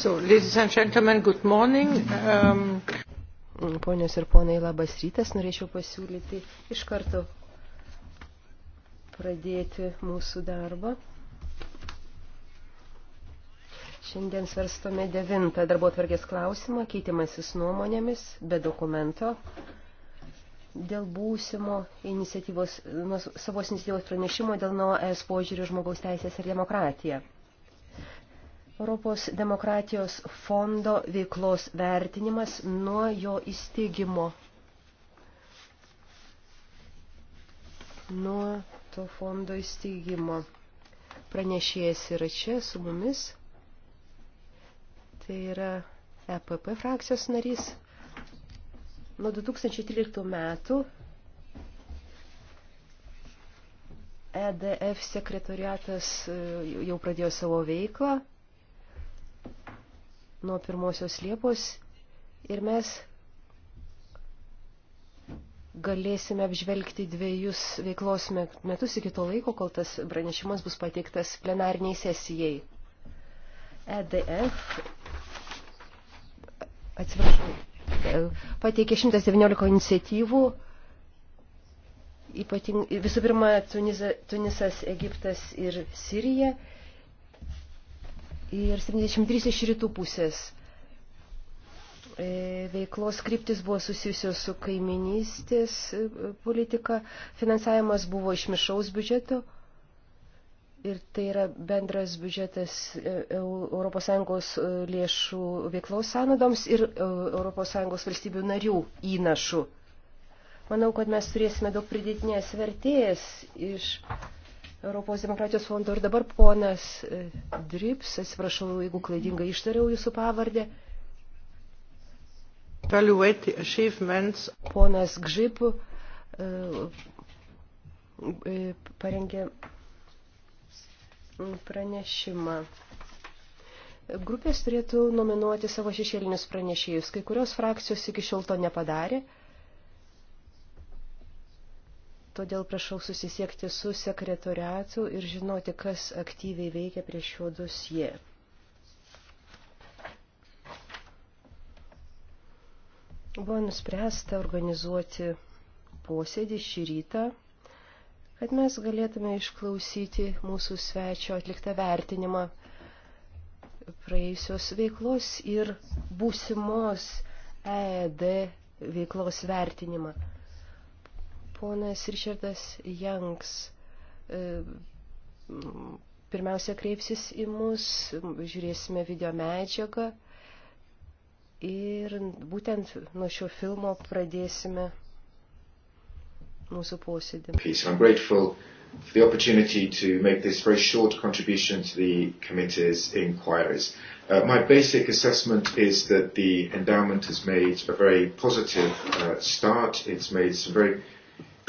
So, ladies and gentlemen, good morning. Um... Ponios ir ponai, labas rytas. Norėčiau pasiūlyti iš karto pradėti mūsų darbą. Šiandien svarstome devintą darbo tvarkės klausimą, keitimasis nuomonėmis be dokumento dėl būsimo iniciatyvos, nuo savos iniciatyvos pranešimo dėl nuo ES požiūrių žmogaus teisės ir demokratiją. Europos demokratijos fondo veiklos vertinimas nuo jo įsteigimo. Nuo to fondo įsteigimo. Pranešėjas yra čia su mumis. Tai yra EPP frakcijos narys. Nuo 2013 metų EDF sekretoriatas e, jau pradėjo savo veiklą nuo pirmosios Liepos ir mes galėsime apžvelgti dviejus veiklos metus iki to laiko, kol tas pranešimas bus pateiktas plenarniai sesijai. EDF, atsiprašau, pateikė 119 iniciatyvų, ypating, visų pirma Tunisa, Tunisas, Egiptas ir Sirija ir 73 iš rytų pusės. E, veiklos kryptis buvo susijusios su kaiminystės e, politika, finansavimas buvo iš mišaus biudžeto ir tai yra bendras biudžetas ES e, lėšų veiklos sąnadoms ir ES valstybių narių įnašų. Manau, kad mes turėsime daug pridėtinės vertės iš Europos demokratijos fondo. Ir dabar ponas e, Drips, atsiprašau, jeigu klaidingai ištariau jūsų pavardę. Ponas Gžip e, e, parengė pranešimą. Grupės turėtų nominuoti savo šešėlinius pranešėjus. Kai kurios frakcijos iki šiol to nepadarė. Todėl prašau susisiekti su sekretoriatu ir žinoti, kas aktyviai veikia prie šio dosie. Buvo nuspręsta organizuoti posėdį šį rytą, kad mes galėtume išklausyti mūsų svečio atliktą vertinimą praėjusios veiklos ir būsimos EED veiklos vertinimą. Ponas Richardas Janks e, pirmiausia kreipsis į mus, žiūrėsime video medžiagą ir būtent nuo šio filmo pradėsime mūsų posėdį. Peace. I'm grateful for the opportunity to make this very short contribution to the committee's inquiries. Uh, my basic assessment is that the endowment has made a very positive uh, start. It's made some very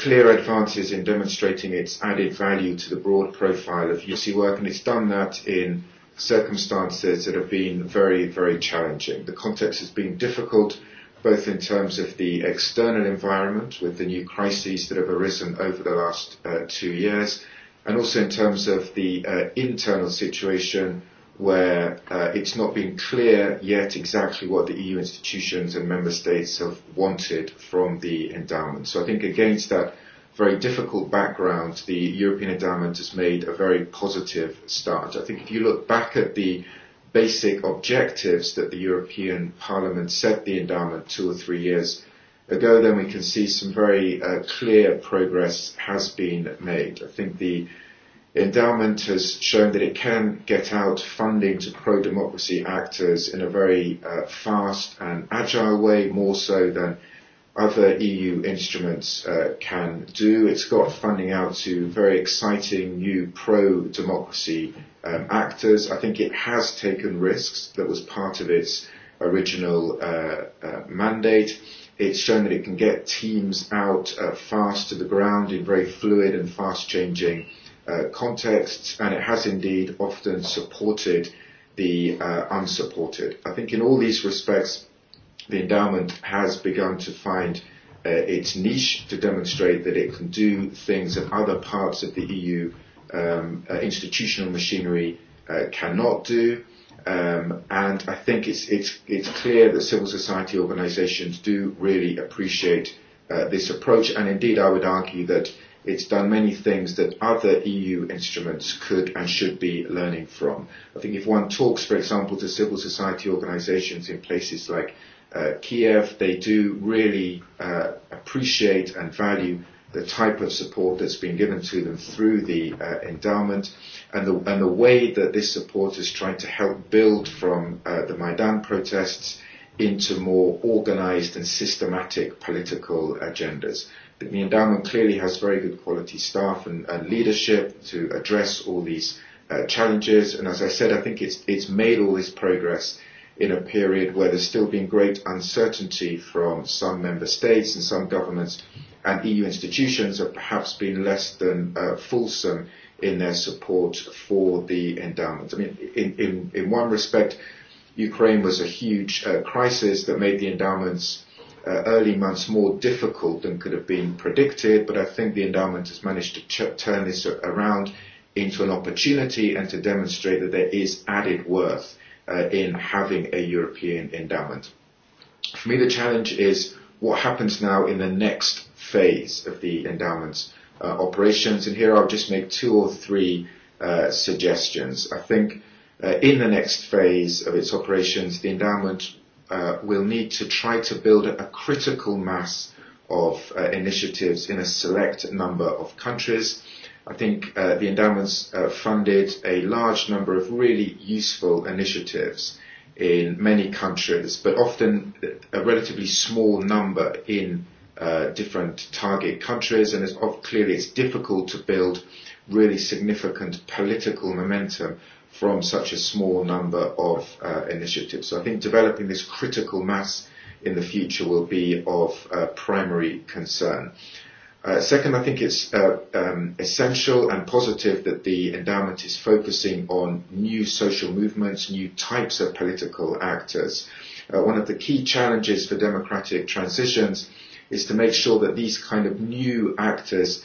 clear advances in demonstrating its added value to the broad profile of UC work, and it's done that in circumstances that have been very, very challenging. The context has been difficult, both in terms of the external environment with the new crises that have arisen over the last uh, two years, and also in terms of the uh, internal situation where uh, it's not been clear yet exactly what the EU institutions and member states have wanted from the endowment. So I think against that very difficult background, the European endowment has made a very positive start. I think if you look back at the basic objectives that the European Parliament set the endowment two or three years ago, then we can see some very uh, clear progress has been made. I think the uh, endowment has shown that it can get out funding to pro-democracy actors in a very uh, fast and agile way, more so than other EU instruments uh, can do. It's got funding out to very exciting new pro-democracy um, actors. I think it has taken risks. That was part of its original uh, uh, mandate. It's shown that it can get teams out uh, fast to the ground in very fluid and fast-changing uh, Uh, contexts, and it has indeed often supported the uh, unsupported. I think in all these respects, the endowment has begun to find uh, its niche to demonstrate that it can do things that other parts of the EU um, uh, institutional machinery uh, cannot do. Um, and I think it's, it's, it's clear that civil society organizations do really appreciate uh, this approach. And indeed, I would argue that It's done many things that other EU instruments could and should be learning from. I think if one talks, for example, to civil society organizations in places like uh, Kiev, they do really uh, appreciate and value the type of support that's been given to them through the uh, endowment and the, and the way that this support is trying to help build from uh, the Maidan protests into more organized and systematic political agendas that the endowment clearly has very good quality staff and, and leadership to address all these uh, challenges. And as I said, I think it's, it's made all this progress in a period where there's still been great uncertainty from some member states and some governments and EU institutions have perhaps been less than uh, fulsome in their support for the endowment. I mean, in, in, in one respect, Ukraine was a huge uh, crisis that made the endowments Uh, early months more difficult than could have been predicted, but I think the endowment has managed to turn this around into an opportunity and to demonstrate that there is added worth uh, in having a European endowment. For me, the challenge is what happens now in the next phase of the endowment's uh, operations, and here I'll just make two or three suggestions. I think in the next phase of its operations, the endowment Uh, we'll need to try to build a critical mass of uh, initiatives in a select number of countries. I think uh, the endowments funded a large number of really useful initiatives in many countries, but often a relatively small number in uh, different target countries, and it's, clearly it's difficult to build really significant political momentum from such a small number of uh, initiatives. So I think developing this critical mass in the future will be of uh, primary concern. Uh, second, I think it's uh, um, essential and positive that the endowment is focusing on new social movements, new types of political actors. Uh, one of the key challenges for democratic transitions is to make sure that these kind of new actors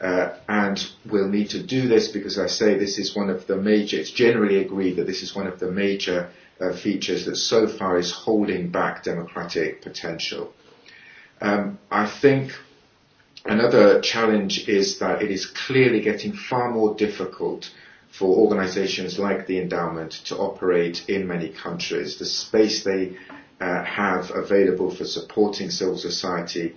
Uh, and we'll need to do this because I say this is one of the major, it's generally agreed that this is one of the major uh, features that so far is holding back democratic potential. Um, I think another challenge is that it is clearly getting far more difficult for organizations like the endowment to operate in many countries. The space they uh, have available for supporting civil society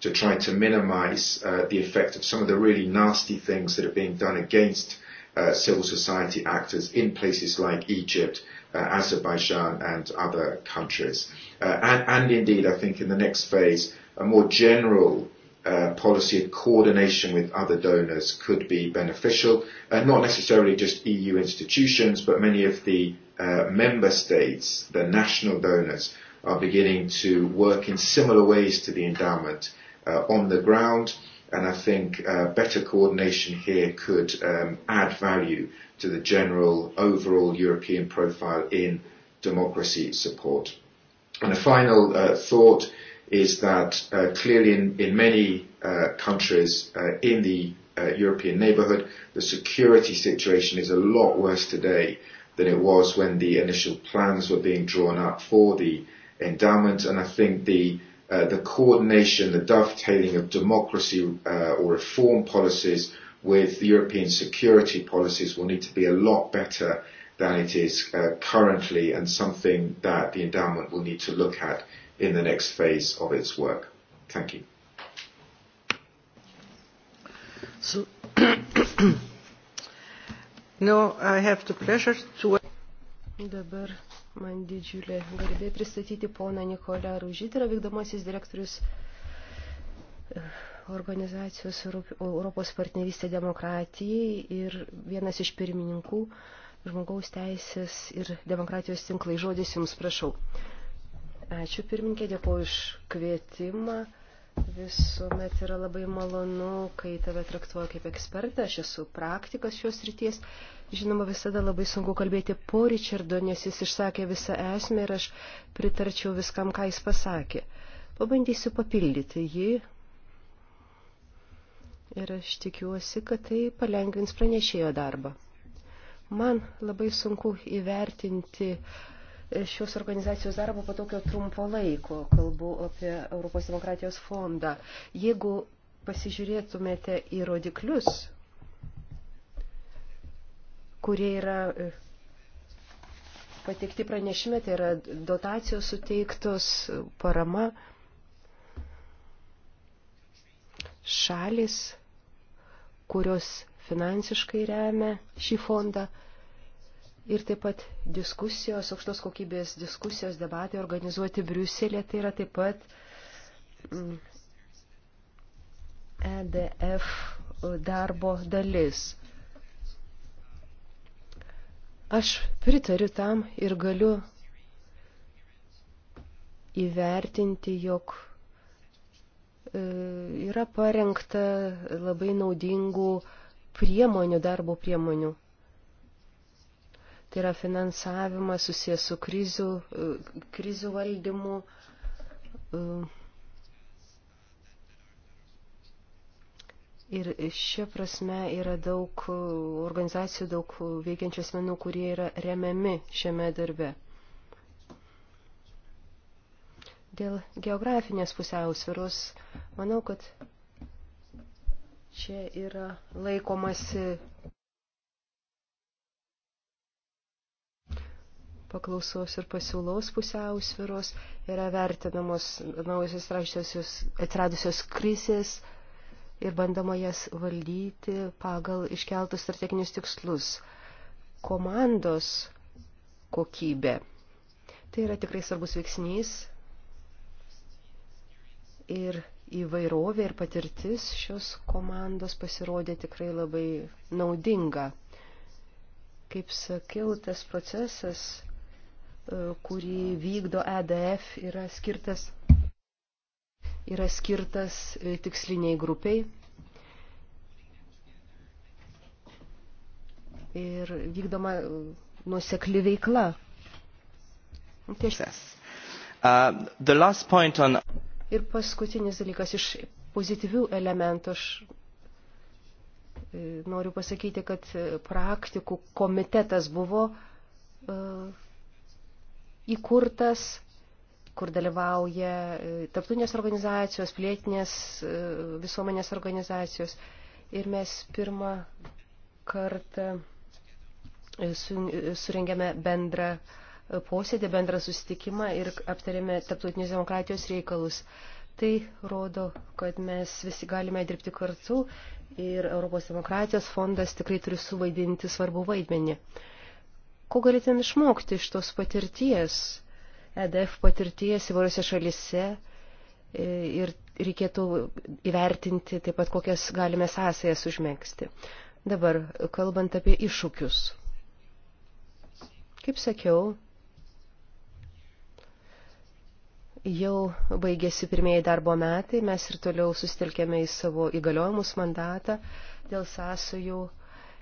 to try to minimize uh, the effect of some of the really nasty things that are being done against uh, civil society actors in places like Egypt, uh, Azerbaijan and other countries. Uh, and, and indeed, I think in the next phase, a more general uh, policy of coordination with other donors could be beneficial, uh, not necessarily just EU institutions, but many of the uh, member states, the national donors, are beginning to work in similar ways to the endowment Uh, on the ground. And I think uh, better coordination here could um, add value to the general overall European profile in democracy support. And a final uh, thought is that uh, clearly in, in many uh, countries uh, in the uh, European neighbourhood, the security situation is a lot worse today than it was when the initial plans were being drawn up for the endowment. And I think the uh, the coordination, the dovetailing of democracy uh, or reform policies with the European security policies will need to be a lot better than it is uh, currently and something that the endowment will need to look at in the next phase of its work. Thank you. So now I have the pleasure to... Dabar Man didžiulė garbė pristatyti poną Nikolę Ružytrą, tai vykdomasis direktorius e, organizacijos Europos partnerystė demokratijai ir vienas iš pirmininkų žmogaus teisės ir demokratijos tinklai. Žodis jums prašau. Ačiū pirmininkė, dėkuoju už kvietimą. Visuomet yra labai malonu, kai tave traktuoja kaip ekspertą. Aš esu praktikas šios ryties Žinoma, visada labai sunku kalbėti po Richardo, nes jis išsakė visą esmę ir aš pritarčiau viskam, ką jis pasakė. Pabandysiu papildyti jį. Ir aš tikiuosi, kad tai palengvins pranešėjo darbą. Man labai sunku įvertinti e, šios organizacijos darbą po tokio trumpo laiko. Kalbu apie Europos demokratijos fondą. Jeigu pasižiūrėtumėte į rodiklius, kurie yra e, pateikti pranešime, tai yra dotacijos suteiktos, parama šalis, kurios finansiškai remia šį fondą. Ir taip pat diskusijos, aukštos kokybės diskusijos, debatai organizuoti Briuselė, tai yra taip pat mm, EDF darbo dalis. Aš pritariu tam ir galiu įvertinti, jog e, yra parengta labai naudingų priemonių, darbo priemonių. Tai yra finansavimas susijęs su krizių, e, krizių valdymu, e, Ir šia prasme yra daug e, organizacijų, daug veikiančių asmenų, kurie yra remiami šiame darbe. Dėl geografinės pusiausvirus, manau, kad čia yra laikomasi paklausos ir pasiūlos pusiausviros, yra vertinamos naujasis atsiradusios krizės, ir bandoma jas valdyti pagal iškeltus strateginius tikslus. Komandos kokybė. Tai yra tikrai svarbus veiksnys ir įvairovė ir patirtis šios komandos pasirodė tikrai labai naudinga. Kaip sakiau, tas procesas, e, kurį vykdo EDF, yra skirtas yra skirtas e, tiksliniai grupiai. Ir vykdoma e, nuosekli veikla. Tiesiog. Uh, on... Ir paskutinis dalykas iš pozityvių elementų. Aš e, noriu pasakyti, kad praktikų komitetas buvo uh, įkurtas kur dalyvauja e, tarptautinės organizacijos, pilietinės e, visuomenės organizacijos. Ir mes pirmą kartą e, surengėme bendrą posėdį, bendrą susitikimą ir aptarėme tarptautinės demokratijos reikalus. Tai rodo, kad mes visi galime dirbti kartu ir Europos demokratijos fondas tikrai turi suvaidinti svarbu vaidmenį. Ko galėtum išmokti iš tos patirties? EDF patirties įvairiose šalise e, ir reikėtų įvertinti taip pat, kokias galime sąsajas užmėgsti. Dabar, kalbant apie iššūkius. Kaip sakiau, jau baigėsi pirmieji darbo metai, mes ir toliau susitelkėme į savo įgaliojimus mandatą dėl sąsajų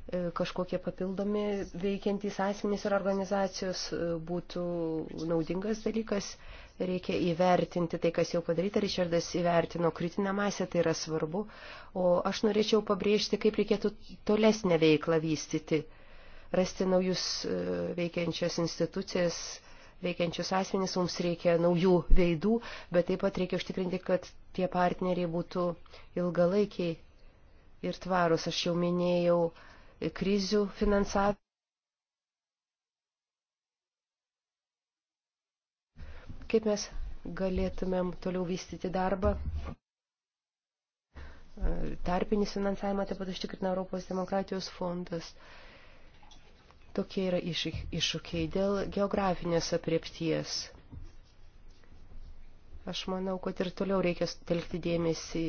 E, kažkokie papildomi veikiantys asmenys ir organizacijos e, būtų naudingas dalykas. Reikia įvertinti tai, kas jau padaryta. Richardas įvertino kritinę masę, tai yra svarbu. O aš norėčiau pabrėžti, kaip reikėtų tolesnę veiklą vystyti. Rasti naujus e, veikiančias institucijas, veikiančius asmenys, mums reikia naujų veidų, bet taip pat reikia užtikrinti, kad tie partneriai būtų ilgalaikiai ir tvarus. Aš jau minėjau uh, krizių finansavimą. Kaip mes galėtumėm toliau vystyti darbą? Tarpinis finansavimą taip pat užtikrina Europos demokratijos fondas. Tokie yra iššūkiai dėl geografinės apriepties. Aš manau, kad ir toliau reikia telkti dėmesį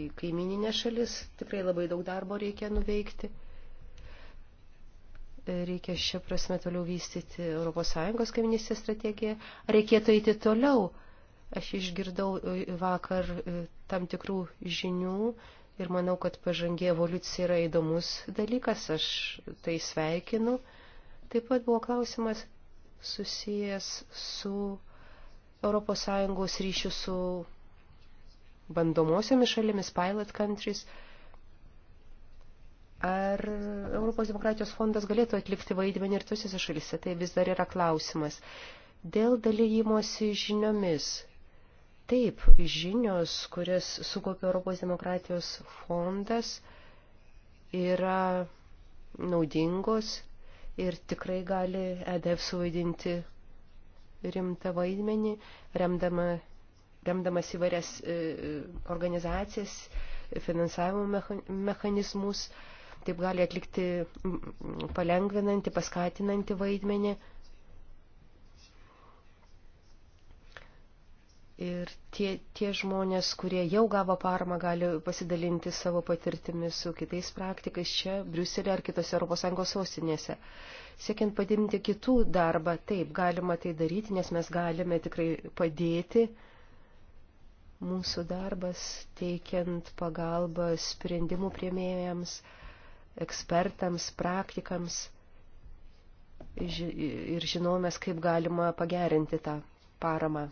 į kaimininę šalis. Tikrai labai daug darbo reikia nuveikti reikia šią prasme toliau vystyti ES kaiminystės strategiją, ar reikėtų eiti toliau. Aš išgirdau e, vakar e, tam tikrų žinių ir manau, kad pažangi evoliucija yra įdomus dalykas, aš tai sveikinu. Taip pat buvo klausimas susijęs su ES ryšiu su bandomosiomis šalimis, pilot countries. Uh, Ar Europos demokratijos fondas galėtų atlikti vaidmenį ir tosiose šalise, tai vis dar yra klausimas. Dėl dalyjimosi žiniomis. Taip, žinios, kurias sukaupė Europos demokratijos fondas, yra naudingos ir tikrai gali EDF suvaidinti rimtą vaidmenį, remdama, remdamas įvairias e, organizacijas, finansavimo mechanizmus. E, taip gali atlikti palengvinantį, paskatinantį vaidmenį. Ir tie, tie žmonės, kurie jau gavo paramą, gali pasidalinti savo patirtimis su kitais praktikais čia, Briuselė ar kitose ES sostinėse. Siekiant padidinti kitų darbą, taip, galima tai daryti, nes mes galime tikrai padėti mūsų darbas, teikiant pagalbą sprendimų priemėjams, uh, ekspertams, praktikams ir žinomės, kaip galima pagerinti tą paramą.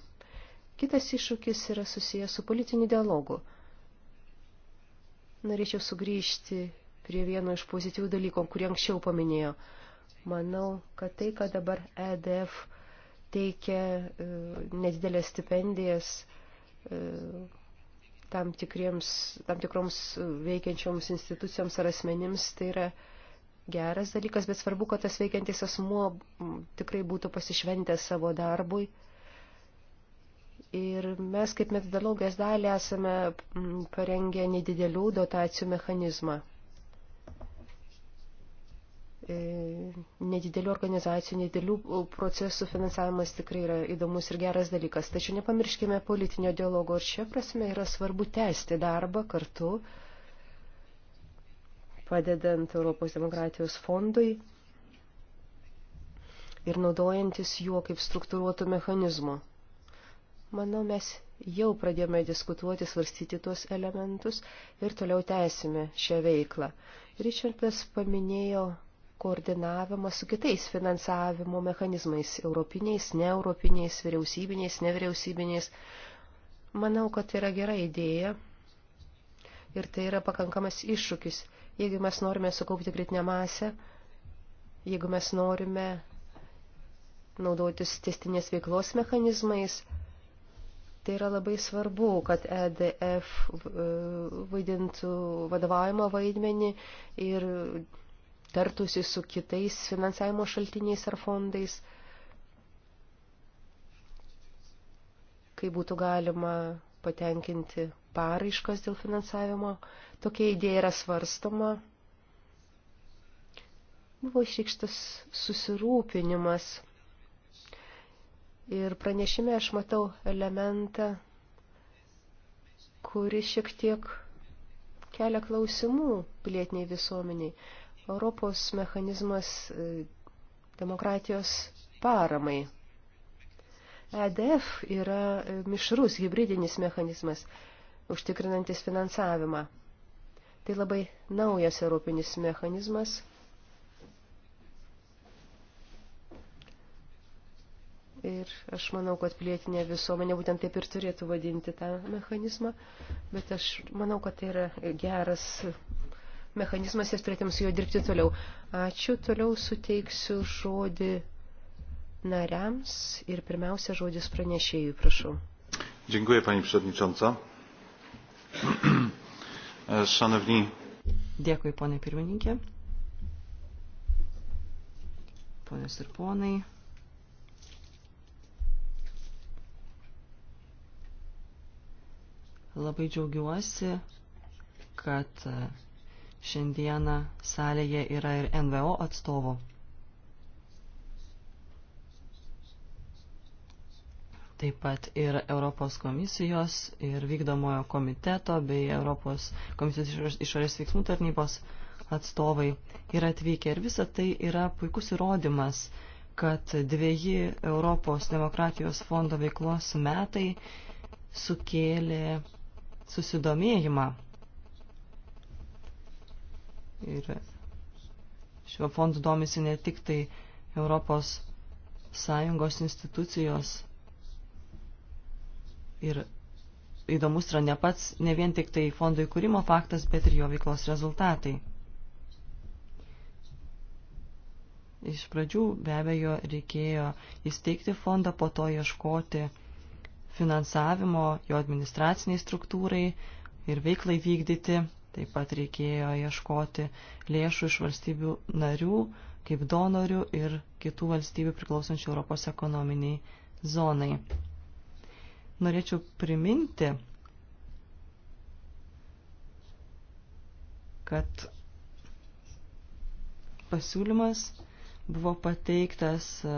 Kitas iššūkis yra susijęs su politiniu dialogu. Norėčiau sugrįžti prie vieno iš pozityvių dalykų, kurį anksčiau paminėjo. Manau, kad tai, kad dabar EDF teikia e, nedidelės stipendijas e, tam, tikriems, tam tikroms veikiančioms institucijoms ar asmenims, tai yra geras dalykas, bet svarbu, kad tas veikiantis asmuo tikrai būtų pasišventęs savo darbui. Ir mes kaip metodologijos dalį esame parengę nedidelių dotacijų mechanizmą. E, nedidelių organizacijų, nedidelių e, procesų finansavimas tikrai yra įdomus ir geras dalykas. Tačiau nepamirškime politinio dialogo ir šia prasme yra svarbu tęsti darbą kartu, padedant Europos demokratijos fondui ir naudojantis juo kaip struktūruotų mechanizmų. Manau, mes jau pradėjome diskutuoti, svarstyti tuos elementus ir toliau tęsime šią veiklą. Ričardas paminėjo koordinavimą su kitais finansavimo mechanizmais – europiniais, neeuropiniais, vyriausybiniais, nevyriausybiniais. Manau, kad tai yra gera idėja ir tai yra pakankamas iššūkis. Jeigu mes norime sukaupti kritinę masę, jeigu mes norime naudotis testinės veiklos mechanizmais, tai yra labai svarbu, kad EDF e, vaidintų vadovavimo vaidmenį ir tartusi su kitais finansavimo šaltiniais ar fondais, kai būtų galima patenkinti paraiškas dėl finansavimo. Tokia idėja yra svarstoma. Buvo išreikštas susirūpinimas. Ir pranešime aš matau elementą, kuris šiek tiek kelia klausimų pilietiniai visuomeniai. Europos mechanizmas e, demokratijos paramai. EDF yra e, mišrus hybridinis mechanizmas, užtikrinantis finansavimą. Tai labai naujas europinis mechanizmas. Ir aš manau, kad pilietinė visuomenė būtent taip ir turėtų vadinti tą mechanizmą, bet aš manau, kad tai yra geras mechanizmas ir turėtum su juo dirbti toliau. Ačiū, toliau suteiksiu žodį nariams ir pirmiausia žodis pranešėjui, prašau. Dziękuję Pani Przewodnicząca. Szanowni. Dėkui, ponė pirmininkė. Ponės ir ponai. Labai džiaugiuosi, kad Šiandieną salėje yra ir NVO atstovų. Taip pat ir Europos komisijos ir vykdomojo komiteto bei Europos komisijos išorės veiksmų tarnybos atstovai yra atvykę. Ir visa tai yra puikus įrodymas, kad dviejį Europos demokratijos fondo veiklos metai sukėlė susidomėjimą Ir šiuo fondu domisi ne tik tai Europos Sąjungos institucijos. Ir įdomus yra ne pats, ne vien tik tai fondo įkūrimo faktas, bet ir jo veiklos rezultatai. Iš pradžių be abejo reikėjo įsteigti fondą, po to ieškoti finansavimo jo administraciniai struktūrai ir veiklai vykdyti, Taip pat reikėjo ieškoti lėšų iš valstybių narių, kaip donorių ir kitų valstybių priklausančių Europos ekonominiai zonai. Norėčiau priminti, kad pasiūlymas buvo pateiktas e,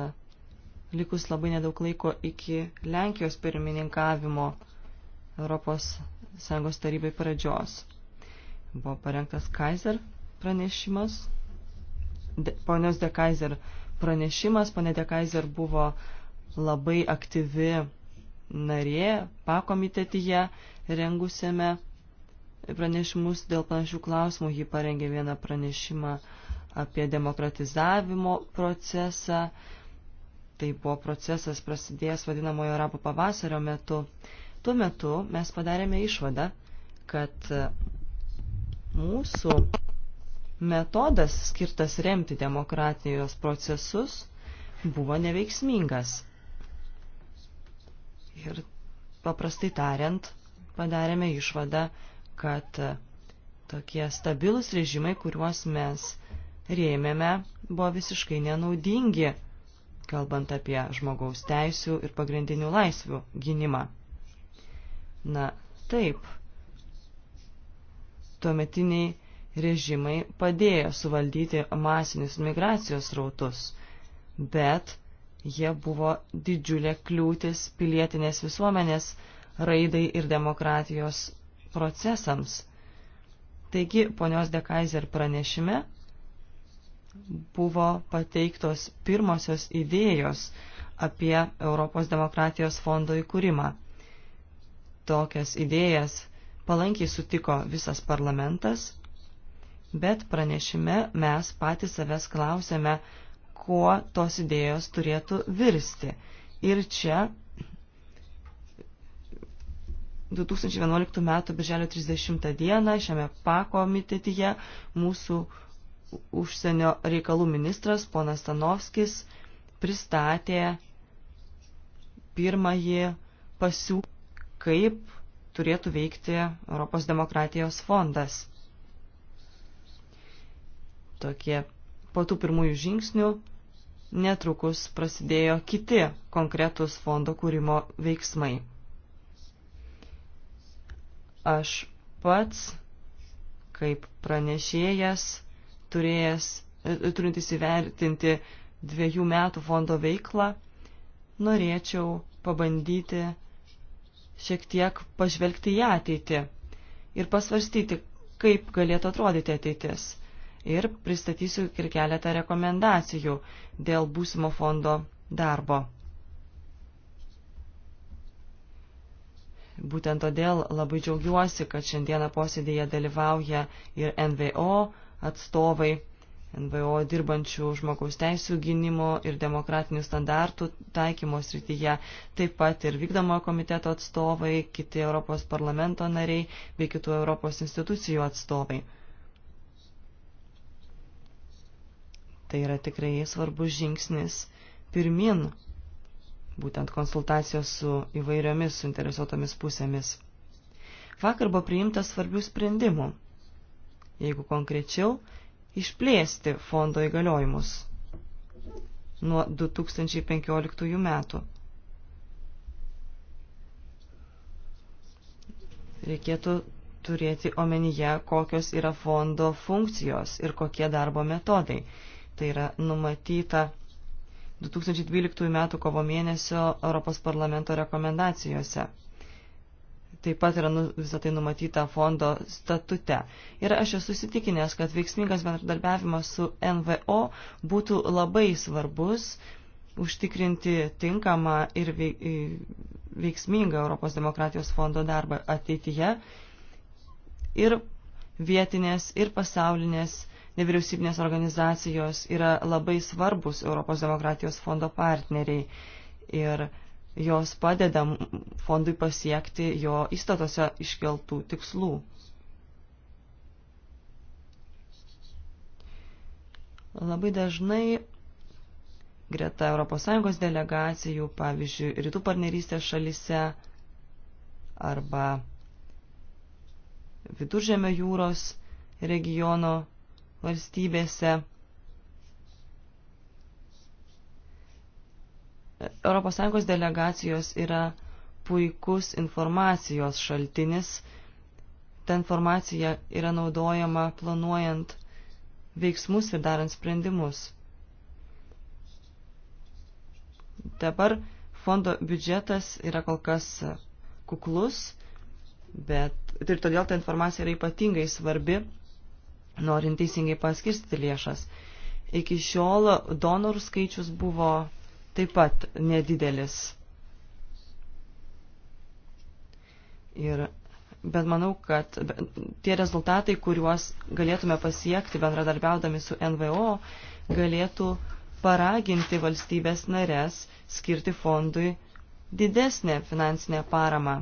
likus labai nedaug laiko iki Lenkijos pirmininkavimo Europos Sąjungos tarybai pradžios. Buvo parengtas Kaiser pranešimas. De, ponios De Kaiser pranešimas. Pone De Kaiser buvo labai aktyvi narė pakomitetyje rengusiame pranešimus dėl panašių klausimų. Ji parengė vieną pranešimą apie demokratizavimo procesą. Tai buvo procesas prasidėjęs vadinamojo arabų pavasario metu. Tuo metu mes padarėme išvadą, kad Mūsų metodas skirtas remti demokratijos procesus buvo neveiksmingas. Ir paprastai tariant, padarėme išvadą, kad tokie stabilus režimai, kuriuos mes rėmėme, buvo visiškai nenaudingi, kalbant apie žmogaus teisų ir pagrindinių laisvių gynimą. Na, taip, tuometiniai režimai padėjo suvaldyti masinius migracijos rautus, bet jie buvo didžiulė kliūtis pilietinės visuomenės raidai ir demokratijos procesams. Taigi, ponios Dekaiser pranešime buvo pateiktos pirmosios idėjos apie Europos demokratijos fondo įkūrimą. Tokias idėjas palankiai sutiko visas parlamentas, bet pranešime mes patys savęs klausėme, kuo tos idėjos turėtų virsti. Ir čia 2011 m. birželio 30 d. šiame pakomitetyje mūsų užsienio reikalų ministras ponas Stanovskis pristatė pirmąjį pasiūlymą, kaip turėtų veikti Europos demokratijos fondas. Tokie po tų pirmųjų žingsnių netrukus prasidėjo kiti konkretus fondo kūrimo veiksmai. Aš pats, kaip pranešėjas, turėjęs, e, turintis įvertinti dviejų metų fondo veiklą, norėčiau pabandyti šiek tiek pažvelgti į ateitį ir pasvarstyti, kaip galėtų atrodyti ateitis. Ir pristatysiu ir keletą rekomendacijų dėl būsimo fondo darbo. Būtent todėl labai džiaugiuosi, kad šiandieną posėdėje dalyvauja ir NVO atstovai NVO dirbančių žmogaus teisų gynimo ir demokratinių standartų taikymo srityje, taip pat ir vykdomojo komiteto atstovai, kiti Europos parlamento nariai bei kitų Europos institucijų atstovai. Tai yra tikrai svarbus žingsnis pirmin, būtent konsultacijos su įvairiomis suinteresuotomis pusėmis. Vakar buvo priimtas svarbių sprendimų. Jeigu konkrečiau, išplėsti fondo įgaliojimus nuo 2015 metų. Reikėtų turėti omenyje, kokios yra fondo funkcijos ir kokie darbo metodai. Tai yra numatyta 2012 m. kovo mėnesio Europos parlamento rekomendacijose taip pat yra nu, visą tai numatyta fondo statute. Ir aš esu sitikinęs, kad veiksmingas bendradarbiavimas su NVO būtų labai svarbus užtikrinti tinkamą ir veiksmingą Europos demokratijos fondo darbą ateityje ir vietinės, ir pasaulinės nevyriausybinės organizacijos yra labai svarbus Europos demokratijos fondo partneriai. Ir jos padeda fondui pasiekti jo įstatose iškeltų tikslų. Labai dažnai greta ES delegacijų, pavyzdžiui, rytų partnerystės šalise arba viduržėmio jūros regiono valstybėse ES delegacijos yra puikus informacijos šaltinis. Ta informacija yra naudojama planuojant veiksmus ir darant sprendimus. Dabar fondo biudžetas yra kol kas kuklus, bet ir todėl ta informacija yra ypatingai svarbi, norint teisingai paskirstyti lėšas. Iki šiol donorų skaičius buvo taip pat nedidelis. Ir, bet manau, kad tie rezultatai, kuriuos galėtume pasiekti bendradarbiaudami su NVO, galėtų paraginti valstybės narės skirti fondui didesnę finansinę paramą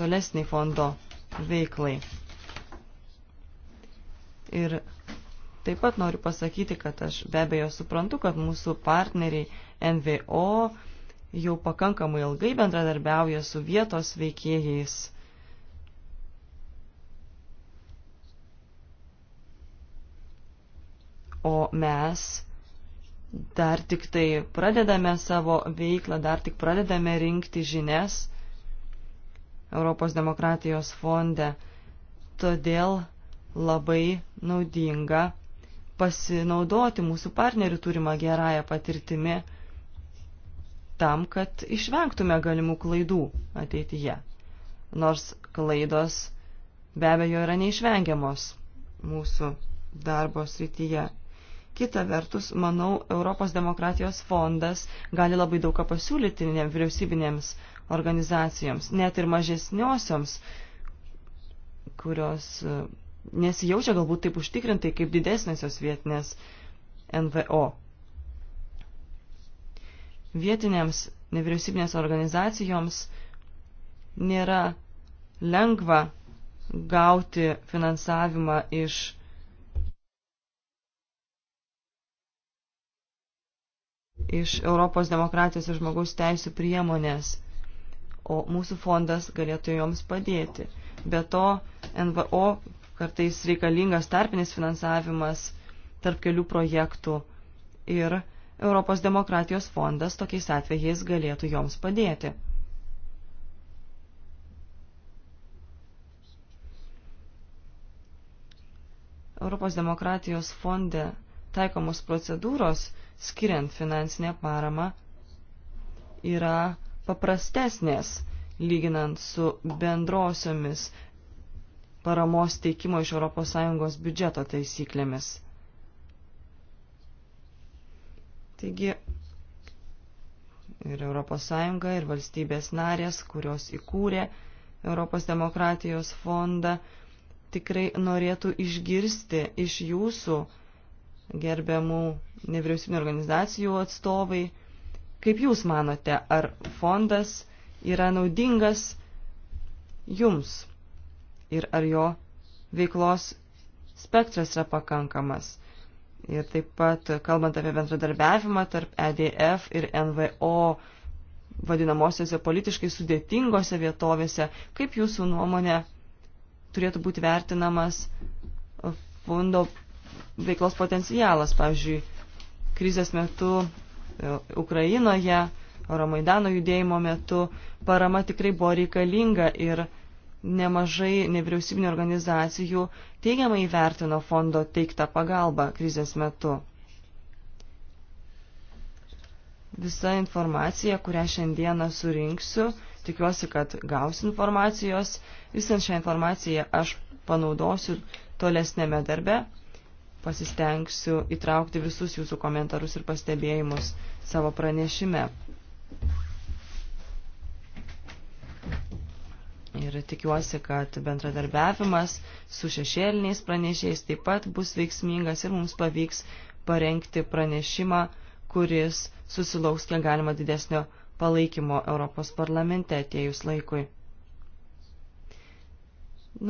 tolesnį fondo veiklai. Ir Taip pat noriu pasakyti, kad aš be abejo suprantu, kad mūsų partneriai NVO jau pakankamai ilgai bendradarbiauja su vietos veikėjais. O mes dar tik tai pradedame savo veiklą, dar tik pradedame rinkti žinias Europos demokratijos fonde. Todėl labai naudinga pasinaudoti mūsų partnerių turimą gerąją patirtimį tam, kad išvengtume galimų klaidų ateityje. Nors klaidos be abejo yra neišvengiamos mūsų darbo srityje. Kita vertus, manau, Europos demokratijos fondas gali labai daug ką pasiūlyti vyriausybinėms organizacijoms, net ir mažesniosioms, kurios nesijaučia galbūt taip užtikrintai kaip didesnėsios vietinės NVO. Vietinėms nevyriausybinės organizacijoms nėra lengva gauti finansavimą iš iš Europos demokratijos ir žmogaus teisų priemonės, o mūsų fondas galėtų joms padėti. Be to, NVO kartais reikalingas tarpinis finansavimas tarp kelių projektų ir Europos demokratijos fondas tokiais atvejais galėtų joms padėti. Europos demokratijos fonde taikomos procedūros, skiriant finansinę paramą, yra paprastesnės, lyginant su bendrosiomis paramos teikimo iš ES biudžeto taisyklėmis. Taigi ir ES ir valstybės narės, kurios įkūrė Europos demokratijos fondą, tikrai norėtų išgirsti iš jūsų gerbiamų nevyriausybinio organizacijų atstovai, kaip jūs manote, ar fondas yra naudingas jums? ir ar jo veiklos spektras yra pakankamas. Ir taip pat, kalbant apie bendradarbiavimą tarp EDF ir NVO vadinamosiose politiškai sudėtingose vietovėse, kaip jūsų nuomonė turėtų būti vertinamas fondo veiklos potencialas, pavyzdžiui, krizės metu e, Ukrainoje, Euromaidano judėjimo metu parama tikrai buvo reikalinga ir nemažai nevyriausybinio organizacijų teigiamai įvertino fondo teiktą pagalbą krizės metu. Visa informacija, kurią šiandieną surinksiu, tikiuosi, kad gausiu informacijos. Visą šią informaciją aš panaudosiu tolesnėme darbe. Pasistengsiu įtraukti visus jūsų komentarus ir pastebėjimus savo pranešime. Ir tikiuosi, kad bendradarbiavimas su šešėliniais pranešėjais taip pat bus veiksmingas ir mums pavyks parengti pranešimą, kuris susilauks kiek galima didesnio palaikymo Europos parlamente atėjus laikui.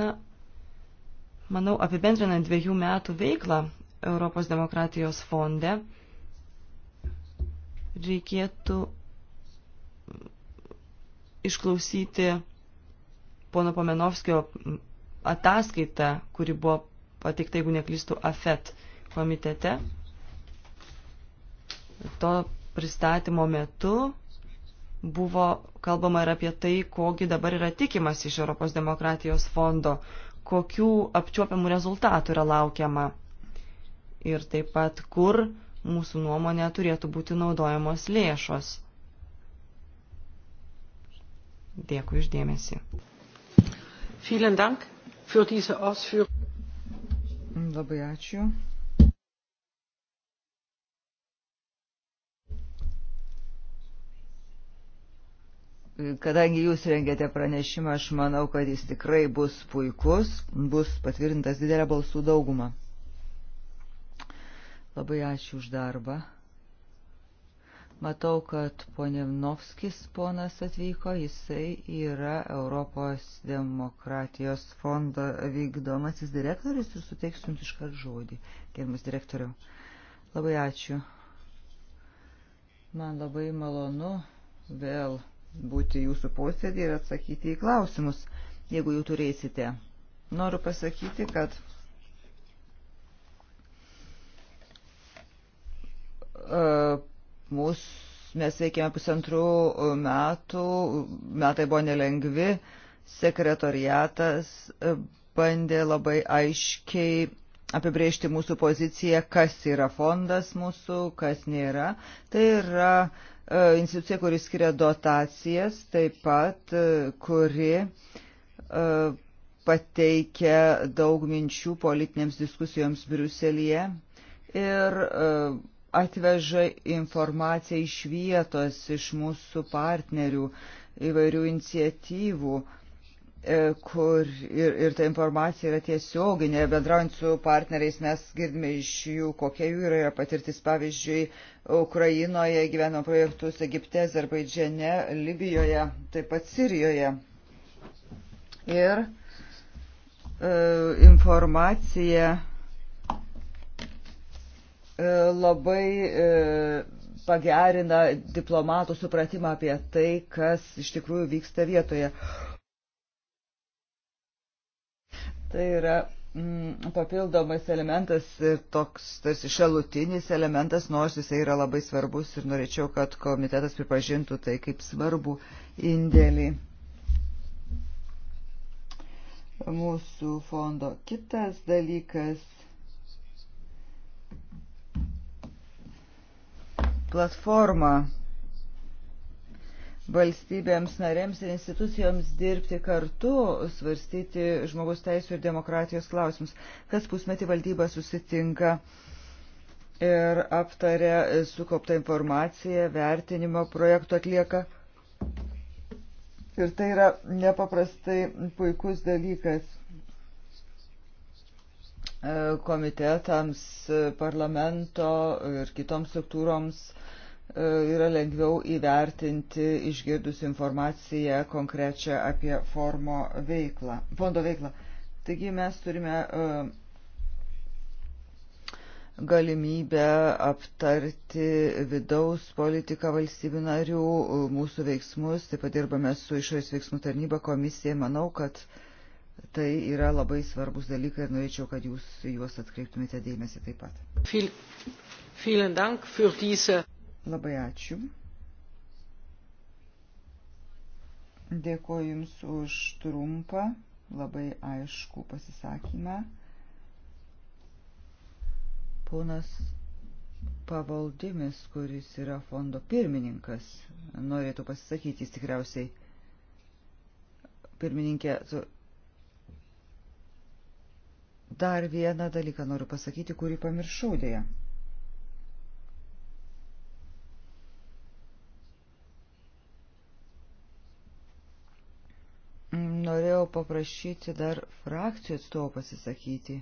Na, manau, apibendrinant dviejų metų veiklą Europos demokratijos fonde, reikėtų išklausyti pono Pomenovskio ataskaita, kuri buvo pateikta, jeigu neklystų, AFET komitete. To pristatymo metu buvo kalbama ir apie tai, kogi dabar yra tikimas iš Europos demokratijos fondo, kokių apčiuopiamų rezultatų yra laukiama ir taip pat kur mūsų nuomonė turėtų būti naudojamos lėšos. Dėkui uždėmesi. Vielen Dank für diese Ausführung. Labai ačiū. Kadangi jūs rengėte pranešimą, aš manau, kad jis tikrai bus puikus, bus patvirtintas didelę balsų daugumą. Labai ačiū už darbą. Matau, kad ponevnovskis ponas atvyko, jisai yra Europos demokratijos fondo vykdomasis direktorius ir suteiksiu jums iškart žodį, gerbiamas direktoriau. Labai ačiū. Man labai malonu vėl būti jūsų posėdį ir atsakyti į klausimus, jeigu jų turėsite. Noriu pasakyti, kad uh, Mūsų, mes veikėme pusantrų metų, metai buvo nelengvi, sekretoriatas e, bandė labai aiškiai apibrėžti mūsų poziciją, kas yra fondas mūsų, kas nėra. Tai yra e, institucija, kuri skiria dotacijas, taip pat, e, kuri pateikia daug minčių politinėms diskusijoms Briuselėje. Ir atveža informaciją iš vietos, iš mūsų partnerių, įvairių iniciatyvų, e, kur ir, ir ta informacija yra tiesioginė, bendraujant su partneriais mes girdime iš jų, kokia jų yra patirtis, pavyzdžiui, Ukrainoje gyveno projektus, Egipte, Azerbaidžiane, Libijoje, taip pat Sirijoje. Ir e, informacija E, labai e, pagerina diplomatų supratimą apie tai, kas iš tikrųjų vyksta vietoje. Tai yra mm, papildomas elementas ir e, toks tarsi šalutinis elementas, nors jisai yra labai svarbus ir norėčiau, kad komitetas pripažintų tai kaip svarbu indėlį mūsų fondo. Kitas dalykas platformą valstybėms narėms ir institucijoms dirbti kartu, svarstyti žmogus teisų ir demokratijos klausimus. Kas pusmetį valdyba susitinka ir aptaria sukauptą informaciją, vertinimo projektų atlieka. Ir tai yra nepaprastai puikus dalykas. E, komitetams, e, parlamento ir kitoms struktūroms e, yra lengviau įvertinti išgirdus informaciją konkrečią apie formo veiklą, fondo veiklą. Taigi mes turime galimybę aptarti vidaus politiką valstybių narių, mūsų veiksmus, taip pat dirbame su išorės veiksmų tarnyba komisija. Manau, kad uh, Tai yra labai svarbus dalykai ir norėčiau, kad jūs juos atkreiptumėte dėmesį taip pat. Viel, vielen Dank für diese. Labai ačiū. Dėkoju Jums už trumpą, labai aišku pasisakymą. Ponas pavaldimis, kuris yra fondo pirmininkas, norėtų pasisakyti, jis tikriausiai pirmininkė Dar vieną dalyką noriu pasakyti, kurį pamiršau dėja. Norėjau paprašyti dar frakcijų atstovo pasisakyti.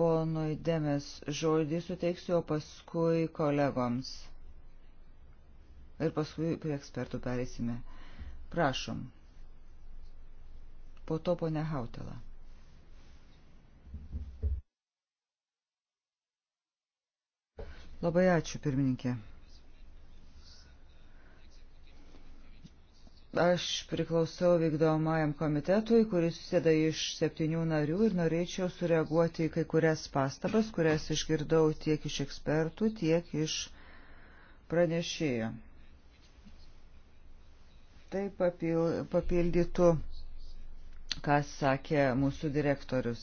Ponui Demės žodį suteiksiu, o paskui kolegoms. Ir paskui prie ekspertų perėsime. Prašom po to ponė Hautela. Labai ačiū, pirmininkė. Aš priklausau vykdomajam komitetui, kuris susideda iš septynių narių ir norėčiau sureaguoti į kai kurias pastabas, kurias išgirdau tiek iš ekspertų, tiek iš pranešėjo. Tai papildytų ką sakė mūsų direktorius.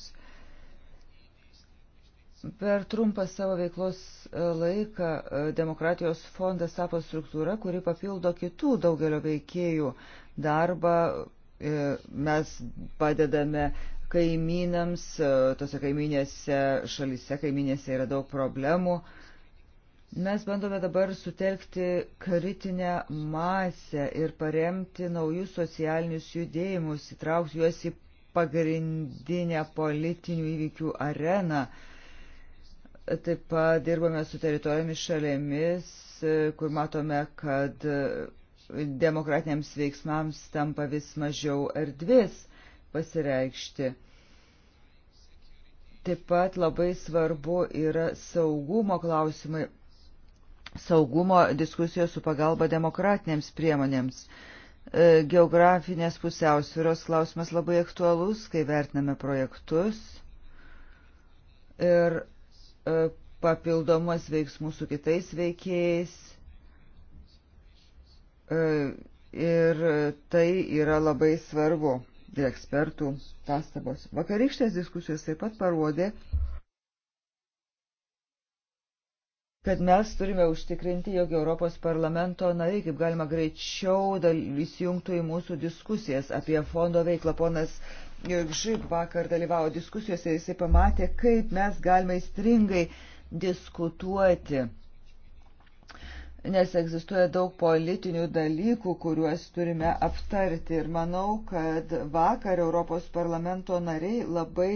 Per trumpą savo veiklos e, laiką e, Demokratijos fondas tapo struktūra, kuri papildo kitų daugelio veikėjų darbą. E, mes padedame kaimynams, tose kaiminėse šalyse, kaiminėse yra daug problemų. Mes bandome dabar sutelkti kritinę masę ir paremti naujus socialinius judėjimus, įtraukti juos į pagrindinę politinių įvykių areną. Taip pat dirbame su teritorijomis šalėmis, kur matome, kad demokratiniams veiksmams tampa vis mažiau erdvės pasireikšti. Taip pat labai svarbu yra saugumo klausimai saugumo diskusijos su pagalba demokratinėms priemonėms. E, geografinės pusiausvyros klausimas labai aktualus, kai vertiname projektus ir e, papildomas veiksmų su kitais veikėjais. E, ir tai yra labai svarbu ir ekspertų pastabos. Vakarykštės diskusijos taip pat parodė, kad mes turime užtikrinti, jog Europos parlamento nariai kaip galima greičiau įsijungtų į mūsų diskusijas apie fondo veiklą. Ponas Gžib vakar dalyvavo diskusijose ir jisai pamatė, kaip mes galime įstringai diskutuoti. Nes egzistuoja daug politinių dalykų, kuriuos turime aptarti. Ir manau, kad vakar Europos parlamento nariai labai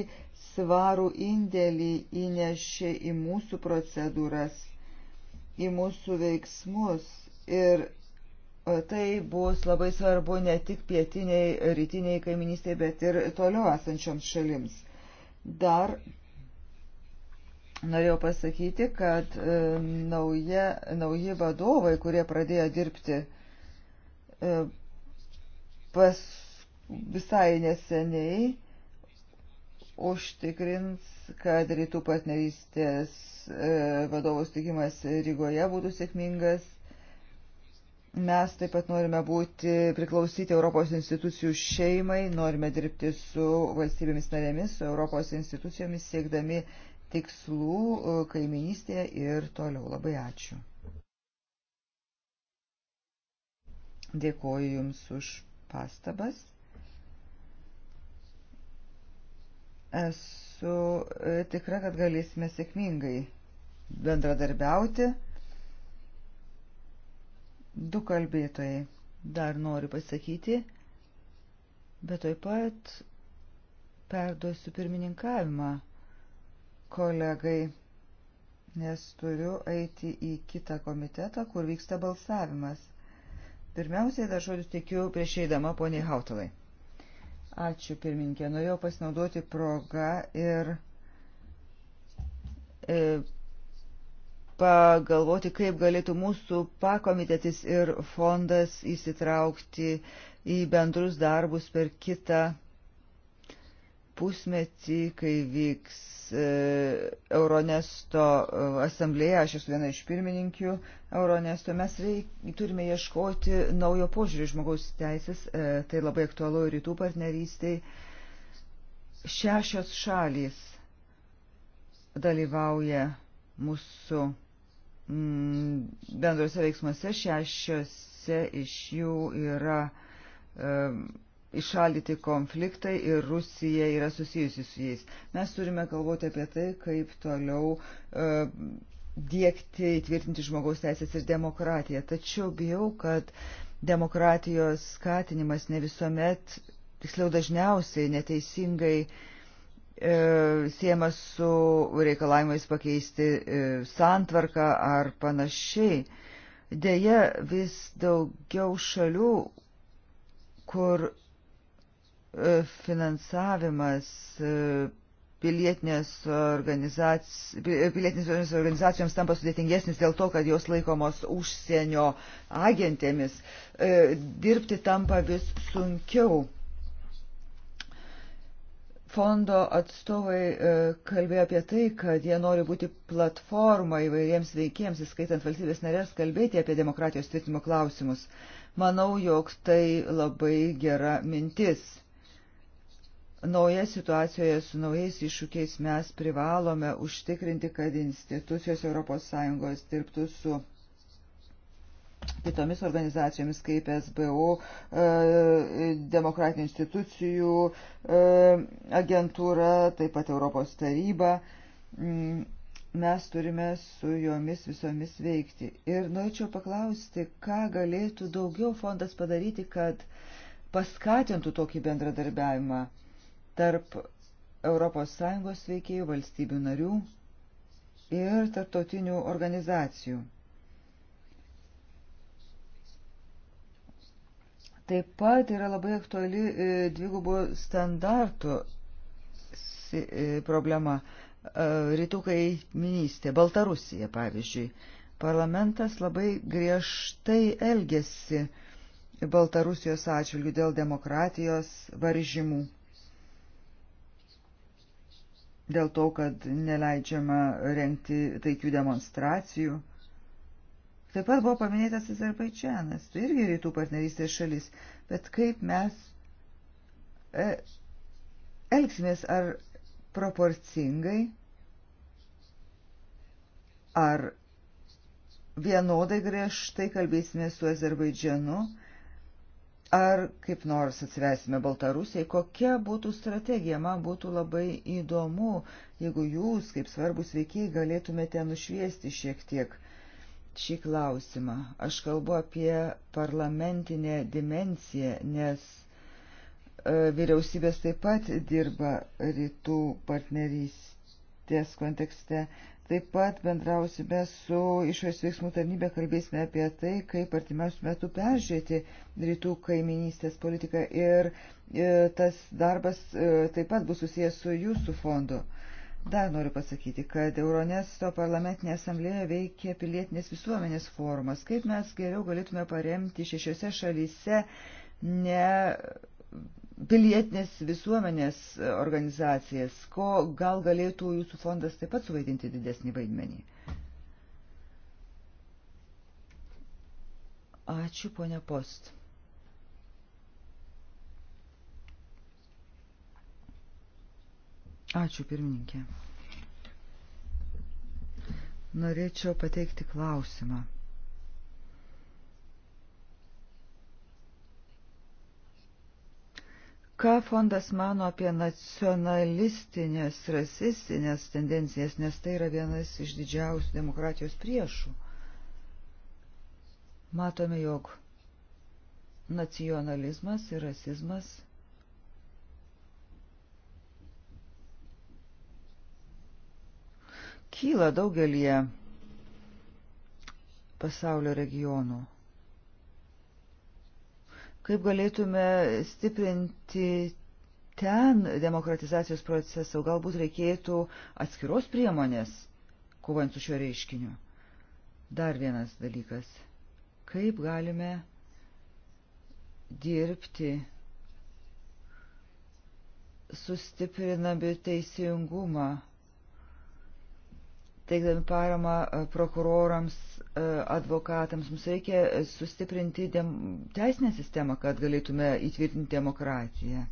svarų indėlį įnešė į mūsų procedūras į mūsų veiksmus. Ir tai bus labai svarbu ne tik pietiniai, rytiniai kaiminystiai, bet ir toliau esančioms šalims. Dar norėjau pasakyti, kad e, nauja, nauji vadovai, kurie pradėjo dirbti e, pas visai neseniai, užtikrins, kad rytų partnerystės e, vadovų stikimas Rygoje būtų sėkmingas. Mes taip pat norime būti priklausyti Europos institucijų šeimai, norime dirbti su valstybėmis narėmis, su Europos institucijomis, siekdami tikslų e, kaiminystėje ir toliau. Labai ačiū. Dėkoju Jums už pastabas. Esu e, tikra, kad galėsime sėkmingai bendradarbiauti. Du kalbėtojai dar noriu pasakyti, bet taip pat perduosiu pirmininkavimą kolegai, nes turiu eiti į kitą komitetą, kur vyksta balsavimas. Pirmiausiai dar žodžius tikiu prieš eidama poniai Hautalai. Ačiū pirminkė. Norėjau pasinaudoti progą ir e, pagalvoti, kaip galėtų mūsų pakomitetis ir fondas įsitraukti į bendrus darbus per kitą pusmetį, kai vyks E, Euronesto asamblėje, aš esu viena iš pirmininkių Euronesto, mes reik, turime ieškoti naujo požiūrį žmogaus teisės, e, tai labai aktualu rytų partnerystiai. Šešios šalys dalyvauja mūsų mm, bendrose veiksmuose, šešiose iš jų yra e, išaldyti konfliktai ir Rusija yra susijusi su jais. Mes turime galvoti apie tai, kaip toliau uh, e, dėkti, įtvirtinti žmogaus teisės ir demokratiją. Tačiau bijau, kad demokratijos skatinimas ne visuomet, tiksliau dažniausiai neteisingai uh, e, siemas su reikalavimais pakeisti uh, santvarką ar panašiai. Deja, vis daugiau šalių kur E, finansavimas e, pilietinės, organizac... E, pilietinės organizacijoms tampa sudėtingesnis dėl to, kad jos laikomos užsienio agentėmis, dirbti tampa vis sunkiau. Fondo atstovai kalbėjo apie tai, kad jie nori būti platforma įvairiems veikiems, įskaitant valstybės narės, kalbėti apie demokratijos tvirtimo klausimus. Manau, jog tai labai gera mintis nauja situacijoje su naujais iššūkiais mes privalome užtikrinti, kad institucijos ES dirbtų su kitomis organizacijomis kaip SBO, e, demokratinių institucijų e, agentūra, taip pat Europos taryba. Mm, mes turime su jomis visomis veikti. Ir norėčiau paklausti, ką galėtų daugiau fondas padaryti, kad paskatintų tokį bendradarbiavimą tarp ES veikėjų, valstybių narių ir tarptautinių organizacijų. Taip pat yra labai aktuali e, dvigubų standartų e, problema. E, rytų kaiminystė, Baltarusija pavyzdžiui. Parlamentas labai griežtai elgesi Baltarusijos atžvilgių dėl demokratijos varžymų dėl to, kad neleidžiama renkti taikių demonstracijų. Taip pat buvo paminėtas Azerbaidžianas, tai irgi rytų partnerystės šalis, bet kaip mes e, elgsimės ar proporcingai, ar vienodai griežtai kalbėsime su Azerbaidžianu, Ar kaip nors atsivesime Baltarusiai, kokia būtų strategija, man būtų labai įdomu, jeigu jūs, kaip svarbus veikiai, galėtumėte nušviesti šiek tiek šį klausimą. Aš kalbu apie parlamentinę dimenciją, nes e, vyriausybės taip pat dirba rytų partnerystės kontekste. Taip pat bendrausime su išorės veiksmų tarnybė, kalbėsime apie tai, kaip artimiausių metų peržiūrėti rytų kaiminystės politiką ir e, tas darbas e, taip pat bus susijęs su jūsų fondu. Dar noriu pasakyti, kad Euronesto parlamentinė asamblėje veikia pilietinės visuomenės forumas. Kaip mes geriau galėtume paremti šešiose šalyse ne pilietinės visuomenės organizacijas, ko gal galėtų jūsų fondas taip pat suvaidinti didesnį vaidmenį. Ačiū, ponia Post. Ačiū, pirmininkė. Norėčiau pateikti klausimą. Ką fondas mano apie nacionalistinės, rasistinės tendencijas, nes tai yra vienas iš didžiausių demokratijos priešų? Matome, jog nacionalizmas ir rasizmas kyla daugelie pasaulio regionų. Kaip galėtume stiprinti ten demokratizacijos procesą, galbūt reikėtų atskiros priemonės, kovant su šiuo reiškiniu. Dar vienas dalykas. Kaip galime dirbti sustiprinami teisingumą, teikdami paramą prokurorams, advokatams, mums reikia sustiprinti dem, teisinę sistemą, kad galėtume įtvirtinti demokratiją.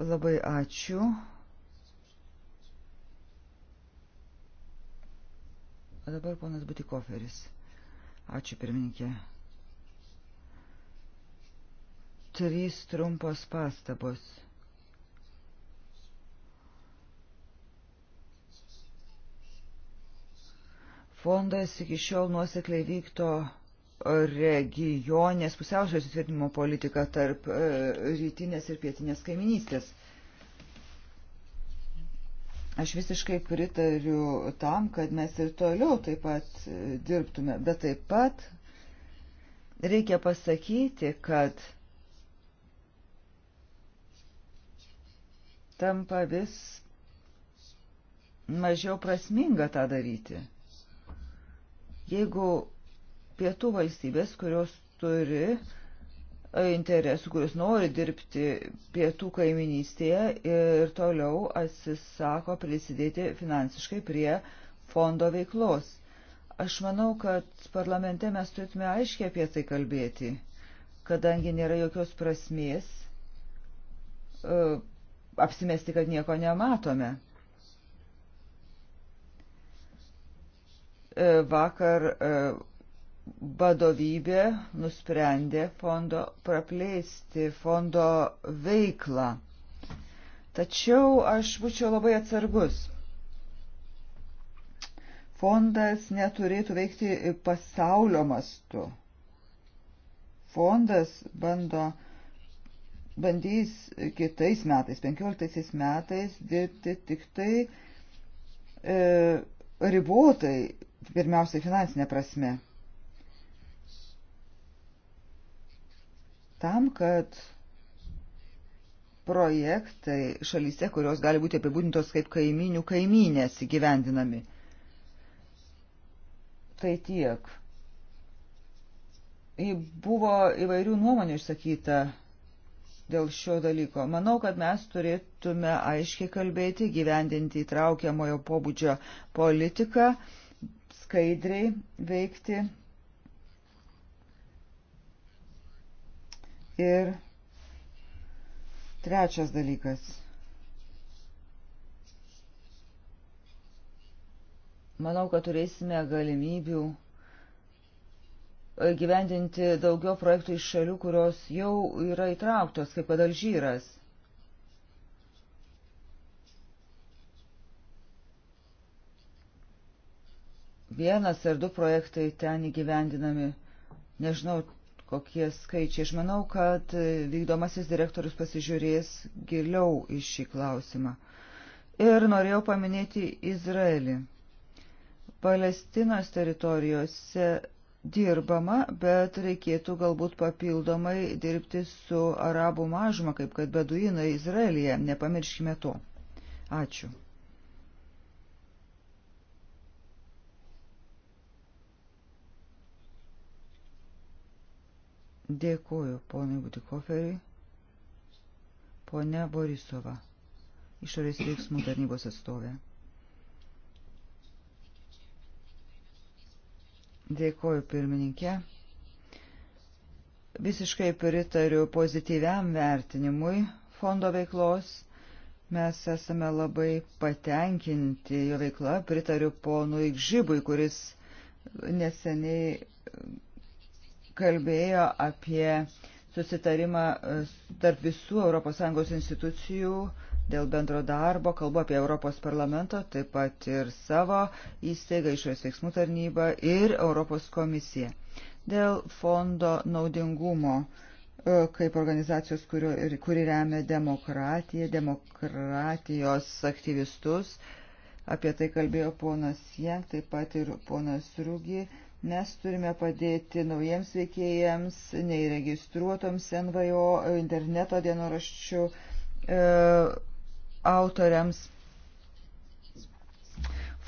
Labai ačiū. O dabar ponas Butikoferis. Ačiū pirmininkė. Trys trumpos pastabos. fondas iki šiol nuosekliai vykto regionės pusiausvės įtvirtinimo politiką tarp e, rytinės ir pietinės kaiminystės. Aš visiškai pritariu tam, kad mes ir toliau taip pat e, dirbtume, bet taip pat reikia pasakyti, kad tampa vis mažiau prasminga tą daryti. Jeigu pietų valstybės, kurios turi e, interesų, kuris nori dirbti pietų kaiminystėje ir toliau atsisako prisidėti finansiškai prie fondo veiklos. Aš manau, kad parlamente mes turėtume aiškiai apie tai kalbėti, kadangi nėra jokios prasmės e, apsimesti, kad nieko nematome. E, vakar e, vadovybė nusprendė fondo praplėsti fondo veiklą. Tačiau aš būčiau labai atsargus. Fondas neturėtų veikti pasaulio mastu. Fondas bando, bandys kitais metais, 15 metais dirbti tik tai e, ribotai pirmiausia finansinė prasme. Tam, kad projektai šalyse, kurios gali būti apibūdintos kaip kaiminių kaiminės įgyvendinami. Tai tiek. Buvo įvairių nuomonių išsakyta dėl šio dalyko. Manau, kad mes turėtume aiškiai kalbėti, gyvendinti įtraukiamojo pobūdžio politiką. Uh, skaidriai veikti ir trečias dalykas. Manau, kad turėsime galimybių gyvendinti daugiau projektų iš šalių, kurios jau yra įtrauktos, kaip kad Alžyras. vienas ar du projektai ten įgyvendinami. Nežinau, kokie skaičiai. Aš manau, kad vykdomasis direktorius pasižiūrės giliau į šį klausimą. Ir norėjau paminėti Izraelį. Palestinos teritorijose dirbama, bet reikėtų galbūt papildomai dirbti su arabų mažuma, kaip kad beduinai Izraelyje. Nepamirškime to. Ačiū. Dėkuoju ponai Butikoferiui, ponia Borisova, išorės veiksmų tarnybos atstovė. Dėkuoju pirmininkė. Visiškai pritariu pozityviam vertinimui fondo veiklos. Mes esame labai patenkinti jo veikla. Pritariu ponui Gžibui, kuris neseniai kalbėjo apie susitarimą e, tarp visų ES institucijų dėl bendro darbo, kalbu apie Europos parlamento, taip pat ir savo įsteigą išorės veiksmų tarnybą ir Europos komisiją. Dėl fondo naudingumo e, kaip organizacijos, kurio, kuri remia demokratiją, demokratijos aktyvistus. Apie tai kalbėjo ponas Jeng, taip pat ir ponas Rūgi. Mes turime padėti naujiems veikėjams, neįregistruotoms NVO, interneto dienoraščių e, autoriams.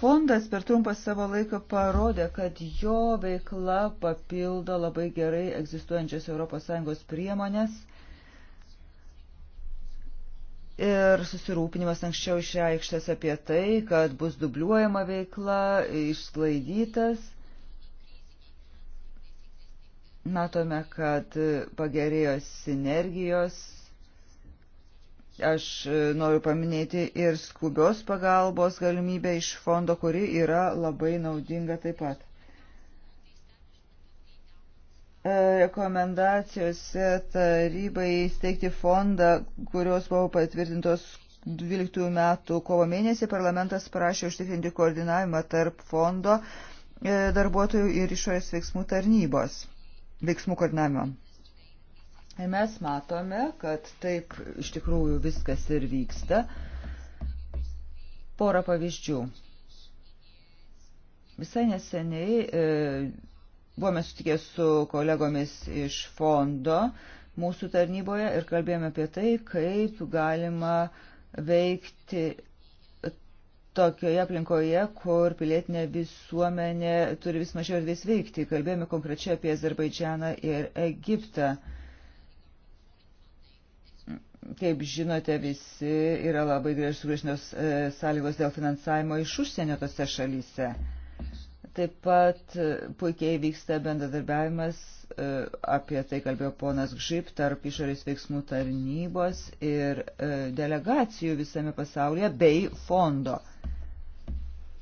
Fondas per trumpą savo laiką parodė, kad jo veikla papildo labai gerai egzistuojančias ES priemonės ir susirūpinimas anksčiau išreikštas apie tai, kad bus dubliuojama veikla, išsklaidytas Matome, kad pagerėjo sinergijos. Aš e, noriu paminėti ir skubios pagalbos galimybę iš fondo, kuri yra labai naudinga taip pat. E, rekomendacijose tarybai įsteigti fondą, kurios buvo patvirtintos 12 metų kovo mėnesį, parlamentas prašė užtikrinti koordinavimą tarp fondo e, darbuotojų ir išorės veiksmų tarnybos veiksmų koordinavimo. Ir mes matome, kad taip iš tikrųjų viskas ir vyksta. Porą pavyzdžių. Visai neseniai e, buvome sutikę su kolegomis iš fondo mūsų tarnyboje ir kalbėjome apie tai, kaip galima veikti tokioje aplinkoje, kur pilietinė visuomenė turi vis mažiau erdvės veikti. Kalbėjome konkrečiai apie Azerbaidžianą ir Egiptą. Kaip žinote, visi yra labai griežtos e, sąlygos dėl finansavimo iš užsienio tose šalyse. Taip pat e, puikiai vyksta bendradarbiavimas, e, apie tai kalbėjo ponas Gžip, tarp išorės veiksmų tarnybos ir delegacijų visame pasaulyje bei fondo.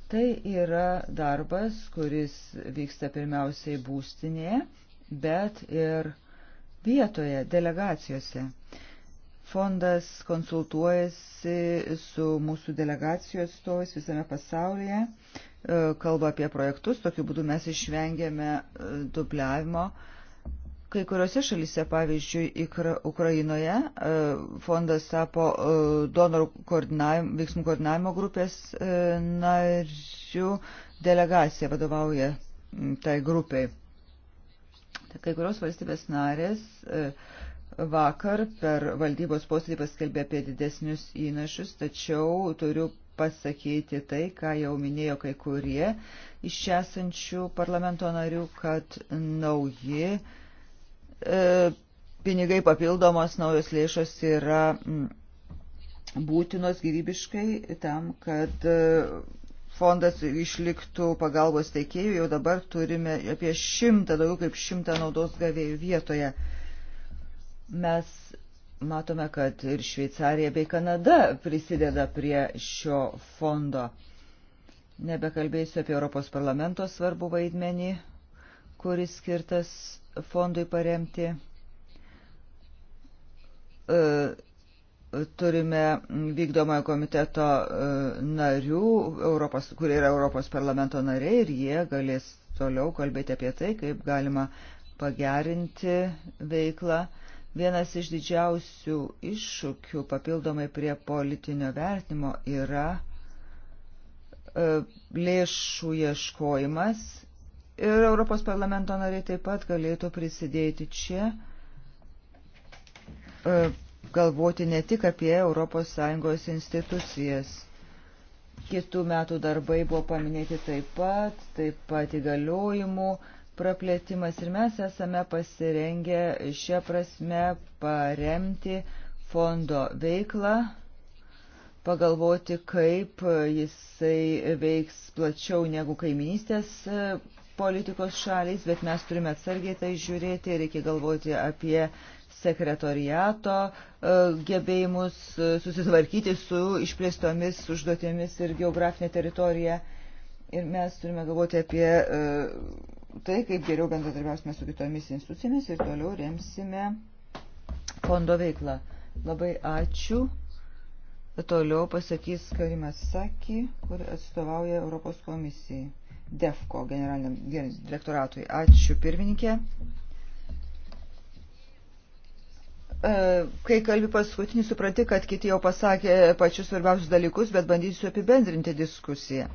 Tai yra darbas, kuris vyksta pirmiausiai būstinėje, bet ir vietoje, delegacijose. Fondas konsultuojasi su mūsų delegacijos atstovais visame pasaulyje, e, kalba apie projektus, tokiu būdu mes išvengiame e, dubliavimo. Kai kuriuose šalyse, pavyzdžiui, Ukrainoje e, fondas tapo e, donorų koordinavimo, veiksmų koordinavimo grupės e, narių delegacija vadovauja tai grupiai. Tai kai kurios valstybės narės vakar per valdybos posėdį paskelbė apie didesnius įnašus, tačiau turiu pasakyti tai, ką jau minėjo kai kurie iš esančių parlamento narių, kad nauji uh, E, pinigai papildomos naujos lėšos yra mm, būtinos gyvybiškai tam, kad e, fondas išliktų pagalbos teikėjų. Jau dabar turime apie šimtą, daugiau kaip šimtą naudos gavėjų vietoje. Mes matome, kad ir Šveicarija bei Kanada prisideda prie šio fondo. Nebekalbėsiu apie Europos parlamento svarbų vaidmenį, kuris skirtas fondui paremti. E, turime vykdomojo komiteto e, narių, Europos, kurie yra Europos parlamento nariai ir jie galės toliau kalbėti apie tai, kaip galima pagerinti veiklą. Vienas iš didžiausių iššūkių papildomai prie politinio vertinimo yra e, lėšų ieškojimas ir Europos parlamento nariai taip pat galėtų prisidėti čia, e, galvoti ne tik apie ES institucijas. Kitų metų darbai buvo paminėti taip pat, taip pat įgaliojimų praplėtimas ir mes esame pasirengę šią prasme paremti fondo veiklą, pagalvoti, kaip jisai veiks plačiau negu kaiminystės politikos šalys, bet mes turime atsargiai tai žiūrėti, reikia galvoti apie sekretoriato e, gebėjimus e, susitvarkyti su išplėstomis užduotėmis ir geografinė teritorija. Ir mes turime galvoti apie e, tai, kaip geriau bendradarbiausime su kitomis institucijomis ir toliau remsime fondo veiklą. Labai ačiū. Toliau pasakys Karimas Saki, kur atstovauja Europos komisijai. DEFCO generaliniam direktoratui. Ačiū pirmininkė. E, kai kalbi paskutinį, supranti, kad kiti jau pasakė pačius svarbiausius dalykus, bet bandysiu apibendrinti diskusiją.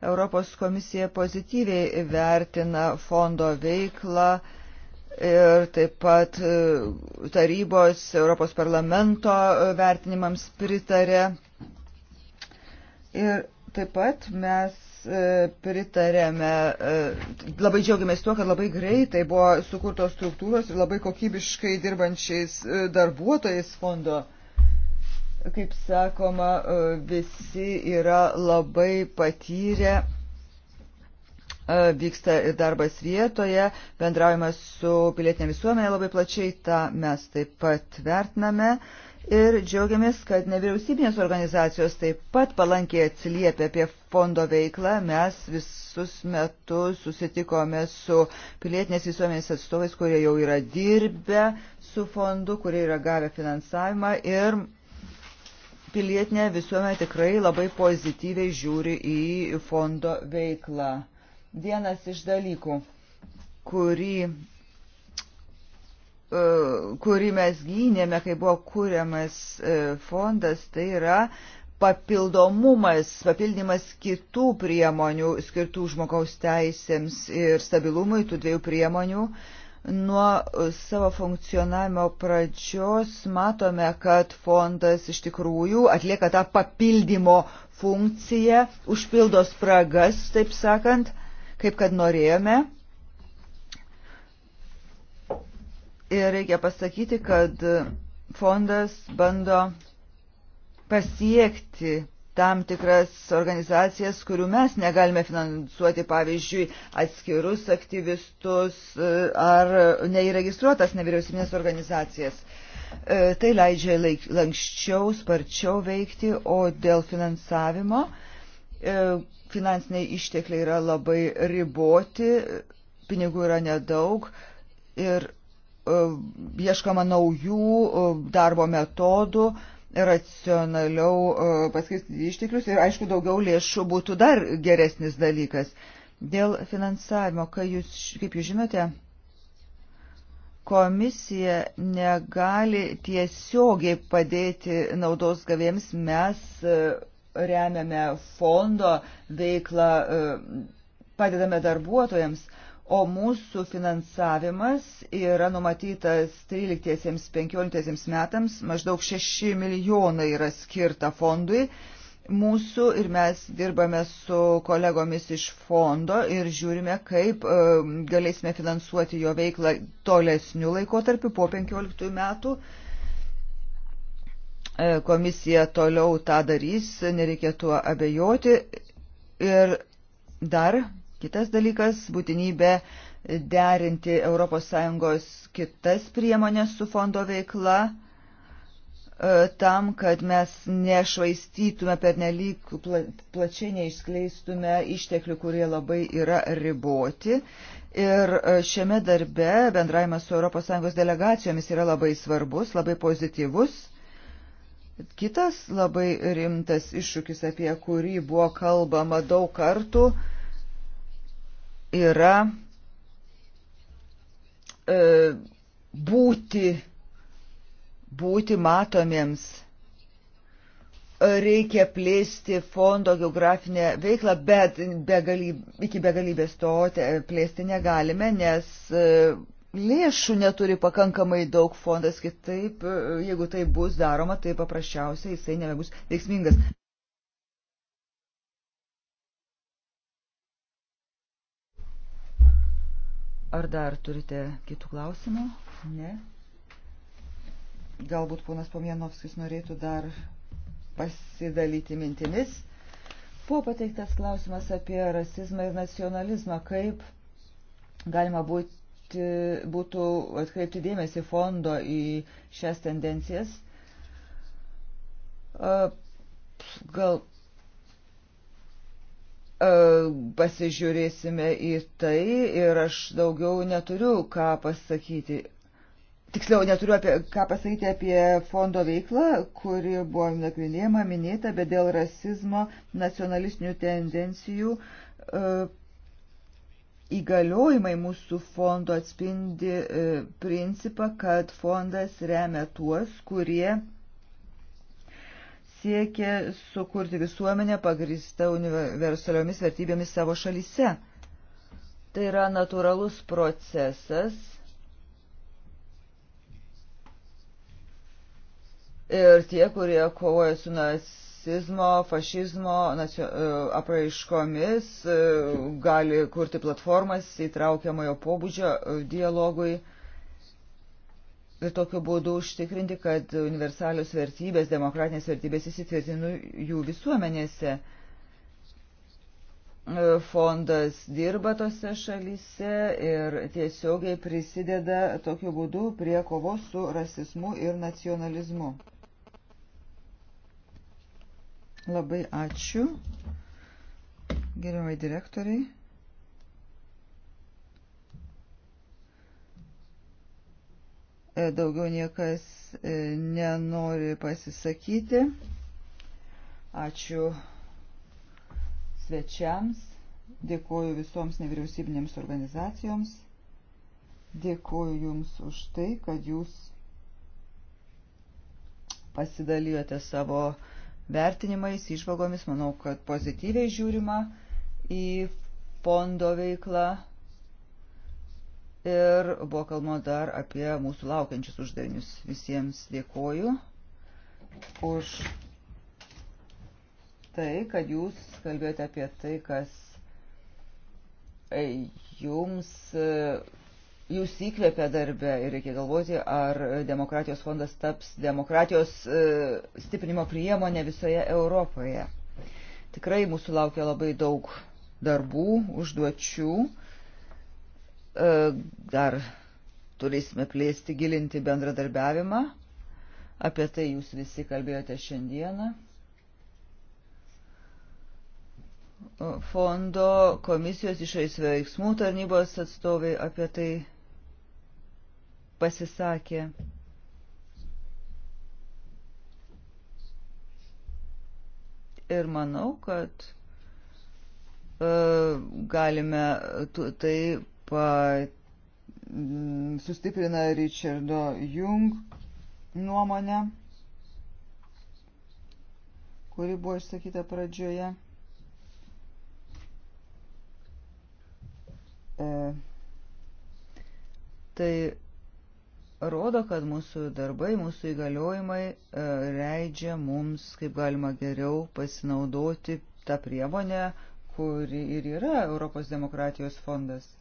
Europos komisija pozityviai vertina fondo veiklą ir taip pat e, tarybos Europos parlamento e, vertinimams pritarė. Ir taip pat mes E, pritarėme, e, labai džiaugiamės tuo, kad labai greitai buvo sukurtos struktūros ir labai kokybiškai dirbančiais e, darbuotojais fondo. Kaip sakoma, visi yra labai patyrę vyksta darbas vietoje, bendraujame su pilietinė visuomenė labai plačiai, tą mes taip pat vertiname. Uh, ir džiaugiamės, kad nevyriausybinės organizacijos taip pat palankiai atsiliepia apie fondo veiklą. Mes visus metus susitikome su pilietinės visuomenės atstovais, kurie jau yra dirbę su fondu, kurie yra gavę finansavimą ir pilietinė visuomenė tikrai labai pozityviai žiūri į fondo veiklą. Vienas iš dalykų, kurį E, kurį mes gynėme, kai buvo kūriamas e, fondas, tai yra papildomumas, papildymas kitų priemonių skirtų žmogaus teisėms ir stabilumui tų dviejų priemonių. Nuo savo funkcionavimo pradžios matome, kad fondas iš tikrųjų atlieka tą papildymo funkciją, užpildo spragas, taip sakant, kaip kad norėjome Ir reikia pasakyti, kad fondas bando pasiekti tam tikras organizacijas, kurių mes negalime finansuoti, pavyzdžiui, atskirus aktyvistus e, ar neįregistruotas nevyriausybinės organizacijas. E, tai leidžia laik, lankščiau, sparčiau veikti, o dėl finansavimo e, finansiniai ištekliai yra labai riboti, pinigų yra nedaug ir E, ieškama naujų e, darbo metodų, racionaliau e, paskirstyti išteklius ir, aišku, daugiau lėšų būtų dar geresnis dalykas. Dėl finansavimo, kai jūs, kaip jūs žinote, komisija negali tiesiogiai padėti naudos gavėjams, mes remiame fondo veiklą, padedame darbuotojams o mūsų finansavimas yra numatytas 13-15 metams, maždaug 6 milijonai yra skirta fondui mūsų ir mes dirbame su kolegomis iš fondo ir žiūrime, kaip e, galėsime finansuoti jo veiklą tolesnių laikotarpių po 15 metų. E, komisija toliau tą darys, nereikėtų abejoti. Ir dar Kitas dalykas - būtinybė derinti ES kitas priemonės su fondo veikla e, tam, kad mes nešvaistytume per nelik plačiai neišskleistume išteklių, kurie labai yra riboti. Ir e, šiame darbe bendravimas su ES delegacijomis yra labai svarbus, labai pozityvus. Kitas labai rimtas iššūkis, apie kurį buvo kalbama daug kartų, yra e, būti, būti matomiems. Reikia plėsti fondo geografinę veiklą, bet begalyb, iki begalybės to plėsti negalime, nes e, lėšų neturi pakankamai daug fondas, kitaip, e, jeigu tai bus daroma, tai paprasčiausiai jisai nebebus veiksmingas. Ar dar turite kitų klausimų? Ne. Galbūt ponas Pomienovskis norėtų dar pasidalyti mintimis. Buvo pateiktas klausimas apie rasizmą ir nacionalizmą, kaip galima būti, būtų atkreipti dėmesį fondo į šias tendencijas. Gal E, pasižiūrėsime į tai ir aš daugiau neturiu ką pasakyti. Tiksliau, neturiu apie, ką pasakyti apie fondo veiklą, kuri buvo nagrinėjama, minėta, bet dėl rasizmo, nacionalistinių tendencijų e, įgaliojimai mūsų fondo atspindi e, principą, kad fondas remia tuos, kurie siekia sukurti visuomenę pagrįstą universaliomis vertybėmis savo šalyse. Tai yra natūralus procesas. Ir tie, kurie kovoja su nacizmo, fašizmo nacio, e, apraiškomis, e, gali kurti platformas įtraukiamojo pobūdžio e, dialogui ir tokiu būdu užtikrinti, kad universalios vertybės, demokratinės vertybės įsitvirtinu jų visuomenėse. Fondas dirba tose šalyse ir tiesiogiai prisideda tokiu būdu prie kovos su rasizmu ir nacionalizmu. Labai ačiū, gerbiamai direktoriai. E, daugiau niekas e, nenori pasisakyti. Ačiū svečiams. Dėkuoju visoms nevyriausybinėms organizacijoms. Dėkuoju Jums už tai, kad Jūs pasidalijote savo vertinimais, išvagomis. Manau, kad pozityviai žiūrima į fondo veiklą. Ir buvo kalbama dar apie mūsų laukiančius uždavinius. Visiems dėkoju už tai, kad jūs kalbėjote apie tai, kas e, jums, e, jūs įkvėpia darbę ir reikia galvoti, ar demokratijos fondas taps demokratijos e, stiprinimo priemonė visoje Europoje. Tikrai mūsų laukia labai daug darbų, užduočių E, dar turėsime plėsti, gilinti bendradarbiavimą. Apie tai jūs visi kalbėjote šiandieną. Fondo komisijos išais veiksmų tarnybos atstovai apie tai pasisakė. Ir manau, kad e, galime tai pa, mm, sustiprina Richardo Jung nuomonę, kuri buvo išsakyta pradžioje. E, tai rodo, kad mūsų darbai, mūsų įgaliojimai e, leidžia mums, kaip galima geriau, pasinaudoti tą priemonę, kuri ir yra Europos demokratijos fondas.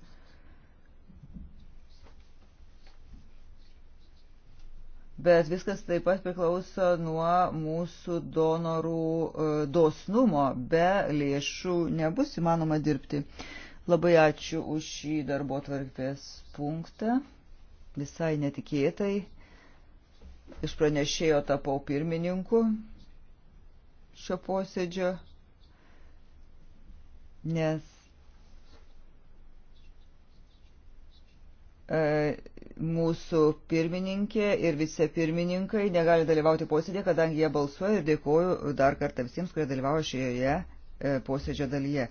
bet viskas taip pat priklauso nuo mūsų donorų e, dosnumo. Be lėšų nebus įmanoma dirbti. Labai ačiū už šį darbo tvarkės punktą. Visai netikėtai iš pranešėjo tapau pirmininku šio posėdžio, nes E, mūsų pirmininkė ir vicepirmininkai negali dalyvauti posėdėje, kadangi jie balsuoja ir dėkoju dar kartą visiems, kurie dalyvavo šioje e, posėdžio dalyje.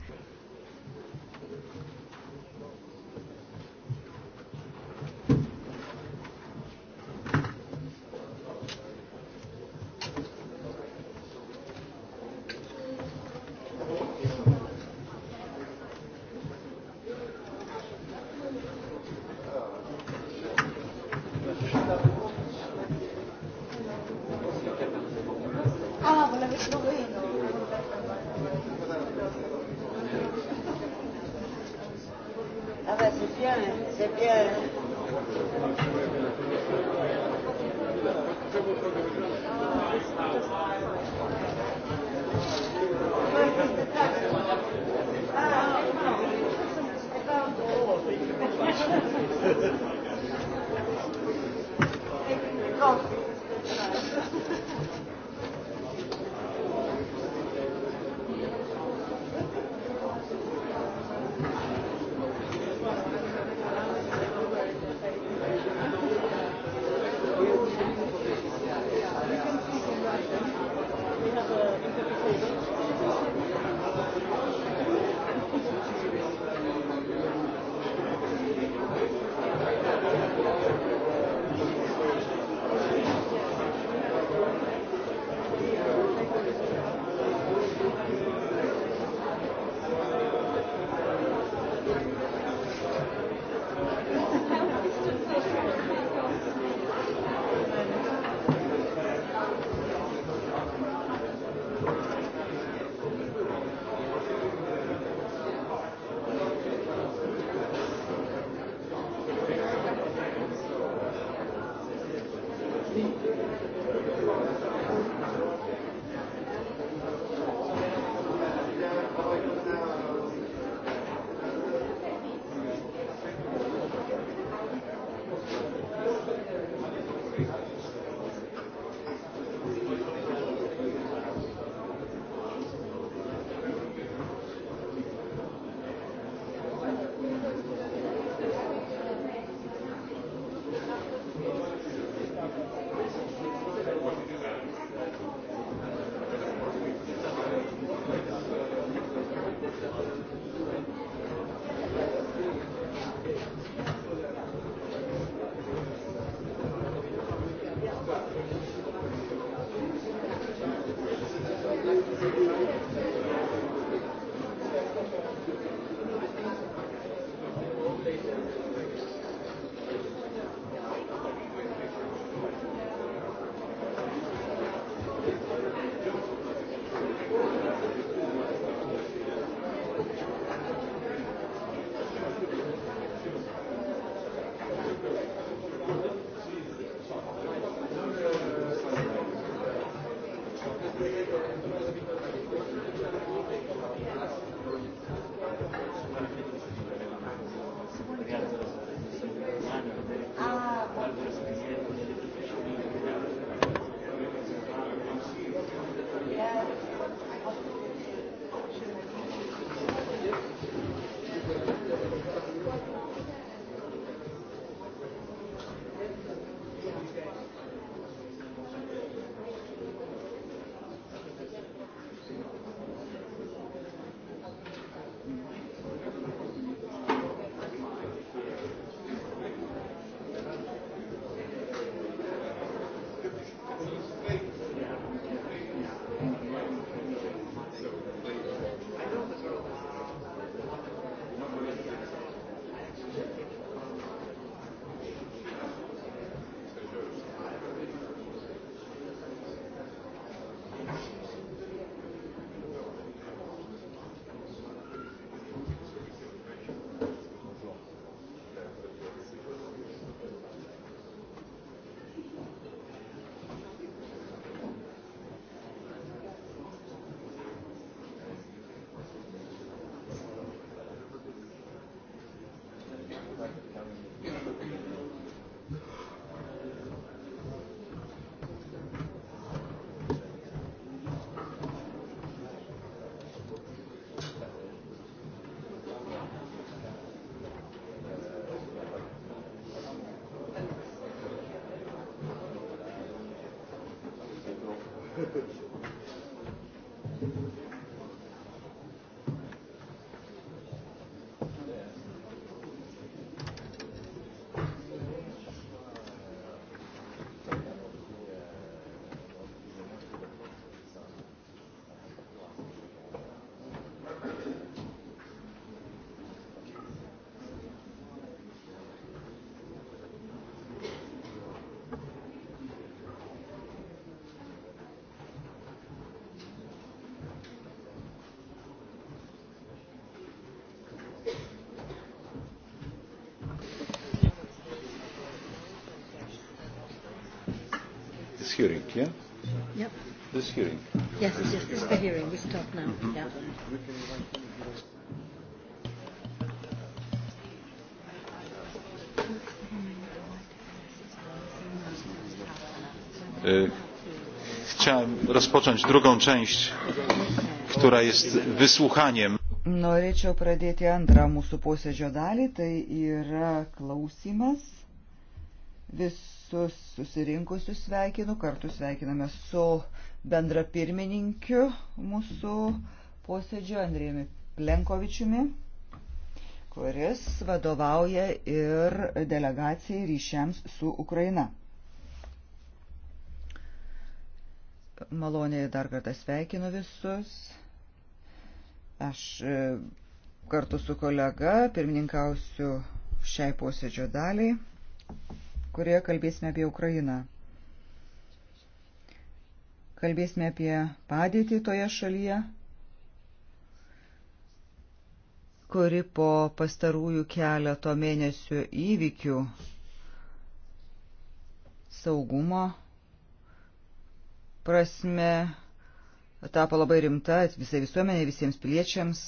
hearing, yeah? Yep. This hearing. Yes, yes, this is the hearing. We stop now. Mm-hmm. Yeah. Chciałem rozpocząć drugą część, która jest wysłuchaniem. Norėčiau pradėti antrą mūsų posėdžio dalį, tai yra klausimas vis visus susirinkusius sveikinu, kartu sveikiname su bendra pirmininkiu mūsų posėdžio Andrėjumi Plenkovičiumi, kuris vadovauja ir delegacijai ryšiams su Ukraina. Maloniai dar kartą sveikinu visus. Aš e, kartu su kolega pirmininkausiu šiai posėdžio daliai kurioje kalbėsime apie Ukrainą. Kalbėsime apie padėtį toje šalyje, kuri po pastarųjų keleto mėnesių įvykių saugumo prasme tapo labai rimta visai visuomenė, visiems piliečiams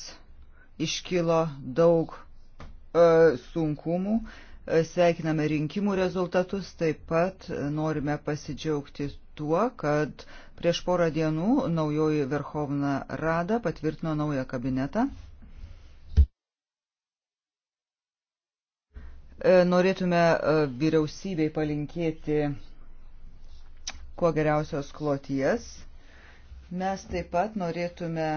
iškilo daug e, sunkumų. E, sveikiname rinkimų rezultatus, taip pat norime pasidžiaugti tuo, kad prieš porą dienų naujoji Verhovna Rada patvirtino naują kabinetą. E, norėtume e, vyriausybei palinkėti kuo geriausios kloties. Mes taip pat norėtume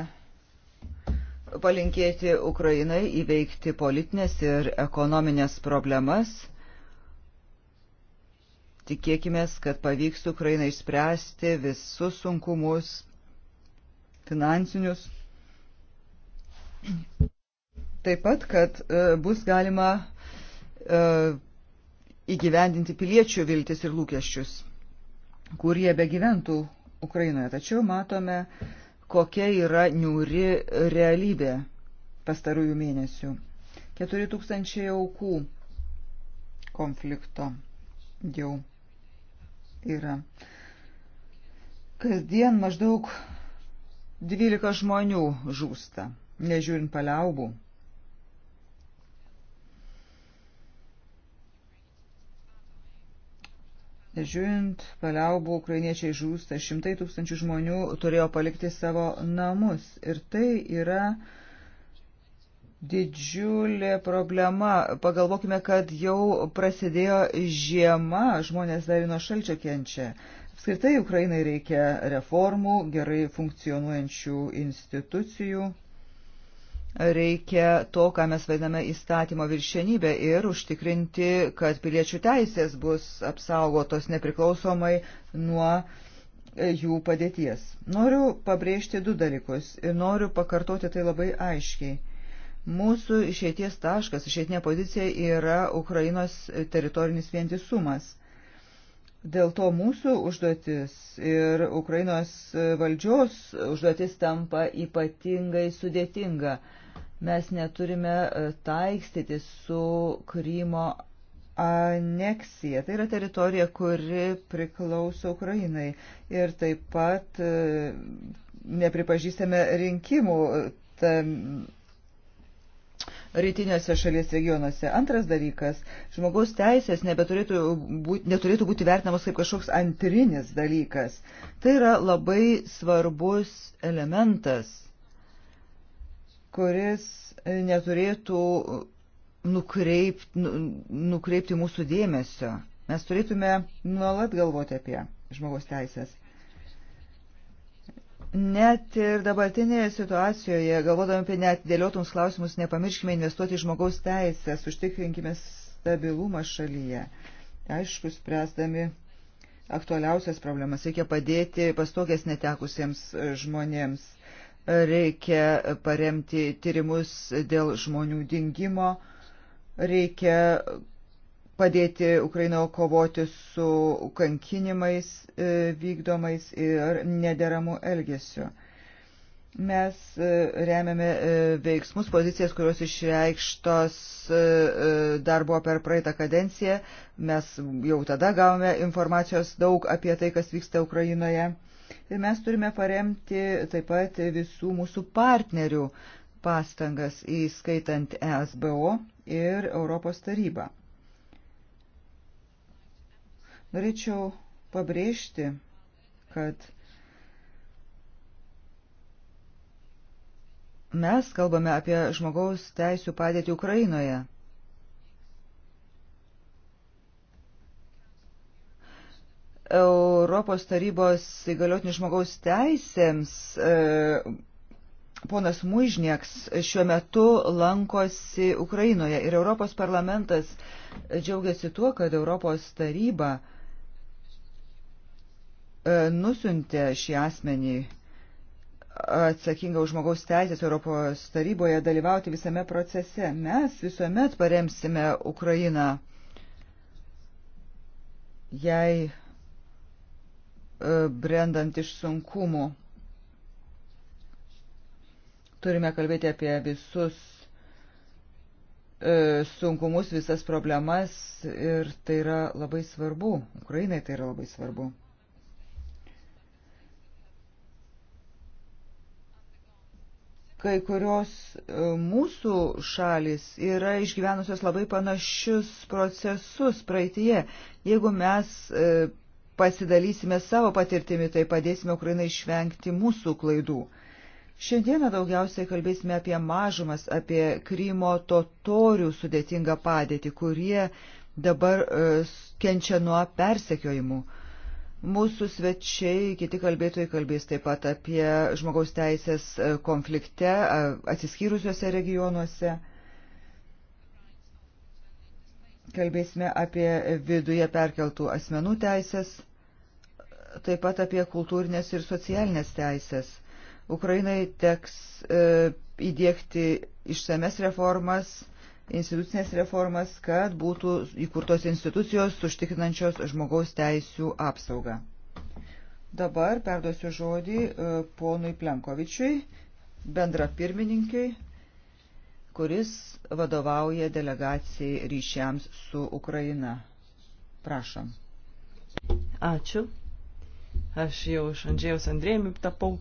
palinkėti Ukrainai įveikti politinės ir ekonominės problemas. Tikėkime, kad pavyks Ukrainai išspręsti visus sunkumus, finansinius. Taip pat, kad e, bus galima e, įgyvendinti piliečių viltis ir lūkesčius, kurie be gyventų Ukrainoje. Tačiau matome, kokia yra niūri realybė pastarųjų mėnesių. 4000 aukų konflikto jau yra. Kasdien maždaug 12 žmonių žūsta, nežiūrint paliaubų. Žiūrint, paliaubų ukrainiečiai žūsta, šimtai tūkstančių žmonių turėjo palikti savo namus. Ir tai yra didžiulė problema. Pagalvokime, kad jau prasidėjo žiema, žmonės dar nuo šalčio kenčia. Apskritai Ukrainai reikia reformų, gerai funkcionuojančių institucijų, reikia to, ką mes vadiname įstatymo viršienybę ir užtikrinti, kad piliečių teisės bus apsaugotos nepriklausomai nuo jų padėties. Noriu pabrėžti du dalykus ir noriu pakartoti tai labai aiškiai. Mūsų išėties taškas, išėtinė pozicija yra Ukrainos teritorinis vientisumas. Dėl to mūsų užduotis ir Ukrainos valdžios užduotis tampa ypatingai sudėtinga. Mes neturime e, taikstyti su Krymo aneksija. Tai yra teritorija, kuri priklauso Ukrainai. Ir taip pat e, nepripažįstame rinkimų e, tam rytiniuose šalies regionuose. Antras dalykas - žmogaus teisės nebeturėtų būti, neturėtų būti vertinamos kaip kažkoks antrinis dalykas. Tai yra labai svarbus elementas kuris e, neturėtų nukreipt, nu, nukreipti mūsų dėmesio. Mes turėtume nuolat galvoti apie žmogaus teisės. Net ir dabartinėje situacijoje, galvodami apie netidėliotumus klausimus, nepamirškime investuoti į žmogaus teisės, užtikrinkime stabilumą šalyje. Aišku, spręsdami aktualiausias problemas, reikia padėti pastogės netekusiems e, žmonėms reikia paremti tyrimus dėl žmonių dingimo, reikia padėti Ukrainoje kovoti su kankinimais e, vykdomais ir nederamu elgesiu. Mes e, remiame e, veiksmus, pozicijas, kurios išreikštos dar buvo per praeitą kadenciją. Mes jau tada gavome informacijos daug apie tai, kas vyksta Ukrainoje. Ir mes turime paremti taip pat visų mūsų partnerių pastangas, įskaitant ESBO ir Europos tarybą. Norėčiau pabrėžti, kad mes kalbame apie žmogaus teisų padėtį Ukrainoje. Europos tarybos įgaliotinis žmogaus teisėms e, ponas Mužnieks šiuo metu lankosi Ukrainoje ir Europos parlamentas džiaugiasi tuo, kad Europos taryba e, nusiuntė šį asmenį atsakingą už žmogaus teisės Europos taryboje dalyvauti visame procese. Mes visuomet paremsime Ukrainą, jei brendant iš sunkumų. Turime kalbėti apie visus e, sunkumus, visas problemas ir tai yra labai svarbu. Ukrainai tai yra labai svarbu. Kai kurios e, mūsų šalis yra išgyvenusios labai panašius procesus praeitie. Jeigu mes e, pasidalysime savo patirtimi, tai padėsime Ukrainai išvengti mūsų klaidų. Šiandieną daugiausiai kalbėsime apie mažumas, apie Krymo totorių sudėtingą padėtį, kurie dabar e, kenčia nuo persekiojimų. Mūsų svečiai, kiti kalbėtojai kalbės taip pat apie žmogaus teisės e, konflikte atsiskyrusiuose regionuose. Kalbėsime apie viduje perkeltų asmenų teisės, taip pat apie kultūrinės ir socialinės teisės. Ukrainai teks e, įdėkti išsames reformas, institucinės reformas, kad būtų įkurtos institucijos užtikrinančios žmogaus teisų apsaugą. Dabar perduosiu žodį e, ponui Plenkovičiui, bendra pirmininkiui kuris vadovauja delegacijai ryšiams su Ukraina. Prašom. Ačiū. Aš jau iš Andžėjaus Andrėjumi tapau.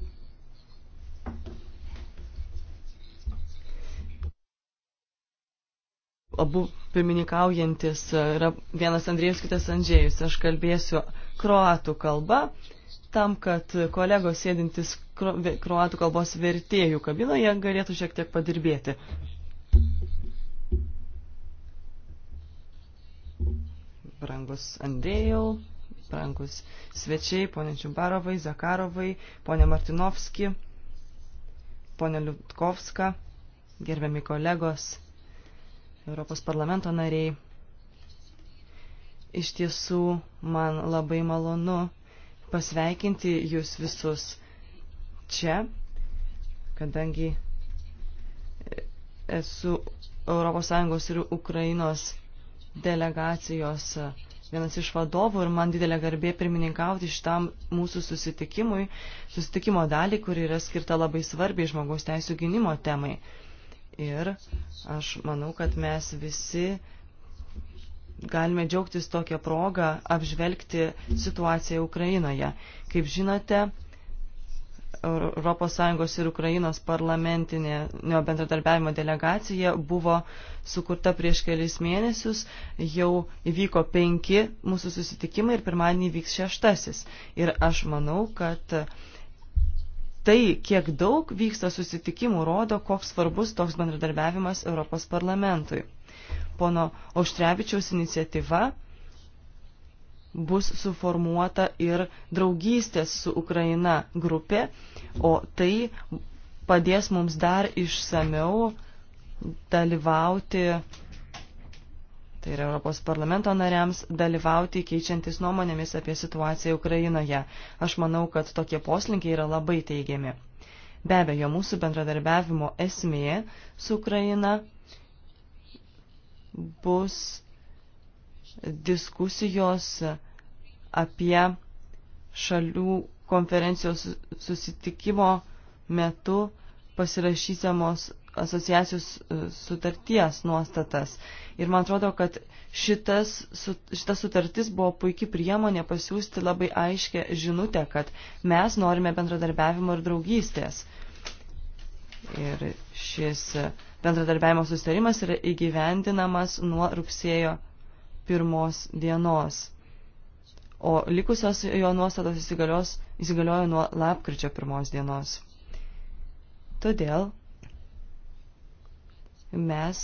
Abu pirmininkaujantis yra vienas Andrėjus, kitas Andžėjus. Aš kalbėsiu kroatų kalba, tam, kad kolegos sėdintis kroatų kalbos vertėjų kabinoje galėtų šiek tiek padirbėti. brangus Andrėjau, brangus svečiai, ponė Čiubarovai, Zakarovai, ponė Martinovski, ponė Liutkovska, gerbiami kolegos, Europos parlamento nariai. Iš tiesų man labai malonu pasveikinti jūs visus čia, kadangi esu ES ir Ukrainos delegacijos vienas iš vadovų ir man didelė garbė pirmininkauti šitam mūsų susitikimui, susitikimo dalį, kuri yra skirta labai svarbiai žmogaus teisų gynimo temai. Ir aš manau, kad mes visi galime džiaugtis tokią progą apžvelgti situaciją Ukrainoje. Kaip žinote, ES ir Ukrainos parlamentinio bendradarbiavimo delegacija buvo sukurta prieš kelis mėnesius, jau įvyko penki mūsų susitikimai ir pirmadienį vyks šeštasis. Ir aš manau, kad tai, kiek daug vyksta susitikimų, rodo, koks svarbus toks bendradarbiavimas Europos parlamentui. Pono Auštrevičiaus iniciatyva bus suformuota ir draugystės su Ukraina grupė, o tai padės mums dar išsameu dalyvauti, tai yra Europos parlamento nariams, dalyvauti keičiantis nuomonėmis apie situaciją Ukrainoje. Aš manau, kad tokie poslinkiai yra labai teigiami. Be abejo, mūsų bendradarbiavimo esmė su Ukraina bus diskusijos apie šalių konferencijos susitikimo metu pasirašysiamos asociacijos e, sutarties nuostatas. Ir man atrodo, kad šitas, šita sutartis buvo puikia priemonė pasiūsti labai aiškę žinutę, kad mes norime bendradarbiavimo ir draugystės. Ir šis bendradarbiavimo sustarimas yra įgyvendinamas nuo rugsėjo pirmos dienos, o likusios jo nuostatos įsigaliojo nuo lapkričio pirmos dienos. Todėl mes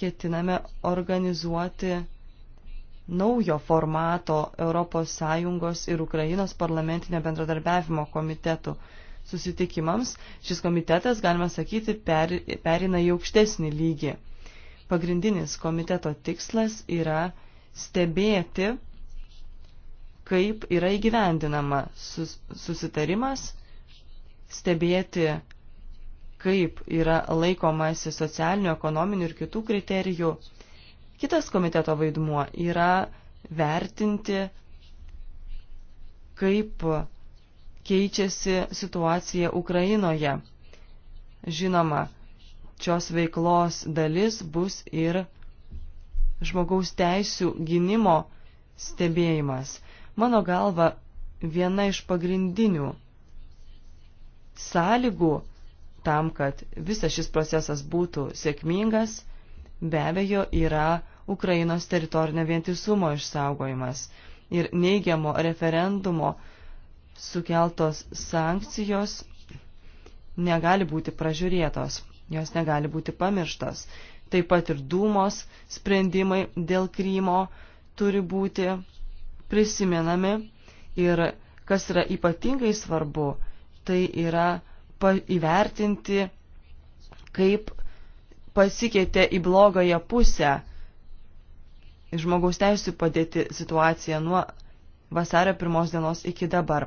ketiname organizuoti naujo formato ES ir Ukrainos parlamentinio bendradarbiavimo komitetų susitikimams. Šis komitetas, galima sakyti, per, perina į aukštesnį lygį. Pagrindinis komiteto tikslas yra stebėti, kaip yra įgyvendinama sus, susitarimas, stebėti, kaip yra laikomasi socialinių, ekonominių ir kitų kriterijų. Kitas komiteto vaidmuo yra vertinti, kaip keičiasi situacija Ukrainoje. Žinoma, šios veiklos dalis bus ir žmogaus teisų gynimo stebėjimas. Mano galva, viena iš pagrindinių sąlygų tam, kad visas šis procesas būtų sėkmingas, be abejo yra Ukrainos teritorinio vientisumo išsaugojimas ir neigiamo referendumo sukeltos sankcijos negali būti pražiūrėtos jos negali būti pamirštas. Taip pat ir Dūmos sprendimai dėl Krymo turi būti prisimenami ir kas yra ypatingai svarbu, tai yra įvertinti, kaip pasikeitė į blogąją pusę žmogaus teisų padėti situaciją nuo vasario pirmos dienos iki dabar.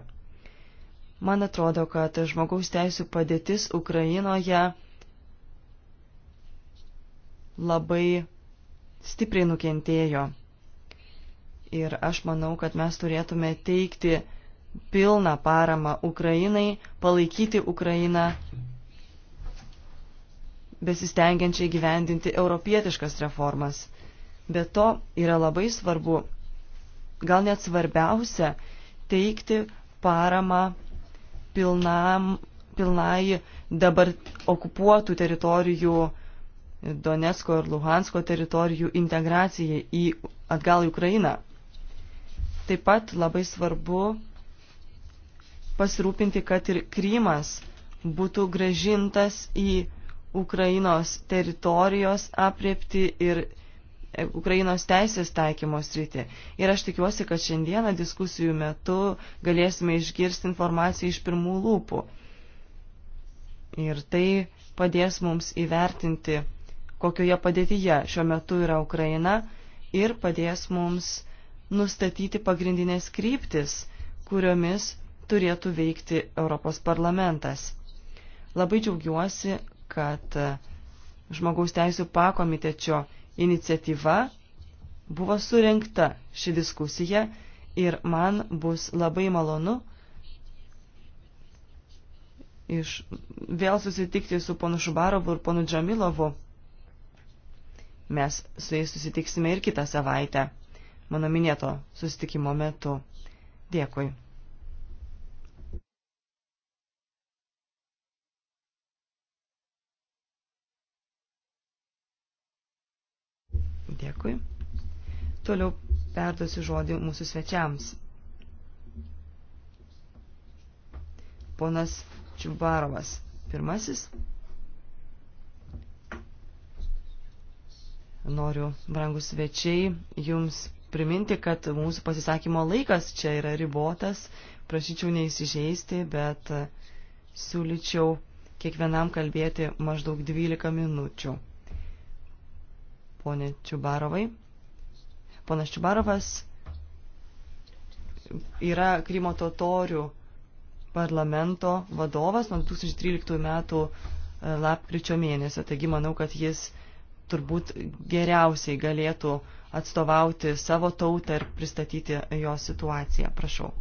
Man atrodo, kad žmogaus teisų padėtis Ukrainoje labai stipriai nukentėjo. Ir aš manau, kad mes turėtume teikti pilną paramą Ukrainai, palaikyti Ukrainą besistengiančiai gyvendinti europietiškas reformas. Be to yra labai svarbu, gal net svarbiausia, teikti paramą pilnam, pilnai dabar okupuotų teritorijų Donetsko ir Luhansko teritorijų integracijai į atgal į Ukrainą. Taip pat labai svarbu pasirūpinti, kad ir Krymas būtų gražintas į Ukrainos teritorijos apriepti ir e, Ukrainos teisės taikymo sritį. Ir aš tikiuosi, kad šiandieną diskusijų metu galėsime išgirsti informaciją iš pirmų lūpų. Ir tai padės mums įvertinti kokioje padėtyje šiuo metu yra Ukraina ir padės mums nustatyti pagrindinės kryptis, kuriomis turėtų veikti Europos parlamentas. Labai džiaugiuosi, kad žmogaus teisų pakomitečio iniciatyva buvo surinkta ši diskusija ir man bus labai malonu iš vėl susitikti su ponu Šubarovu ir ponu Džamilovu Mes su jais susitiksime ir kitą savaitę, mano minėto susitikimo metu. Dėkui. Dėkui. Toliau perduosiu žodį mūsų svečiams. Ponas Čiubarovas pirmasis. Noriu, brangus svečiai, jums priminti, kad mūsų pasisakymo laikas čia yra ribotas. Prašyčiau neįsižeisti, bet e, siūlyčiau kiekvienam kalbėti maždaug 12 minučių. Pone Čiubarovai. Ponas Čiubarovas yra Krymo totorių parlamento vadovas nuo 2013 metų e, lapkričio mėnesio. Taigi manau, kad jis turbūt geriausiai galėtų atstovauti savo tautą ir pristatyti jo situaciją. Prašau.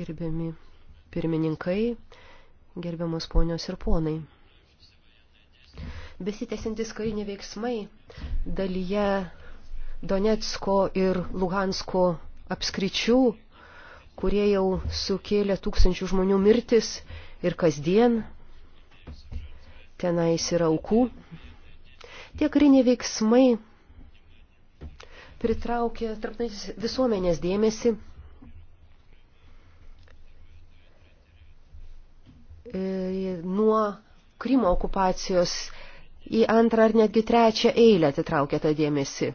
Gerbiami pirmininkai, gerbiamos ponios ir ponai. Besitęsiantis kariniai veiksmai dalyje Donetsko ir Luhansko apskričių kurie jau sukėlė tūkstančių žmonių mirtis ir kasdien tenais yra aukų. Tie kariniai veiksmai pritraukė tarptautinės visuomenės dėmesį. E, nuo Krymo okupacijos į antrą ar netgi trečią eilę atitraukė tą dėmesį.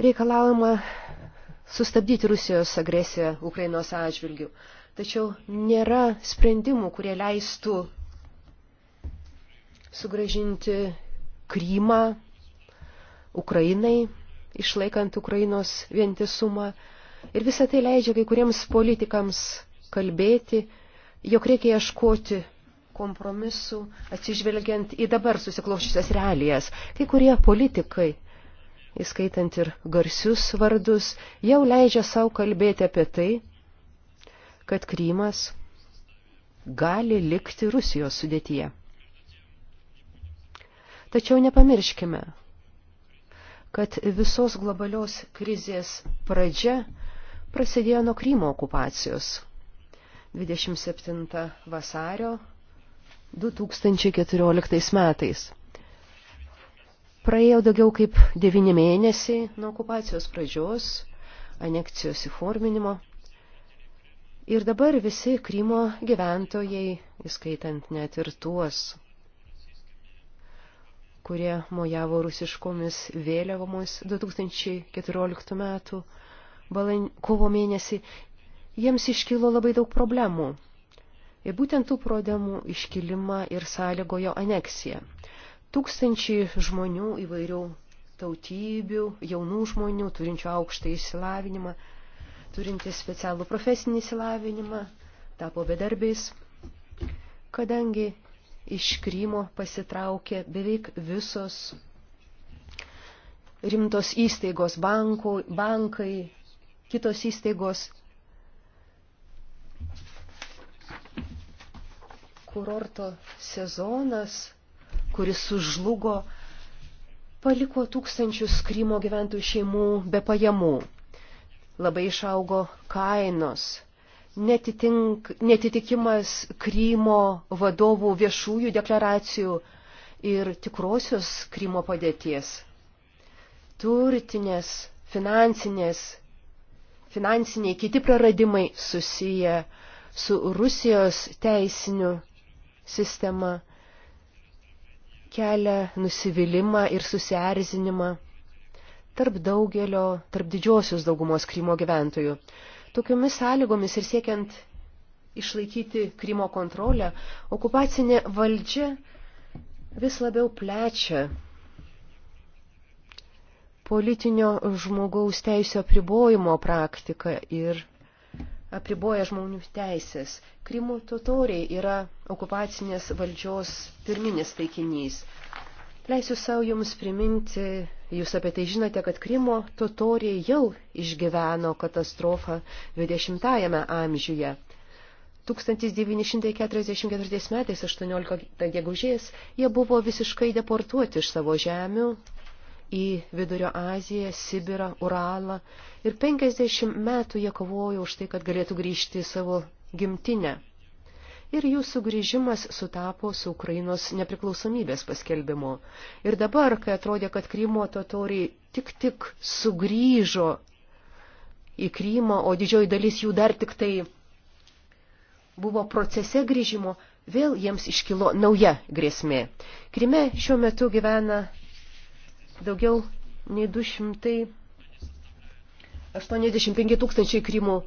Reikalaujama sustabdyti Rusijos agresiją Ukrainos atžvilgių. Tačiau nėra sprendimų, kurie leistų sugražinti Krymą Ukrainai, išlaikant Ukrainos vientisumą. Ir visą tai leidžia kai kuriems politikams kalbėti, jog reikia ieškoti kompromisų, atsižvelgiant į dabar susiklošusias realijas. Kai kurie politikai įskaitant ir garsius vardus, jau leidžia savo kalbėti apie tai, kad Krymas gali likti Rusijos sudėtyje. Tačiau nepamirškime, kad visos globalios krizės pradžia prasidėjo nuo Krymo okupacijos 27 vasario 2014 metais. Praėjo daugiau kaip devyni mėnesiai nuo okupacijos pradžios, anekcijos įforminimo. Ir dabar visi Krymo gyventojai, įskaitant net ir tuos, kurie mojavo rusiškomis vėliavomis 2014 metų balan... kovo mėnesį, jiems iškilo labai daug problemų. Ir būtent tų problemų iškilimą ir sąlygojo aneksija. Tūkstančiai žmonių įvairių tautybių, jaunų žmonių, turinčių aukštą įsilavinimą, turintis specialų profesinį įsilavinimą, tapo bedarbiais, kadangi iš Krymo pasitraukė beveik visos rimtos įstaigos, banko, bankai, kitos įstaigos, kurorto sezonas kuris sužlugo, paliko tūkstančius Krymo gyventojų šeimų be pajamų. Labai išaugo kainos, netitink, netitikimas Krymo vadovų viešųjų deklaracijų ir tikrosios Krymo padėties. Turtinės, finansinės, finansiniai kiti praradimai susiję su Rusijos teisiniu sistema kelia nusivylimą ir susierzinimą tarp daugelio, tarp didžiosios daugumos Krymo gyventojų. Tokiomis sąlygomis ir siekiant išlaikyti Krymo kontrolę, okupacinė valdžia vis labiau plečia politinio žmogaus teisio pribojimo praktiką ir apriboja žmonių teisės. Krimų totoriai yra okupacinės valdžios pirminis taikinys. Leisiu savo jums priminti, jūs apie tai žinote, kad Krimo totoriai jau išgyveno katastrofą 20-ame amžiuje. 1944 metais 18 gegužės jie buvo visiškai deportuoti iš savo žemių į Vidurio Aziją, Sibirą, Uralą ir 50 metų jie kovojo už tai, kad galėtų grįžti į savo gimtinę. Ir jų sugrįžimas sutapo su Ukrainos nepriklausomybės paskelbimu. Ir dabar, kai atrodė, kad Krymo totoriai tik tik sugrįžo į Krymą, o didžioji dalis jų dar tik tai buvo procese grįžimo, vėl jiems iškilo nauja grėsmė. Krime šiuo metu gyvena Daugiau nei 285 tūkstančiai Krymo e,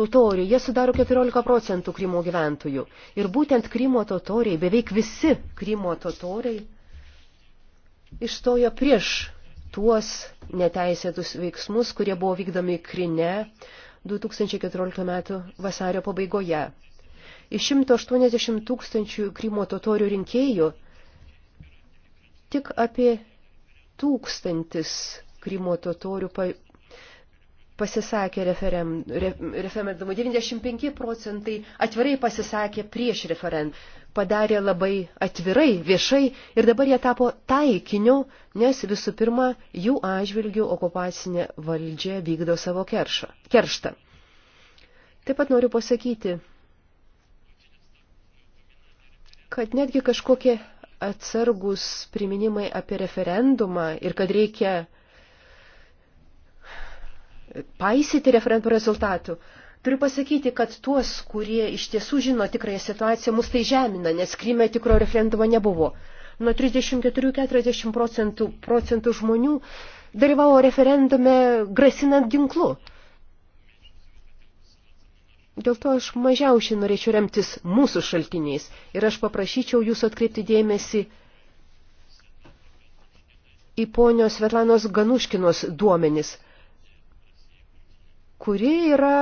totorių. Jie sudaro 14 procentų Krymo gyventojų. Ir būtent Krymo totoriai, beveik visi Krymo totoriai, išstojo prieš tuos neteisėtus veiksmus, kurie buvo vykdomi Krine 2014 m. vasario pabaigoje. Iš 180 tūkstančių Krymo totorių rinkėjų Tik apie tūkstantis Krymo totorių pa, pasisakė referem, re, referendumu. 95 procentai atvirai pasisakė prieš referendumą. Padarė labai atvirai, viešai ir dabar jie tapo taikiniu, nes visų pirma jų atžvilgių okupacinė valdžia vykdo savo keršą, kerštą. Taip pat noriu pasakyti, kad netgi kažkokie atsargus priminimai apie referendumą ir kad reikia paisyti referendumo rezultatų. Turiu pasakyti, kad tuos, kurie iš tiesų žino tikrąją situaciją, mus tai žemina, nes Kryme tikro referendumo nebuvo. Nuo 34-40 procentų, procentų žmonių dalyvavo referendume grasinant ginklu. Dėl to aš mažiausiai norėčiau remtis mūsų šaltiniais ir aš paprašyčiau jūsų atkreipti dėmesį į ponios Svetlanos Ganuškinos duomenis, kuri yra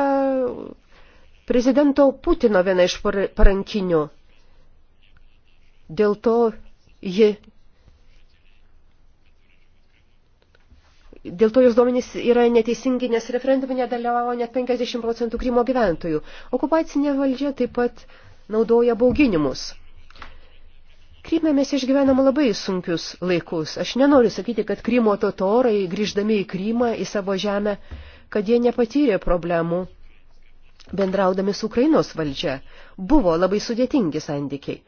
prezidento Putino viena iš parankinių. Dėl to ji Dėl to jos duomenys yra neteisingi, nes referendume nedalyvavo net 50 procentų Krymo gyventojų. Okupacinė valdžia taip pat naudoja bauginimus. Kryme mes išgyvenam labai sunkius laikus. Aš nenoriu sakyti, kad Krymo totorai, grįždami į Krymą, į savo žemę, kad jie nepatyrė problemų bendraudami su Ukrainos valdžia. Buvo labai sudėtingi santykiai.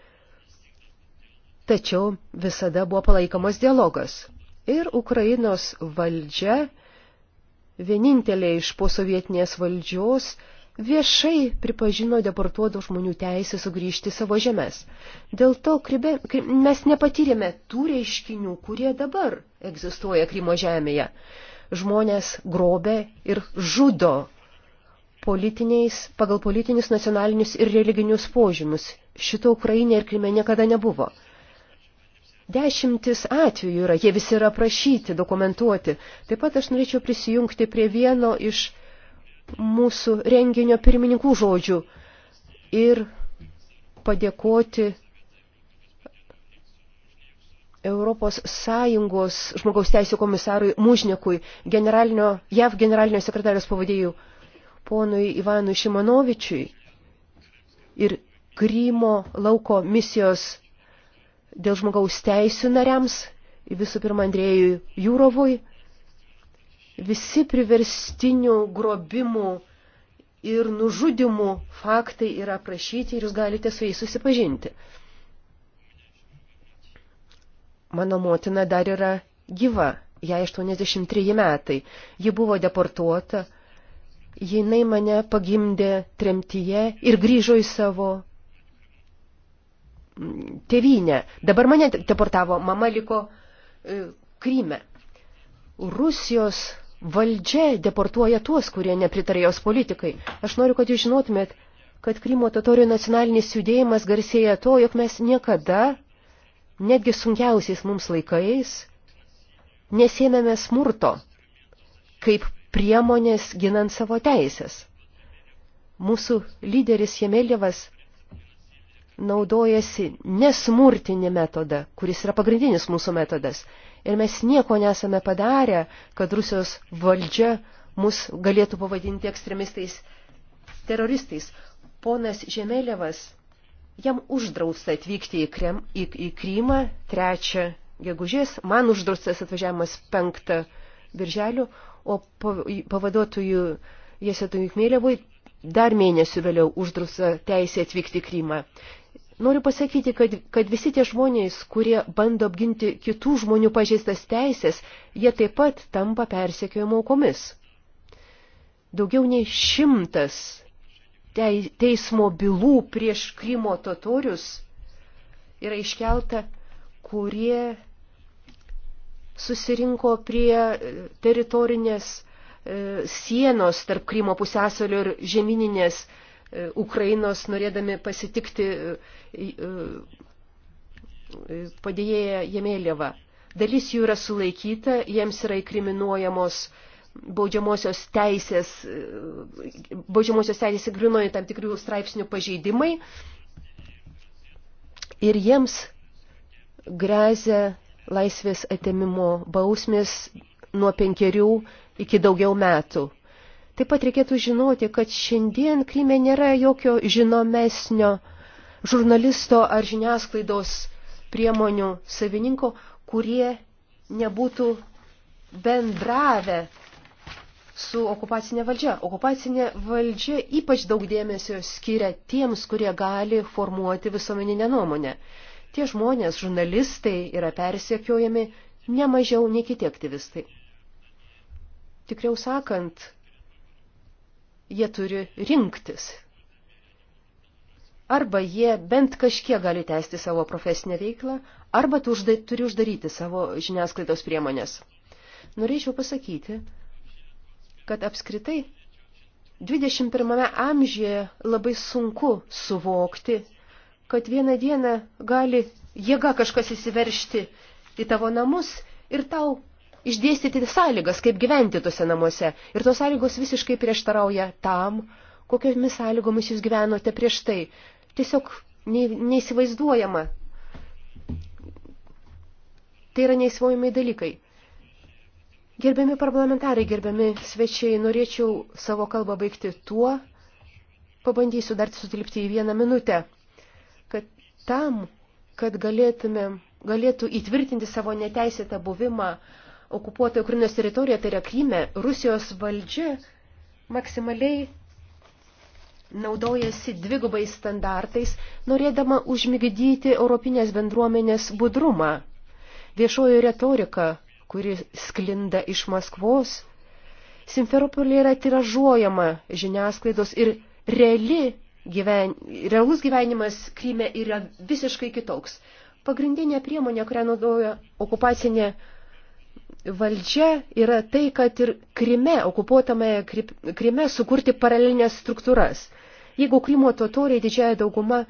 Tačiau visada buvo palaikomas dialogas ir Ukrainos valdžia, vienintelė iš posovietinės valdžios, viešai pripažino deportuotų žmonių teisę sugrįžti savo žemės. Dėl to kribe, kri, mes nepatyrėme tų reiškinių, kurie dabar egzistuoja Krymo žemėje. Žmonės grobė ir žudo politiniais, pagal politinius nacionalinius ir religinius požymus. Šito Ukrainė ir Krime niekada nebuvo dešimtis atvejų yra, jie visi yra aprašyti, dokumentuoti. Taip pat aš norėčiau prisijungti prie vieno iš mūsų renginio pirmininkų žodžių ir padėkoti Europos Sąjungos žmogaus teisų komisarui Mužnekui, generalinio, JAV generalinio sekretarijos pavadėjų ponui Ivanui Šimanovičiui ir Krymo lauko misijos dėl žmogaus teisų nariams, visų pirma Andrėjui Jūrovui, visi priverstinių grobimų ir nužudimų faktai yra aprašyti ir jūs galite su jais susipažinti. Mano motina dar yra gyva, jai 83 metai, ji buvo deportuota, jinai mane pagimdė tremtyje ir grįžo į savo tevinę. Dabar mane deportavo, mama liko e, Kryme. Rusijos valdžia deportuoja tuos, kurie nepritarė jos politikai. Aš noriu, kad jūs žinotumėt, kad Krymo totorių nacionalinis judėjimas garsėja to, jog mes niekada, netgi sunkiausiais mums laikais, nesėmėme smurto kaip priemonės ginant savo teisės. Mūsų lyderis Jemelievas naudojasi nesmurtinį metodą, kuris yra pagrindinis mūsų metodas. Ir mes nieko nesame padarę, kad Rusijos valdžia mus galėtų pavadinti ekstremistais teroristais. Ponas Žemelėvas, jam uždrausta atvykti į, Krem, į, į Krymą 3 gegužės, man uždraustas atvažiavimas 5 birželio, o pavaduotojų Jesetui Kmėlėvui dar mėnesių vėliau uždrausta teisė atvykti į Krymą. Noriu pasakyti, kad, kad visi tie žmonės, kurie bando apginti kitų žmonių pažeistas teisės, jie taip pat tampa persekiojimo aukomis. Daugiau nei šimtas teismo bylų prieš Krymo totorius yra iškelta, kurie susirinko prie e, teritorinės e, sienos tarp Krymo pusėsalio ir žemyninės E, Ukrainos, norėdami pasitikti e, e, padėjėją Jemėlievą. Dalis jų yra sulaikyta, jiems yra įkriminuojamos baudžiamosios teisės, baudžiamosios teisės įgrinuoja tam tikrių straipsnių pažeidimai ir jiems grezia laisvės atėmimo bausmės nuo penkerių iki daugiau metų. Taip pat reikėtų žinoti, kad šiandien Kryme nėra jokio žinomesnio žurnalisto ar žiniasklaidos priemonių savininko, kurie nebūtų bendravę su okupacinė valdžia. Okupacinė valdžia ypač daug dėmesio skiria tiems, kurie gali formuoti visuomeninę nuomonę. Tie žmonės, žurnalistai, yra persekiojami ne mažiau nei kiti aktyvistai. Tikriau sakant, jie turi rinktis. Arba jie bent kažkiek gali tęsti savo profesinę veiklą, arba tu užda, turi uždaryti savo žiniasklaidos priemonės. Norėčiau pasakyti, kad apskritai 21 amžiuje labai sunku suvokti, kad vieną dieną gali jėga kažkas įsiveršti į tavo namus ir tau išdėstyti sąlygas, kaip gyventi tuose namuose. Ir tos sąlygos visiškai prieštarauja tam, kokiomis sąlygomis jūs gyvenote prieš tai. Tiesiog neįsivaizduojama. Tai yra neįsivaizduojamai dalykai. Gerbiami parlamentarai, gerbiami svečiai, norėčiau savo kalbą baigti tuo, pabandysiu dar sutilpti į vieną minutę, kad tam, kad galėtume, galėtų įtvirtinti savo neteisėtą buvimą, uh, okupuotoje Ukrainos teritorijoje, tai yra Kryme, Rusijos valdžia maksimaliai naudojasi dvigubais standartais, norėdama užmigdyti Europinės bendruomenės budrumą. Viešojo retorika, kuri sklinda iš Maskvos, Simferopolė yra tiražuojama žiniasklaidos ir reali gyven, realus gyvenimas Kryme yra visiškai kitoks. Pagrindinė priemonė, kurią naudoja okupacinė valdžia yra tai, kad ir Krime, okupuotame Krime, sukurti paralelinės struktūras. Jeigu Krymo totoriai didžiaja dauguma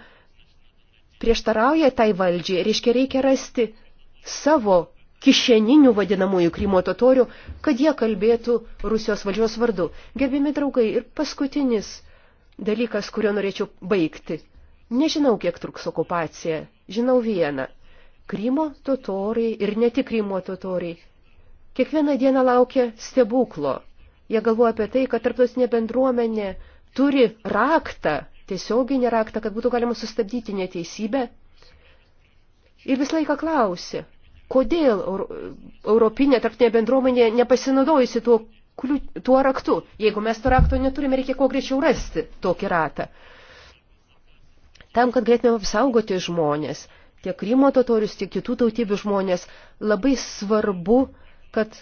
prieštarauja tai valdžiai, reiškia reikia rasti savo kišeninių vadinamųjų Krymo totorių, kad jie kalbėtų Rusijos valdžios vardu. Gerbimi draugai, ir paskutinis dalykas, kurio norėčiau baigti. Nežinau, kiek truks okupacija, žinau vieną. Krymo totoriai ir ne tik Krymo totoriai kiekvieną dieną laukia stebuklo. Jie galvoja apie tai, kad tarptautinė bendruomenė turi raktą, tiesioginį raktą, kad būtų galima sustabdyti neteisybę. Ir visą laiką klausia, kodėl Europinė tarptautinė bendruomenė nepasinaudojusi tuo, tuo raktu. Jeigu mes to rakto neturime, reikia kuo greičiau rasti tokį ratą. Tam, kad galėtume apsaugoti žmonės, tiek Krymo totorius, tiek kitų tautybių žmonės, labai svarbu kad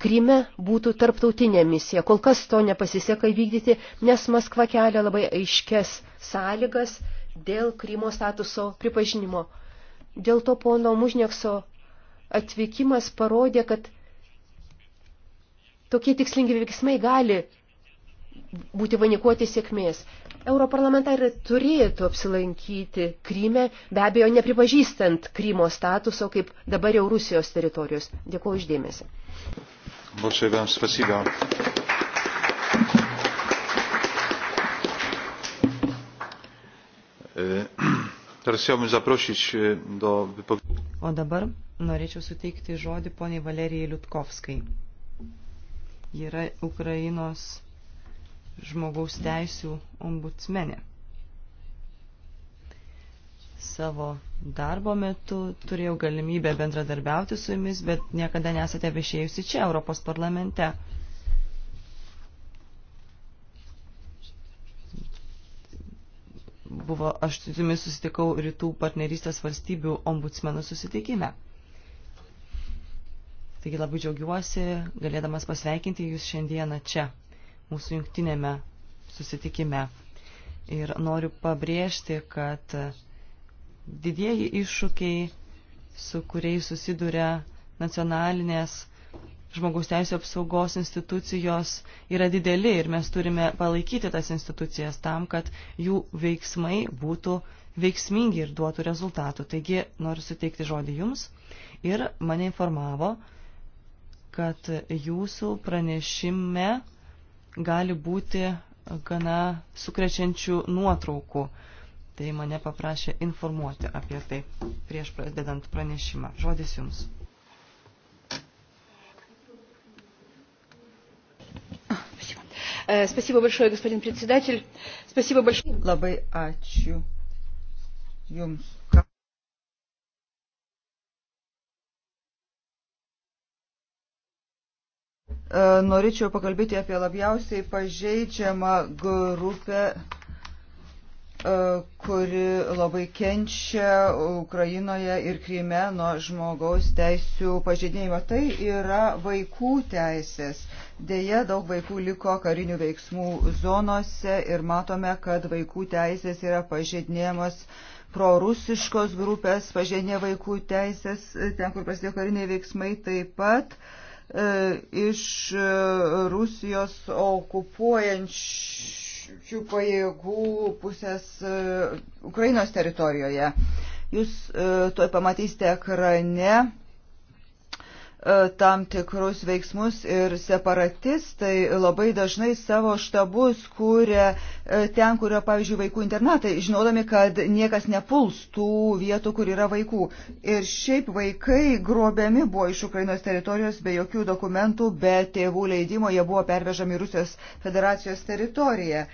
Kryme būtų tarptautinė misija. Kol kas to nepasiseka įvykdyti, nes Maskva kelia labai aiškes sąlygas dėl Krymo statuso pripažinimo. Dėl to pono Mužniekso atvykimas parodė, kad tokie tikslingi veiksmai gali būti vainikuoti sėkmės. Europarlamentarai turėtų apsilankyti Kryme, be abejo, nepripažįstant Krymo statuso kaip dabar jau Rusijos teritorijos. Dėkuoju išdėmesi. E, e, o dabar norėčiau suteikti žodį poniai Valerijai Liutkovskai. Ji yra Ukrainos žmogaus teisų ombudsmenė. Savo darbo metu turėjau galimybę bendradarbiauti su jumis, bet niekada nesate viešėjusi čia Europos parlamente. Buvo, aš su jumis susitikau rytų partnerystės valstybių ombudsmenų susitikime. Taigi labai džiaugiuosi, galėdamas pasveikinti jūs šiandieną čia mūsų jungtinėme susitikime. Ir noriu pabrėžti, kad didieji iššūkiai, su kuriais susiduria nacionalinės žmogaus teisų apsaugos institucijos yra dideli ir mes turime palaikyti tas institucijas tam, kad jų veiksmai būtų veiksmingi ir duotų rezultatų. Taigi noriu suteikti žodį Jums ir mane informavo, kad Jūsų pranešime gali būti gana sukrečiančių nuotraukų. Tai mane paprašė informuoti apie tai prieš pradedant pranešimą. Žodis jums. Э, спасибо большое, господин председатель. Спасибо большое. Labai ačiū Jums E, norėčiau pakalbėti apie labiausiai pažeidžiamą grupę, e, kuri labai kenčia Ukrainoje ir Kryme nuo žmogaus teisų pažeidinėjimo. Tai yra vaikų teisės. Deja, daug vaikų liko karinių veiksmų zonose ir matome, kad vaikų teisės yra pažeidinėjamos prorusiškos grupės, pažeidinė vaikų teisės, ten, kur prasidėjo kariniai veiksmai taip pat. Uh, E, iš e, Rusijos okupuojančių pajėgų pusės e, Ukrainos teritorijoje. Jūs toj pamatysite ekrane E, tam tikrus veiksmus ir separatistai labai dažnai savo štabus kūrė e, ten, kur yra, pavyzdžiui, vaikų internatai, žinodami, kad niekas nepuls tų vietų, kur yra vaikų. Ir šiaip vaikai grobiami buvo iš Ukrainos teritorijos be jokių dokumentų, be tėvų leidimo, jie buvo pervežami Rusijos federacijos teritoriją.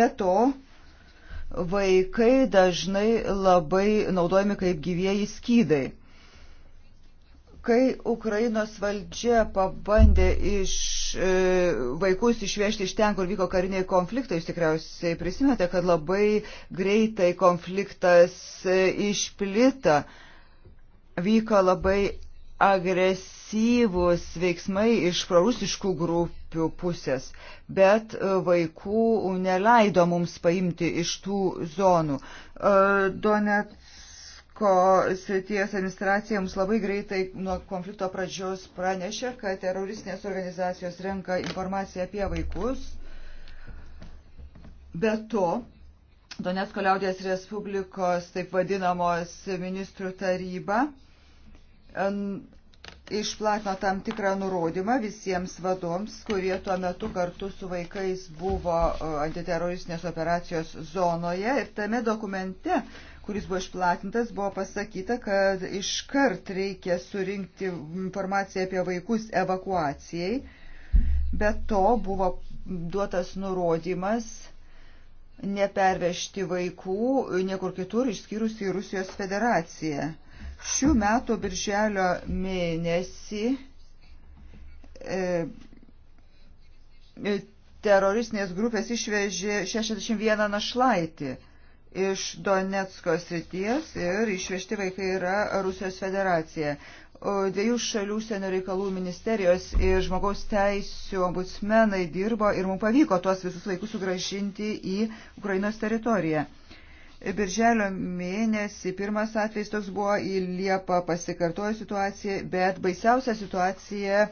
Be to, Vaikai dažnai labai naudojami kaip gyvieji skydai Kai Ukrainos valdžia pabandė iš e, vaikus išvežti iš ten, kur vyko kariniai konfliktai, jūs tikriausiai prisimete, kad labai greitai konfliktas e, išplita, vyko labai agresyvūs veiksmai iš prarusiškų grupių pusės, bet e, vaikų neleido mums paimti iš tų zonų. E, Donets Irako srities administracija mums labai greitai nuo konflikto pradžios pranešė, kad teroristinės organizacijos renka informaciją apie vaikus. Be to, Donetsko liaudės Respublikos taip vadinamos ministrų taryba išplatino tam tikrą nurodymą visiems vadoms, kurie tuo metu kartu su vaikais buvo antiteroristinės operacijos zonoje. Ir tame dokumente kuris buvo išplatintas, buvo pasakyta, kad iškart reikia surinkti informaciją apie vaikus evakuacijai. Bet to buvo duotas nurodymas nepervežti vaikų niekur kitur išskyrus į Rusijos federaciją. Šių metų birželio mėnesį e, e teroristinės grupės išvežė 61 našlaitį iš Donetsko srities ir išvežti vaikai yra Rusijos federacija. Dviejų šalių senio reikalų ministerijos ir žmogaus teisų ombudsmenai dirbo ir mums pavyko tuos visus vaikus sugražinti į Ukrainos teritoriją. Birželio mėnesį pirmas atvejs toks buvo į Liepą pasikartojo situacija, bet baisiausia situacija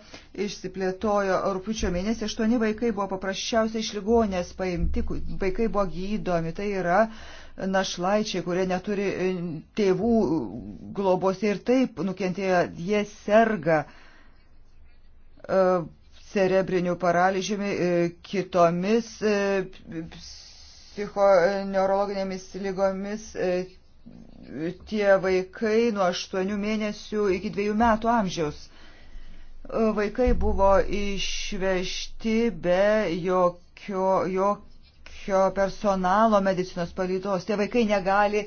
išsiplėtojo rūpiučio mėnesį. Aštuoni vaikai buvo paprasčiausiai iš ligonės paimti, vaikai buvo gydomi. Tai yra našlaičiai, kurie neturi e, tėvų globose ir taip nukentėjo, jie serga e, cerebriniu paralyžiumi, e, kitomis psichoneurologinėmis lygomis e, tie vaikai nuo 8 mėnesių iki 2 metų amžiaus. E, vaikai buvo išvežti be jokio, jokio jokio personalo medicinos palydos. Tie vaikai negali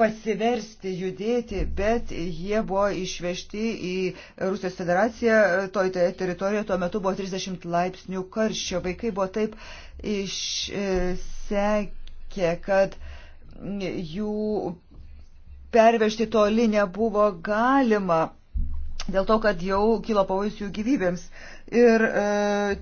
pasiversti, judėti, bet jie buvo išvežti į Rusijos federaciją, toje teritorijoje tuo metu buvo 30 laipsnių karščio. Vaikai buvo taip iš e, sekė, kad jų pervežti toli nebuvo galima dėl to, kad jau kilo pavojus jų gyvybėms. Ir e,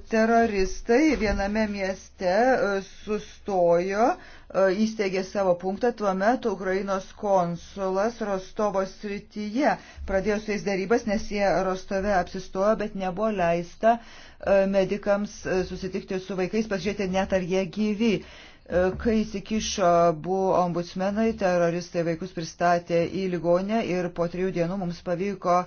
teroristai viename mieste e, sustojo, e, įsteigė savo punktą, tuo metu Ukrainos konsulas Rostovo srityje pradėjo su jais darybas, nes jie Rostove apsistojo, bet nebuvo leista e, medikams e, susitikti su vaikais, pasižiūrėti net ar jie gyvi. E, E, kai įsikišo abu ombudsmenai, teroristai vaikus pristatė į ligonę ir po trijų dienų mums pavyko e,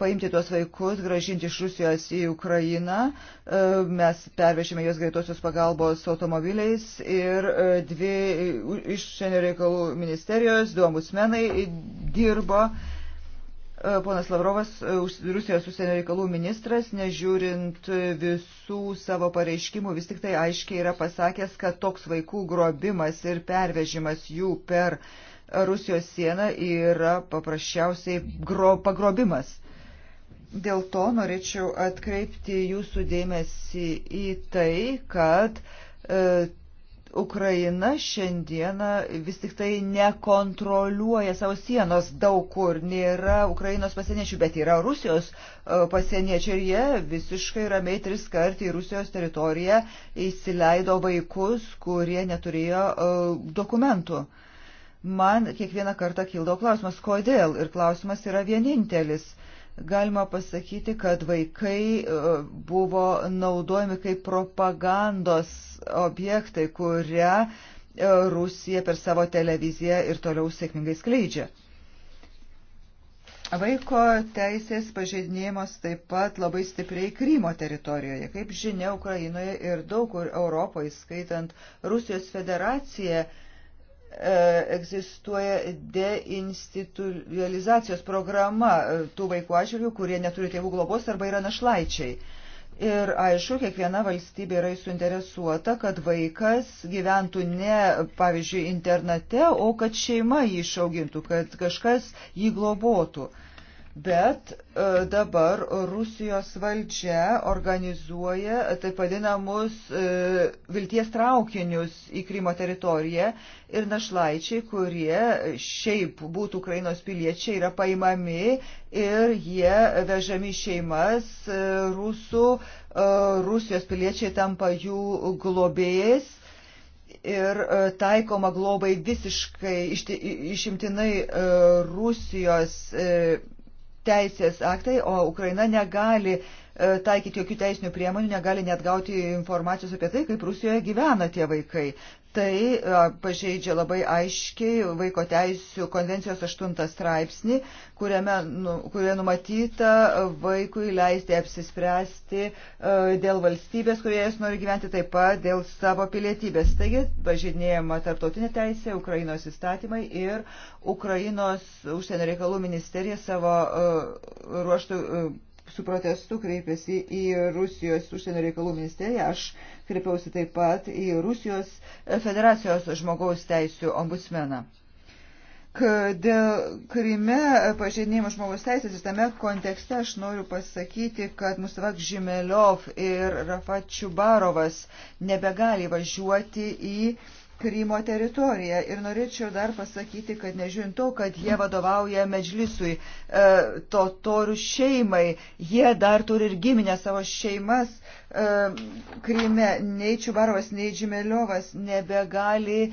paimti tuos vaikus, gražinti iš Rusijos į Ukrainą. E, mes pervešime juos greitosios pagalbos automobiliais ir dvi iš šiandien reikalų ministerijos, du ombudsmenai dirbo Ponas Lavrovas, e, Rusijos užsienio reikalų ministras, nežiūrint visų savo pareiškimų, vis tik tai aiškiai yra pasakęs, kad toks vaikų grobimas ir pervežimas jų per Rusijos sieną yra paprasčiausiai gro, pagrobimas. Dėl to norėčiau atkreipti jūsų dėmesį į tai, kad e, Ukraina šiandieną vis tik tai nekontroliuoja savo sienos daug kur. Nėra Ukrainos pasieniečių, bet yra Rusijos e, pasieniečiai ir jie visiškai ramiai tris kart į Rusijos teritoriją įsileido vaikus, kurie neturėjo e, dokumentų. Man kiekvieną kartą kildo klausimas, kodėl? Ir klausimas yra vienintelis galima pasakyti, kad vaikai e, buvo naudojami kaip propagandos objektai, kurią e, Rusija per savo televiziją ir toliau sėkmingai skleidžia. Vaiko teisės pažeidinėjimas taip pat labai stipriai Krymo teritorijoje. Kaip žinia, Ukrainoje ir daug kur Europoje, skaitant Rusijos federaciją, E, egzistuoja deinstitualizacijos programa e, tų vaikų atžvilgių, kurie neturi tėvų globos arba yra našlaičiai. Ir aišku, kiekviena valstybė yra suinteresuota, kad vaikas gyventų ne, pavyzdžiui, internate, o kad šeima jį išaugintų, kad kažkas jį globotų. Bet e, dabar Rusijos valdžia organizuoja taip vadinamus e, vilties traukinius į Krymo teritoriją ir našlaičiai, kurie šiaip būtų Ukrainos piliečiai, yra paimami ir jie vežami šeimas e, rusų, Rusijos piliečiai tampa jų globėjais ir taikoma globai visiškai išimtinai Rusijos teisės aktai, o Ukraina negali E, taikyti jokių teisinių priemonių, negali net gauti informacijos apie tai, kaip Rusijoje gyvena tie vaikai. Tai e, pažeidžia labai aiškiai vaiko teisų konvencijos 8 straipsnį, kuriame, nu, kurie numatyta vaikui leisti apsispręsti e, dėl valstybės, kurioje jis nori gyventi, taip pat dėl savo pilietybės. Taigi pažeidinėjama tarptautinė teisė, Ukrainos įstatymai ir Ukrainos užsienio reikalų ministerija savo uh, ruoštų. Uh, su protestu kreipėsi į Rusijos užsienio reikalų ministeriją. Aš kreipiausi taip pat į Rusijos federacijos žmogaus teisų ombudsmeną. Dėl e, Krime pažeidinėjimo žmogaus teisės ir tame kontekste aš noriu pasakyti, kad Mustavak Žimeliov ir Rafat Čubarovas nebegali važiuoti į Krymo teritoriją. Ir norėčiau dar pasakyti, kad nežiūrint to, kad jie vadovauja medžlisui, e, totorių šeimai, jie dar turi ir giminę savo šeimas e, Kryme. Nei Čubarovas, nei Džimeliovas nebegali e,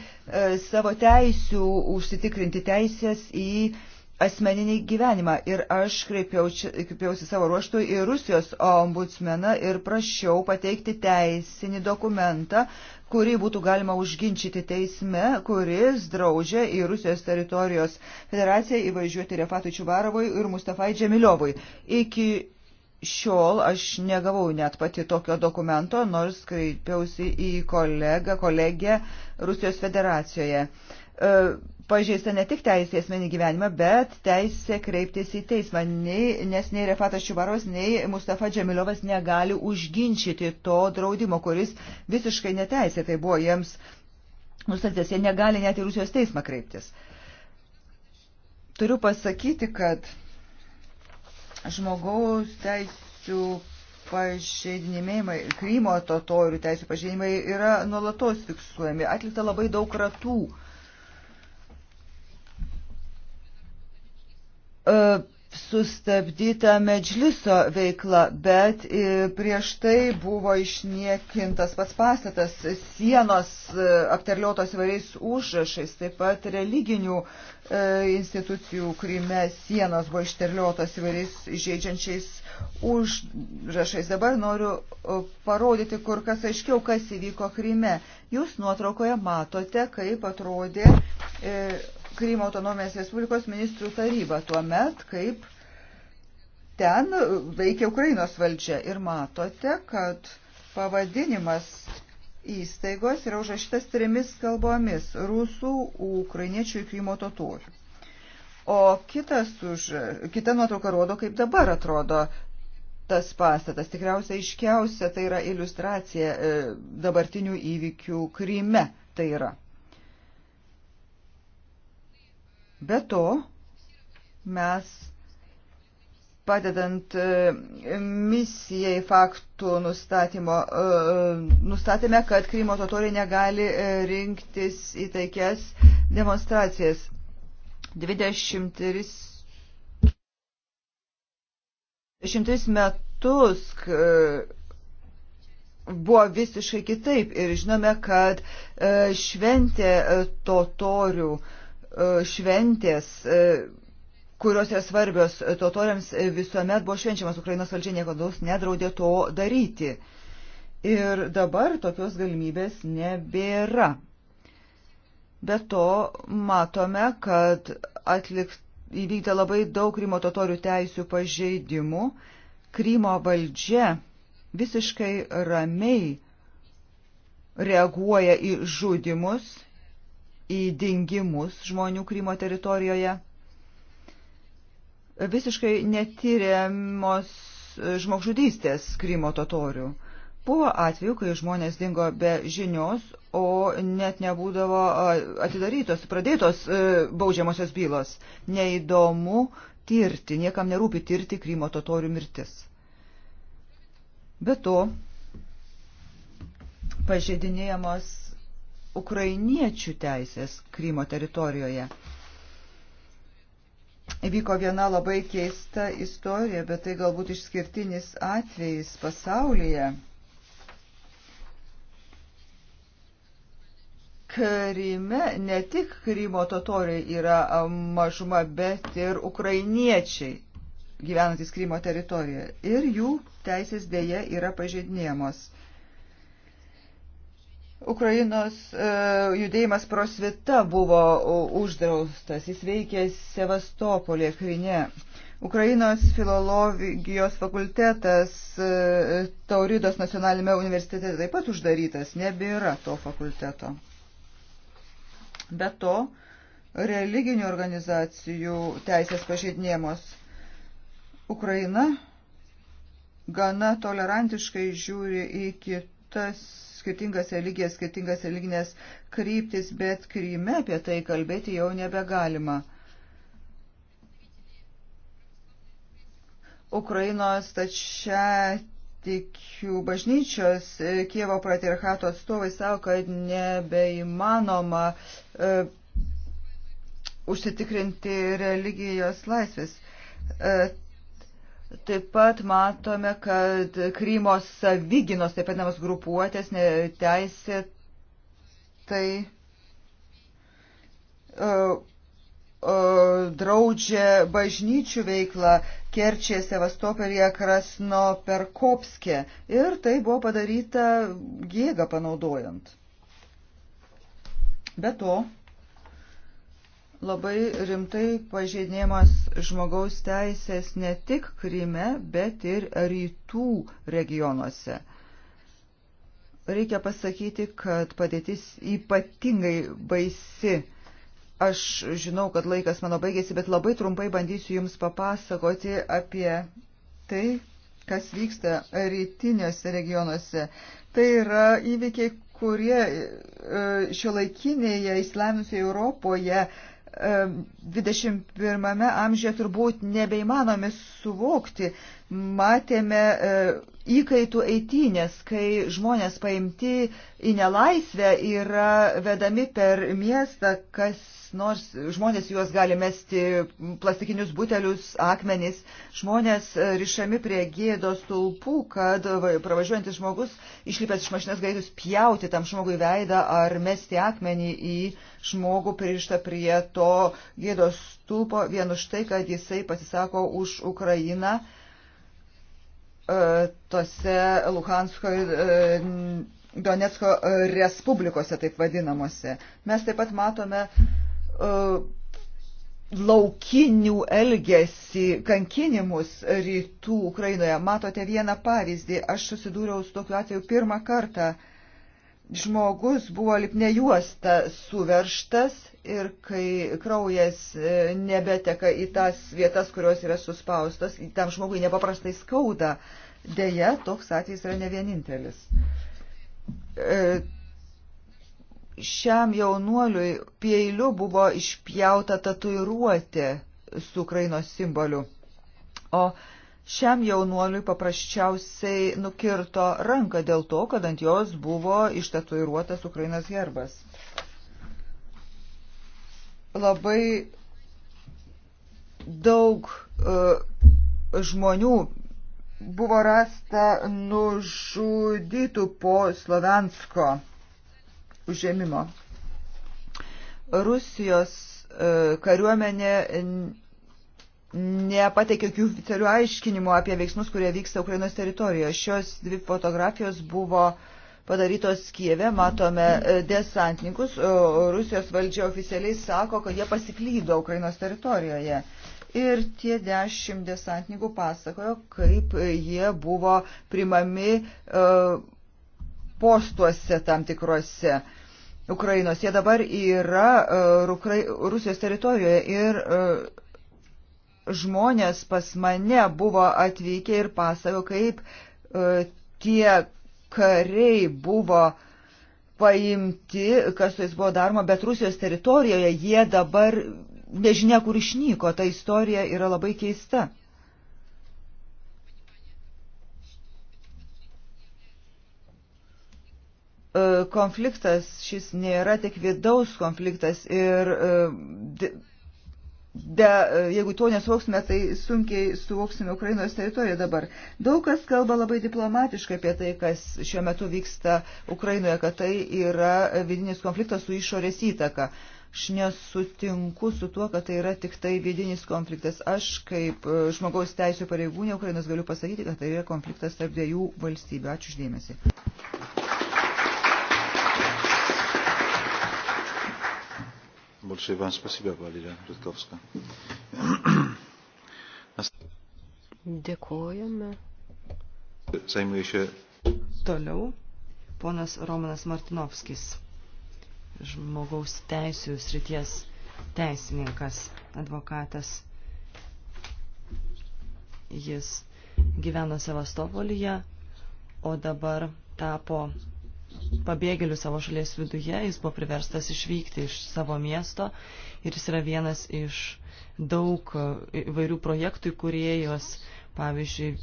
savo teisių užsitikrinti teisės į asmeninį gyvenimą. Ir aš kreipiausi savo ruoštų į Rusijos ombudsmeną ir prašiau pateikti teisinį dokumentą, kurį būtų galima užginčyti teisme, kuris draudžia į Rusijos teritorijos federaciją įvažiuoti Refatui Čuvarovui ir Mustafai Džemiliovui. Iki šiol aš negavau net pati tokio dokumento, nors kreipiausi į kolegą, kolegę Rusijos federacijoje. E, pažeista ne tik teisė asmenį gyvenimą, bet teisė kreiptis į teismą, nei, nes nei Refatas Šubaros, nei Mustafa Džemilovas negali užginčyti to draudimo, kuris visiškai neteisė, tai buvo jiems nustatytas, jie negali net į Rusijos teismą kreiptis. Turiu pasakyti, kad žmogaus teisų pažeidinimai, Krymo totorių teisų pažeidinimai yra nuolatos fiksuojami, atlikta labai daug ratų E, sustabdyta medžliso veikla, bet e, prieš tai buvo išniekintas pats pastatas, sienos e, apterliotos įvairiais užrašais, taip pat religinių institucijų Kryme sienos buvo išterliotos įvairiais žaidžiančiais užrašais. Dabar noriu parodyti kur kas aiškiau, kas įvyko Kryme. Jūs nuotraukoje matote, kaip atrodė Krymo autonomijos Respublikos ministrų taryba tuo met, kaip ten veikia Ukrainos valdžia. Ir matote, kad pavadinimas įstaigos yra užrašytas trimis kalbomis - rusų, ukrainiečių ir krymo totorių. O kitas už, kita nuotrauka rodo, kaip dabar atrodo tas pastatas. Tikriausiai iškiausia tai yra iliustracija e, dabartinių įvykių Kryme. Tai yra. Be to, mes padedant e, misijai faktų nustatymo, e, nustatėme, kad Krymo totoriai negali e, rinktis į taikias demonstracijas. 23 šimtais metus buvo visiškai kitaip ir žinome, kad šventė totorių to E, šventės, e, kurios yra svarbios totoriams, e, visuomet buvo švenčiamas Ukrainos valdžia niekada nedraudė to daryti. Ir dabar tokios galimybės nebėra. Be to matome, kad atlikt, įvykta labai daug Krymo totorių teisių pažeidimų. Krymo valdžia visiškai ramiai reaguoja į žudimus į dingimus žmonių Krymo teritorijoje. Visiškai netyriamos žmogžudystės Krymo totorių. Buvo atveju, kai žmonės dingo be žinios, o net nebūdavo atidarytos, pradėtos e, baudžiamosios bylos. Neįdomu tirti, niekam nerūpi tirti Krymo totorių mirtis. Be to, pažeidinėjamos ukrainiečių teisės Krymo teritorijoje. Įvyko viena labai keista istorija, bet tai galbūt išskirtinis atvejis pasaulyje. Kryme ne tik Krymo totoriai yra mažuma, bet ir ukrainiečiai gyvenantis Krymo teritorijoje. Ir jų teisės dėje yra pažeidinėjamos. Ukrainos e, judėjimas prosvita buvo uždraustas, jis veikė Sevastopolė, Krine. Ukrainos filologijos fakultetas e, Tauridos nacionalinėme universitete taip pat uždarytas, nebėra to fakulteto. Be to, religinių organizacijų teisės pažeidinėjamos. Ukraina gana tolerantiškai žiūri į kitas skirtingas religijas, skirtingas religinės kryptis, bet kryme apie tai kalbėti jau nebegalima. Ukrainos tačia tikių bažnyčios e, Kievo patriarchato atstovai savo, kad nebeįmanoma e, užsitikrinti religijos laisvės. E, Taip pat matome, kad Krymo savyginos, taip pat namas grupuotės, teisė tai uh, e, uh, e, draudžia bažnyčių veiklą Kerčėje, Sevastopelėje, Krasno, Perkopskė. Ir tai buvo padaryta jėga panaudojant. Be to, labai rimtai pažeidėjimas žmogaus teisės ne tik Kryme, bet ir rytų regionuose. Reikia pasakyti, kad padėtis ypatingai baisi. Aš žinau, kad laikas mano baigėsi, bet labai trumpai bandysiu Jums papasakoti apie tai, kas vyksta rytiniuose regionuose. Tai yra įvykiai, kurie e, šio laikinėje islamiusioje Europoje uh, 21 e, amžiuje turbūt nebeįmanomi suvokti matėme e, įkaitų eitynės, kai žmonės paimti į nelaisvę yra vedami per miestą, kas nors žmonės juos gali mesti plastikinius butelius, akmenys, žmonės e, rišami prie gėdos tulpų, kad pravažiuojantis žmogus išlipęs iš mašinas galėtų spjauti tam žmogui veidą ar mesti akmenį į žmogų pririštą prie to gėdos tulpo vien už tai, kad jisai pasisako už Ukrainą. E, tose Luhansko ir e, Donetsko respublikose taip vadinamosi. Mes taip pat matome e, laukinių elgesį, kankinimus rytų Ukrainoje. Matote vieną pavyzdį, aš susidūriau su tokiu atveju pirmą kartą. Žmogus buvo lipne juosta suverštas ir kai kraujas nebeteka į tas vietas, kurios yra suspaustos, tam žmogui nepaprastai skauda. Uh, Deja, toks atvejis yra ne vienintelis. E, šiam jaunuoliui pieiliu buvo išpjauta tatuiruotė su Ukrainos simboliu, o šiam jaunuoliui paprasčiausiai nukirto ranką dėl to, kad ant jos buvo ištatuiruotas Ukrainos herbas. Labai daug uh, žmonių buvo rasta nužudytų po Slovensko užėmimo. Rusijos e, kariuomenė nepateikė jokių oficialių aiškinimų apie veiksmus, kurie vyksta Ukrainos teritorijoje. Šios dvi fotografijos buvo padarytos Kieve, matome e, desantininkus. Rusijos valdžia oficialiai sako, kad jie pasiklydo Ukrainos teritorijoje. Ir tie dešimt desantininkų pasakojo, kaip jie buvo primami e, postuose tam tikrose Ukrainos. Jie dabar yra e, Rusijos teritorijoje ir e, žmonės pas mane buvo atvykę ir pasakojo, kaip tie kariai buvo paimti, kas su jais buvo daroma, bet Rusijos teritorijoje jie dabar nežinia kur išnyko, ta istorija yra labai keista. E, konfliktas šis nėra tik vidaus konfliktas ir e, de, de, jeigu to nesuvoksime, tai sunkiai suvoksime Ukrainos teritoriją dabar. Daug kas kalba labai diplomatiškai apie tai, kas šiuo metu vyksta Ukrainoje, kad tai yra vidinis konfliktas su išorės įtaka. Uh, Aš nesutinku su tuo, kad tai yra tik tai vidinis konfliktas. Aš kaip e, žmogaus teisų pareigūnė Ukrainos galiu pasakyti, kad tai yra konfliktas tarp dviejų valstybių. Ačiū uždėmesi. Большое вам спасибо, Валерия Рудковска. Dėkojame. Zajmuje się. Toliau ponas Romanas Martinovskis žmogaus teisų srities teisininkas, advokatas. Jis gyveno Sevastopolyje, o dabar tapo pabėgėlių savo šalies viduje, jis buvo priverstas išvykti iš savo miesto ir jis yra vienas iš daug įvairių projektų įkūrėjos, pavyzdžiui,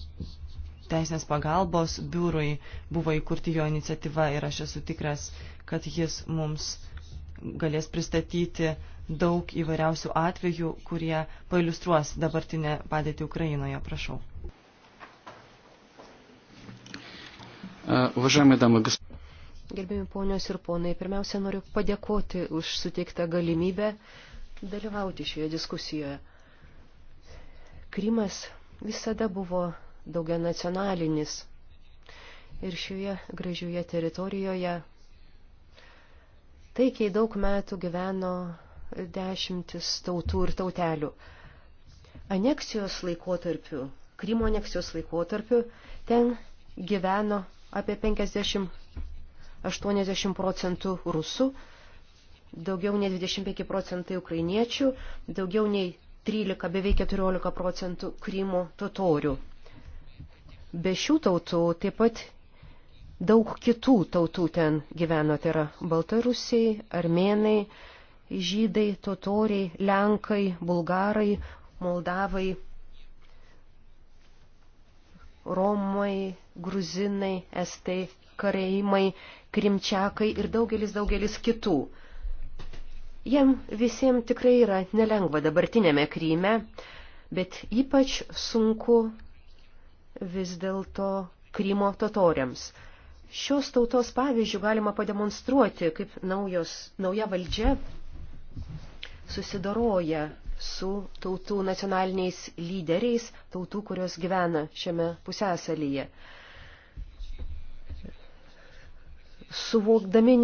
teisinės pagalbos biurui buvo įkurti jo iniciatyva ir aš esu tikras, kad jis mums galės pristatyti daug įvairiausių atvejų, kurie pailustruos dabartinę padėtį Ukrainoje. Prašau. Уважаемые дамы и господа. Gerbėjami ponios ir ponai, pirmiausia noriu padėkoti už suteiktą galimybę dalyvauti šioje diskusijoje. Krymas visada buvo daugia nacionalinis ir šioje gražioje teritorijoje Taikiai daug metų gyveno dešimtis tautų ir tautelių. Aneksijos laikotarpiu, Krymo aneksijos laikotarpiu, ten gyveno apie 50-80 procentų rusų, daugiau nei 25 procentai ukrainiečių, daugiau nei 13, beveik 14 procentų Krymo totorių. Be šių tautų taip pat Daug kitų tautų ten gyveno, tai yra baltarusiai, armėnai, žydai, totoriai, lenkai, bulgarai, moldavai, romai, gruzinai, estai, kareimai, krimčiakai ir daugelis daugelis kitų. Jam visiems tikrai yra nelengva dabartinėme kryme, bet ypač sunku vis dėlto krymo totoriams. Šios tautos pavyzdžių galima pademonstruoti, kaip naujos, nauja valdžia susidoroja su tautų nacionaliniais lyderiais, tautų, kurios gyvena šiame pusęsalyje. Suvokdami,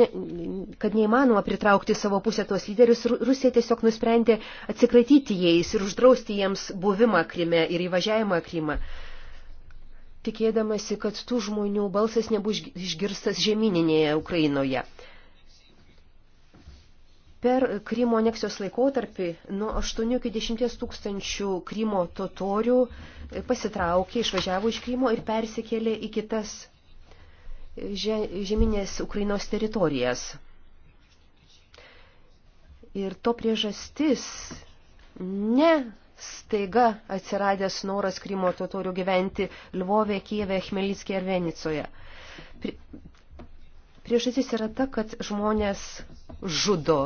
kad neįmanoma pritraukti savo pusę tuos lyderius, Rusija tiesiog nusprendė atsikratyti jais ir uždrausti jiems buvimą Krime ir įvažiavimą Krymą tikėdamasi, kad tų žmonių balsas nebus išgirstas žemyninėje Ukrainoje. Per Krymo aneksijos laikotarpį nuo 8 iki 10 tūkstančių Krymo totorių pasitraukė, išvažiavo iš Krymo ir persikėlė į kitas žeminės Ukrainos teritorijas. Ir to priežastis ne staiga atsiradęs noras Krymo totorių gyventi Lvovė, Kijeve, Chmelickė ir Venicoje. Priežastis yra ta, kad žmonės žudo,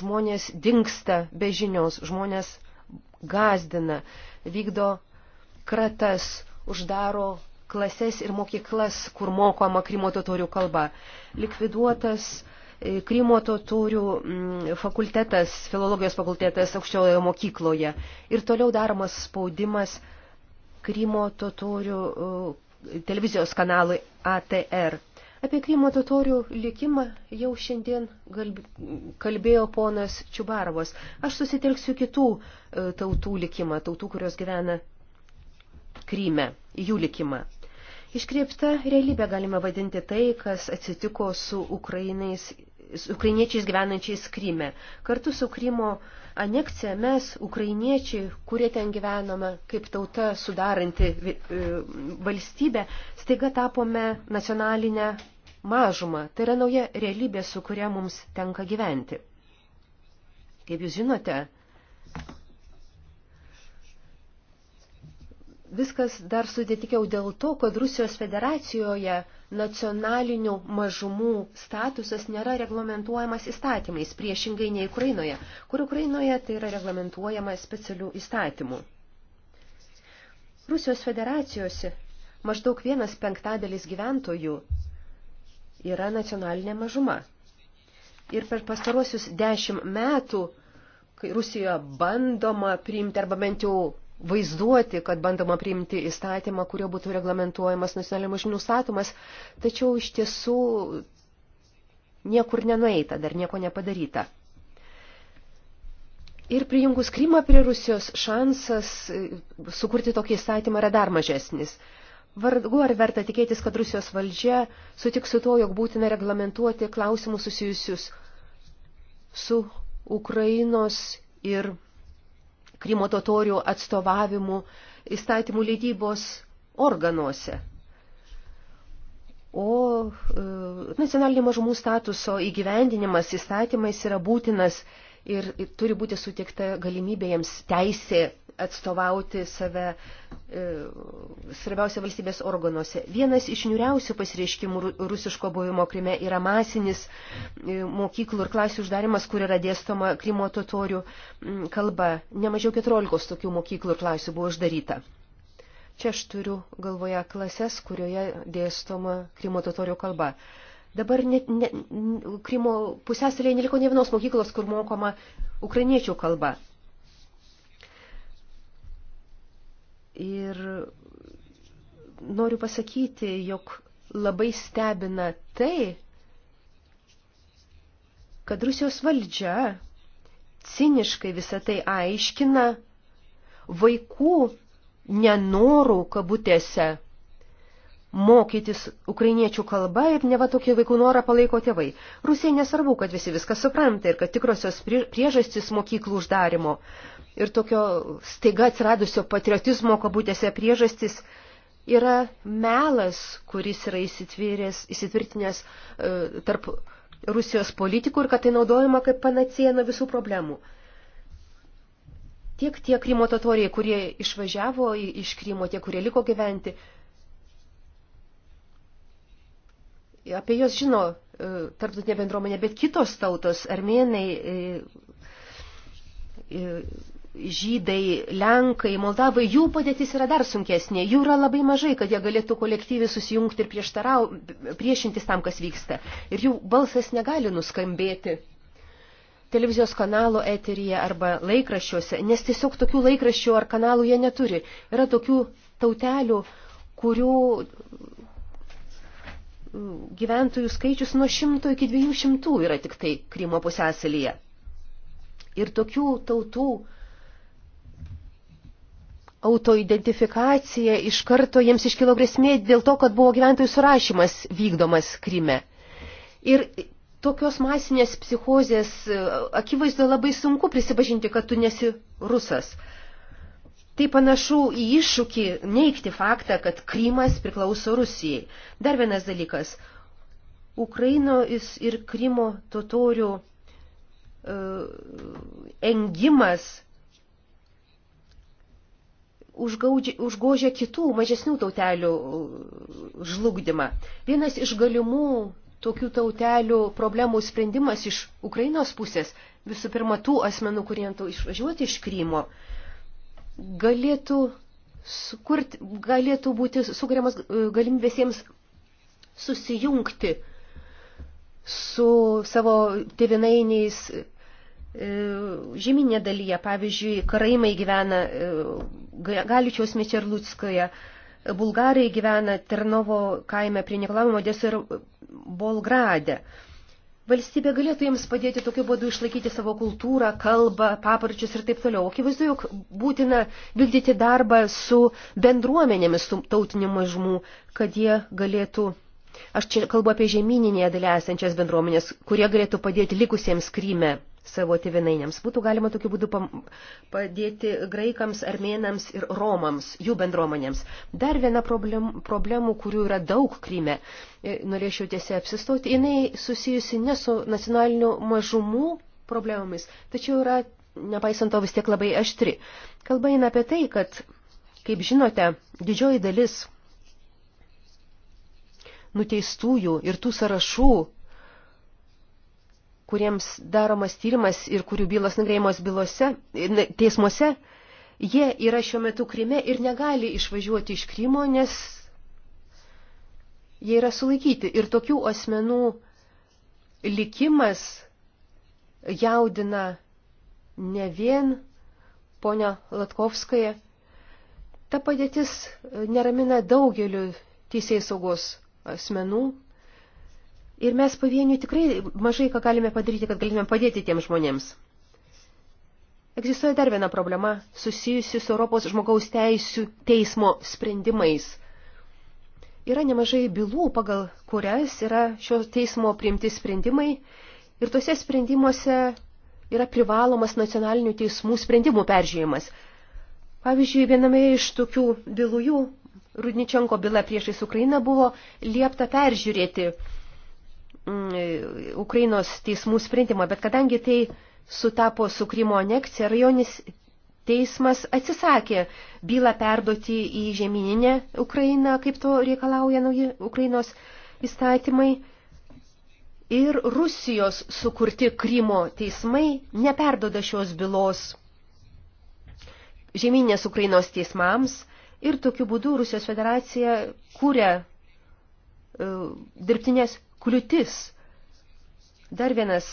žmonės dinksta be žinios, žmonės gazdina, vykdo kratas, uždaro klases ir mokyklas, kur mokoma Krymo totorių kalba. Likviduotas E, Krymo totorių mm, fakultetas, filologijos fakultetas aukščiojoje mokykloje. Ir toliau daromas spaudimas Krymo totorių e, televizijos kanalui ATR. Apie Krymo totorių likimą jau šiandien kalbėjo ponas Čiubarovas. Aš susitelksiu kitų e, tautų likimą, tautų, kurios gyvena Kryme, jų likimą. Iškreipta realybė galima vadinti tai, kas atsitiko su Ukrainais, su ukrainiečiais gyvenančiais Kryme. Kartu su Krymo anekcija mes, ukrainiečiai, kurie ten gyvenome kaip tauta sudaranti e, valstybę, staiga tapome nacionalinę mažumą. Tai yra nauja realybė, su kuria mums tenka gyventi. Kaip jūs žinote, Viskas dar sudėtikiau dėl to, kad Rusijos federacijoje nacionalinių mažumų statusas nėra reglamentuojamas įstatymais, priešingai nei Ukrainoje, kur Ukrainoje tai yra reglamentuojama specialių įstatymų. Rusijos federacijose maždaug vienas penktadalis gyventojų yra nacionalinė mažuma. Ir per pastaruosius dešimt metų, kai Rusijoje bandoma priimti arba bent jau vaizduoti, kad bandoma priimti įstatymą, kurio būtų reglamentuojamas nacionalinio mažinių statumas, tačiau iš tiesų niekur nenueita, dar nieko nepadaryta. Ir prijungus Krymą prie Rusijos šansas e, sukurti tokį įstatymą yra dar mažesnis. Vargu ar verta tikėtis, kad Rusijos valdžia sutiks su to, jog būtina reglamentuoti klausimus susijusius su Ukrainos ir Krymo totorių atstovavimu įstatymų leidybos organuose. O e, nacionalinio mažumų statuso įgyvendinimas įstatymais yra būtinas ir turi būti sutikta galimybė jiems teisė atstovauti save e, svarbiausia valstybės organuose. Vienas iš niuriausių pasireiškimų rusiško buvimo Krime yra masinis e, mokyklų ir klasių uždarimas, kur yra dėstoma Krymo totorių kalba. Nemažiau 14 tokių mokyklų ir klasių buvo uždaryta. Čia aš turiu galvoje klases, kurioje dėstoma Krymo totorių kalba. Dabar ne, ne, Krymo pusėsarėje neliko ne vienos mokyklos, kur mokoma ukrainiečių kalba. Ir noriu pasakyti, jog labai stebina tai, kad Rusijos valdžia ciniškai visą tai aiškina vaikų nenorų kabutėse mokytis ukrainiečių kalbą ir neva tokį vaikų norą palaiko tėvai. Rusijai nesvarbu, kad visi viską supranta ir kad tikrosios priežastys mokyklų uždarimo ir tokio staiga atsiradusio patriotizmo kabutėse priežastis yra melas, kuris yra įsitvirtinęs e, tarp Rusijos politikų ir kad tai naudojama kaip panacėja nuo visų problemų. Tiek tie Krymo totoriai, kurie išvažiavo iš Krymo, tie, kurie liko gyventi, apie juos žino e, tarptautinė bendruomenė, bet kitos tautos, armėnai, e, žydai, lenkai, moldavai, jų padėtis yra dar sunkesnė, jų yra labai mažai, kad jie galėtų kolektyviai susijungti ir priešintis tam, kas vyksta. Ir jų balsas negali nuskambėti televizijos kanalo eteryje arba laikraščiuose, nes tiesiog tokių laikraščių ar kanalų jie neturi. Yra tokių tautelių, kurių gyventojų skaičius nuo 100 iki 200 yra tik tai Krymo pusėsalyje. Ir tokių tautų uh, autoidentifikacija iš karto jiems iškilo grėsmė dėl to, kad buvo gyventojų surašymas vykdomas Kryme. Ir tokios masinės psichozės e, akivaizdo labai sunku prisipažinti, kad tu nesi rusas. Tai panašu į iššūkį neikti faktą, kad Krymas priklauso Rusijai. Dar vienas dalykas. Ukrainos ir Krymo totorių uh, engimas užgaudžia, užgožia kitų mažesnių tautelių uh, žlugdymą. Vienas iš galimų tokių tautelių problemų sprendimas iš Ukrainos pusės, visų pirma, tų asmenų, kurie išvažiuoti iš Krymo, galėtų, sukurti, galėtų būti sukuriamas uh, galimybės jiems susijungti su savo tevinainiais E, žeminė dalyje, pavyzdžiui, karaimai gyvena e, Galičiaus Mečerlutskoje, bulgarai gyvena Ternovo kaime prie Nikolavo Modeso ir Bolgrade. Valstybė galėtų jiems padėti tokiu būdu išlaikyti savo kultūrą, kalbą, paparčius ir taip toliau. Akivaizdu, jog būtina vykdyti darbą su bendruomenėmis tautinių mažumų, kad jie galėtų, aš čia kalbu apie žemyninėje dalyje esančias bendruomenės, kurie galėtų padėti likusiems Kryme savo tėvinainiams. Būtų galima tokiu būdu padėti graikams, armėnams ir romams, jų bendruomonėms. Dar viena problem, problemų, kurių yra daug kryme, e, norėčiau tiesiai apsistoti, jinai susijusi ne su nacionaliniu mažumų problemomis, tačiau yra, nepaisant to, vis tiek labai aštri. Kalba eina apie tai, kad, kaip žinote, didžioji dalis nuteistųjų ir tų sąrašų kuriems daromas tyrimas ir kurių bylos nagrėjimas bylose, teismuose, jie yra šiuo metu Krime ir negali išvažiuoti iš Krymo, nes jie yra sulaikyti. Ir tokių asmenų likimas jaudina ne vien ponia Latkovskaja. Ta padėtis neramina daugeliu teisėjai saugos asmenų, Ir mes pavieniu tikrai mažai ką galime padaryti, kad galime padėti tiems žmonėms. Egzistuoja dar viena problema susijusi su Europos žmogaus teisų teismo sprendimais. Yra nemažai bylų, pagal kurias yra šio teismo priimti sprendimai ir tuose sprendimuose yra privalomas nacionalinių teismų sprendimų peržiūrimas. Pavyzdžiui, viename iš tokių bylųjų Rudničenko byla priešais Ukrainą buvo liepta peržiūrėti Mm, Ukrainos teismų sprendimą, bet kadangi tai sutapo su Krymo anekcija, rajonis teismas atsisakė bylą perduoti į žemyninę Ukrainą, kaip to reikalauja nauji Ukrainos įstatymai. Ir Rusijos sukurti Krymo teismai neperdoda šios bylos žemyninės Ukrainos teismams ir tokiu būdu Rusijos federacija kūrė e, dirbtinės kliūtis. Dar vienas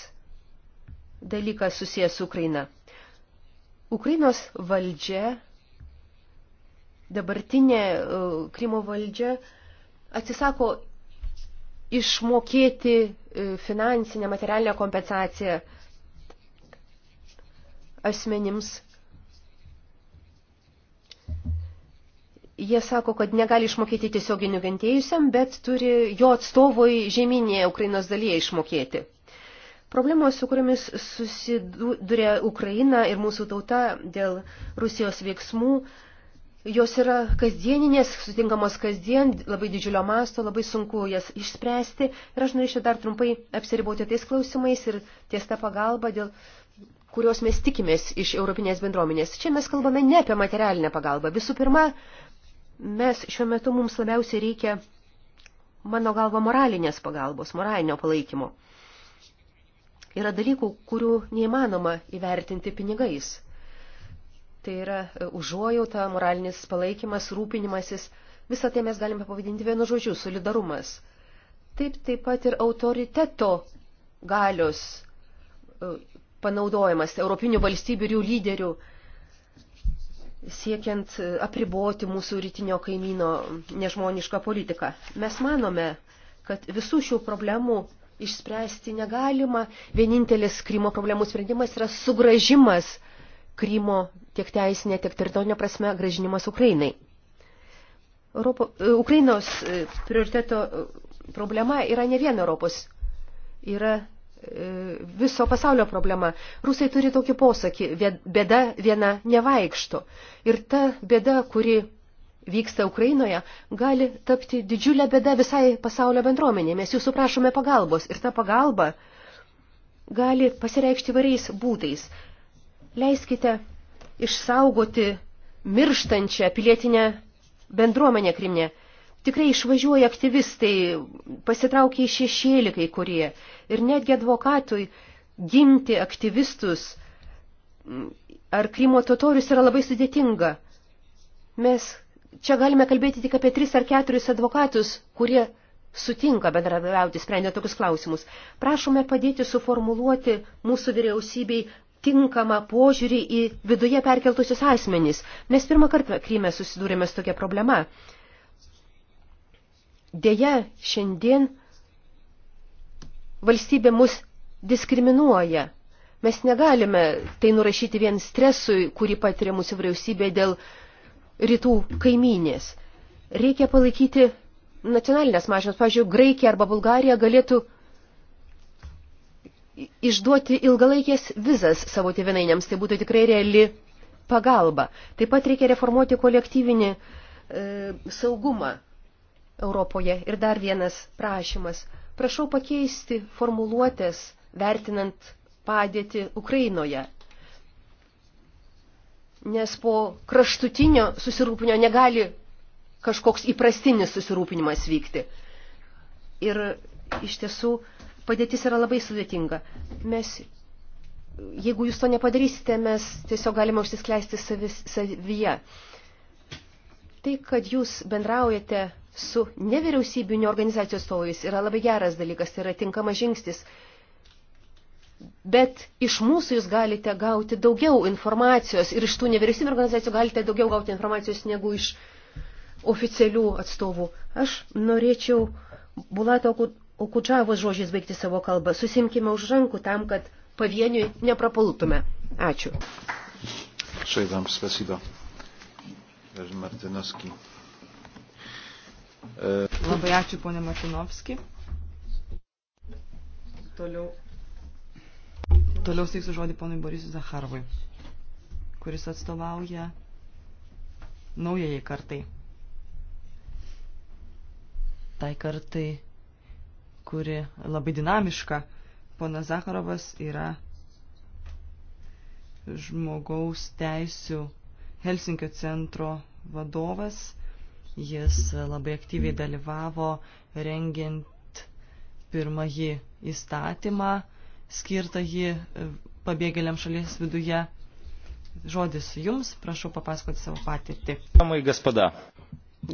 dalykas susijęs su Ukraina. Ukrainos valdžia, dabartinė e, Krymo valdžia atsisako išmokėti e, finansinę materialinę kompensaciją asmenims Jie sako, kad negali išmokėti tiesioginių gentėjusiam, bet turi jo atstovui žemynėje Ukrainos dalyje išmokėti. Problemos, su kuriamis susiduria Ukraina ir mūsų tauta dėl Rusijos veiksmų, jos yra kasdieninės, sutinkamos kasdien, labai didžiulio masto, labai sunku jas išspręsti. Ir aš norėčiau dar trumpai apsiriboti tais klausimais ir ties tą pagalbą, dėl kurios mes tikimės iš Europinės bendruomenės. Čia mes kalbame ne apie materialinę pagalbą. Visų pirma, mes šiuo metu mums labiausiai reikia, mano galva, moralinės pagalbos, moralinio palaikymo. Yra dalykų, kurių neįmanoma įvertinti pinigais. Tai yra e, užuojauta, moralinis palaikymas, rūpinimasis. Visą tai mes galime pavadinti vienu žodžiu – solidarumas. Taip taip pat ir autoriteto galios e, panaudojimas, europinių valstybių ir jų lyderių – siekiant e, apriboti mūsų rytinio kaimyno nežmonišką politiką. Mes manome, kad visų šių problemų išspręsti negalima. Vienintelis Krymo problemų sprendimas yra sugražimas Krymo tiek teisinė, tiek teritorinė prasme gražinimas Ukrainai. Europo, e, Ukrainos e, prioriteto problema yra ne viena Europos, yra viso pasaulio problema. Rusai turi tokį posakį, bėda viena nevaikšto. Ir ta bėda, kuri vyksta Ukrainoje, gali tapti didžiulę bėdą visai pasaulio bendruomenė. Mes jūsų prašome pagalbos ir ta pagalba gali pasireikšti variais būdais. Leiskite išsaugoti mirštančią pilietinę bendruomenę Krimne tikrai išvažiuoja aktyvistai, pasitraukia į šešėlį kai kurie. Ir netgi advokatui ginti aktyvistus ar Krymo totorius yra labai sudėtinga. Mes čia galime kalbėti tik apie tris ar keturis advokatus, kurie sutinka bendradarbiauti, sprendė tokius klausimus. Prašome padėti suformuluoti mūsų vyriausybei tinkamą požiūrį į viduje perkeltusius asmenys. Mes pirmą kartą Kryme susidūrėme su tokia problema. Deja, šiandien valstybė mus diskriminuoja. Mes negalime tai nurašyti vien stresui, kurį patiria mūsų vyriausybė dėl rytų kaimynės. Reikia palaikyti nacionalinės mašinas. Pavyzdžiui, Graikija arba Bulgarija galėtų išduoti ilgalaikės vizas savo tėvinainiams. Tai būtų tikrai reali pagalba. Taip pat reikia reformuoti kolektyvinį e, saugumą Europoje. Ir dar vienas prašymas. Prašau pakeisti formuluotės, vertinant padėtį Ukrainoje. Nes po kraštutinio susirūpinio negali kažkoks įprastinis susirūpinimas vykti. Ir iš tiesų padėtis yra labai sudėtinga. Mes, jeigu jūs to nepadarysite, mes tiesiog galime užsiskleisti savis, savyje. Tai, kad jūs bendraujate su nevyriausybinio organizacijų atstovais yra labai geras dalykas, tai yra tinkamas žingsnis. Bet iš mūsų jūs galite gauti daugiau informacijos ir iš tų nevyriausybinio organizacijų galite daugiau gauti informacijos negu iš oficialių atstovų. Aš norėčiau Bulato Okudžavos žodžiais baigti savo kalbą. Susimkime už rankų tam, kad pavieniui neprapultume. Ačiū. Šeidam, spasibo. Martinovskis. Labai ačiū, ponė Martinovski. Toliau. Toliau steiksiu žodį ponui Borisui Zaharvui, kuris atstovauja naujajai kartai. Tai kartai, kuri labai dinamiška. Pona Zakarovas yra žmogaus teisių Helsinkio centro vadovas Jis labai aktyviai dalyvavo rengiant pirmąjį įstatymą, skirtą jį e, pabėgėliam šalies viduje. Žodis jums, prašau papasakoti savo patirtį.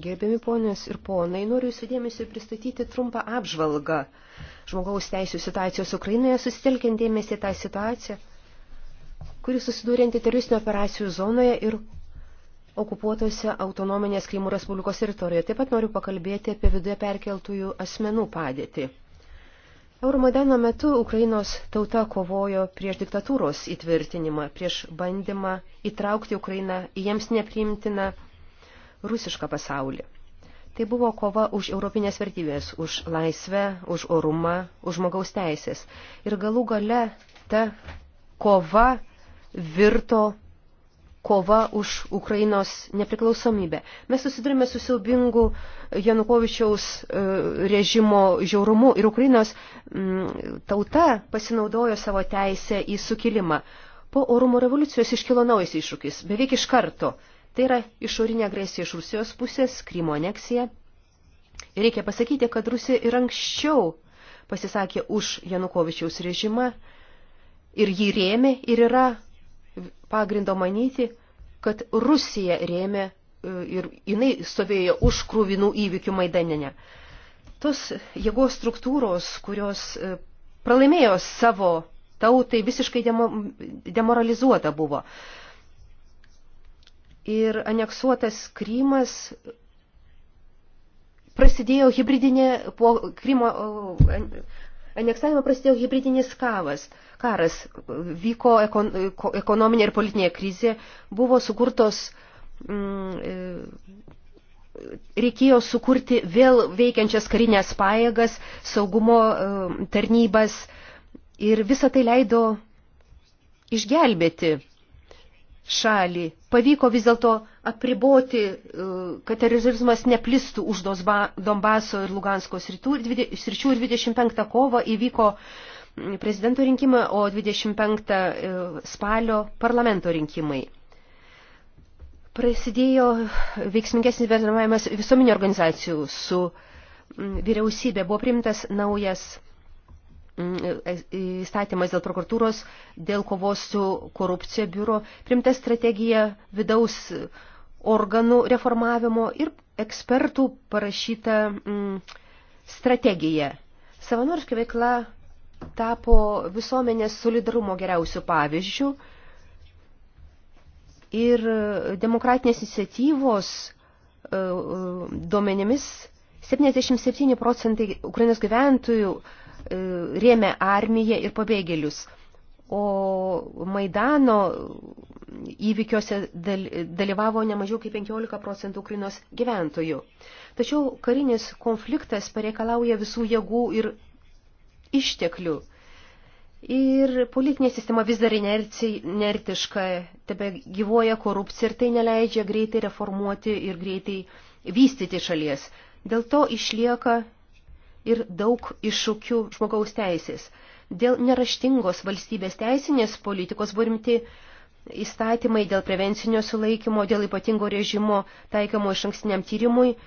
Gerbiami ponės ir ponai, noriu jūsų dėmesio pristatyti trumpą apžvalgą žmogaus teisų situacijos Ukrainoje, susitelkiant dėmesį tą situaciją, kuri susidūrė antiteroristinių operacijų zonoje ir okupuotose autonominės Krymo Respublikos teritorijoje. Taip pat noriu pakalbėti apie viduje perkeltųjų asmenų padėtį. Euromaidano metu Ukrainos tauta kovojo prieš diktatūros įtvirtinimą, prieš bandymą įtraukti Ukrainą į jiems nepriimtiną rusišką pasaulį. Tai buvo kova už europinės vertybės, už laisvę, už orumą, už žmogaus teisės. Ir galų gale ta kova virto kova už Ukrainos nepriklausomybę. Mes susidurime su siaubingu Janukovičiaus e, režimo žiaurumu ir Ukrainos mm, tauta pasinaudojo savo teisę į sukilimą. Po orumo revoliucijos iškilo naujas iššūkis, beveik iš karto. Tai yra išorinė agresija iš Rusijos pusės, Krymo aneksija. Ir reikia pasakyti, kad Rusija ir anksčiau pasisakė už Janukovičiaus režimą ir jį rėmė ir yra pagrindo manyti, kad Rusija rėmė e, ir jinai stovėjo už krūvinų įvykių Maidaninę. Tos jėgos struktūros, kurios e, pralaimėjo savo tautai, visiškai demoralizuota buvo. Ir aneksuotas Krymas prasidėjo hybridinė po Krymo aneksavimo prasidėjo hybridinis kavas, karas, vyko ekon, ekonominė ir politinė krizė, buvo sukurtos, mm, e, reikėjo sukurti vėl veikiančias karinės pajėgas, saugumo mm, tarnybas ir visą tai leido išgelbėti šalį. Pavyko vis dėlto apriboti, e, kad terorizmas neplistų už Donbaso ir Luganskos rytų, sričių ir 25 kovo įvyko prezidento rinkimai, o 25 e, spalio parlamento rinkimai. Prasidėjo veiksmingesnis bendravimas visuomenio organizacijų su vyriausybė. Buvo priimtas naujas e, įstatymas dėl prokuratūros, dėl kovos su korupcija biuro, primta strategija vidaus organų reformavimo ir ekspertų parašyta mm, strategija. Savanoriška veikla tapo visuomenės solidarumo geriausių pavyzdžių ir demokratinės iniciatyvos e, e, duomenimis 77 procentai Ukrainos gyventojų e, rėmė armiją ir pabėgėlius o Maidano įvykiuose dalyvavo nemažiau kaip 15 procentų Ukrainos gyventojų. Tačiau karinis konfliktas pareikalauja visų jėgų ir išteklių. Ir politinė sistema vis dar inertiška, tebe gyvoja korupcija ir tai neleidžia greitai reformuoti ir greitai vystyti šalies. Dėl to išlieka ir daug iššūkių žmogaus teisės. Dėl neraštingos valstybės teisinės politikos buvo rimti įstatymai dėl prevencinio sulaikymo, dėl ypatingo režimo taikamo iš ankstiniam tyrimui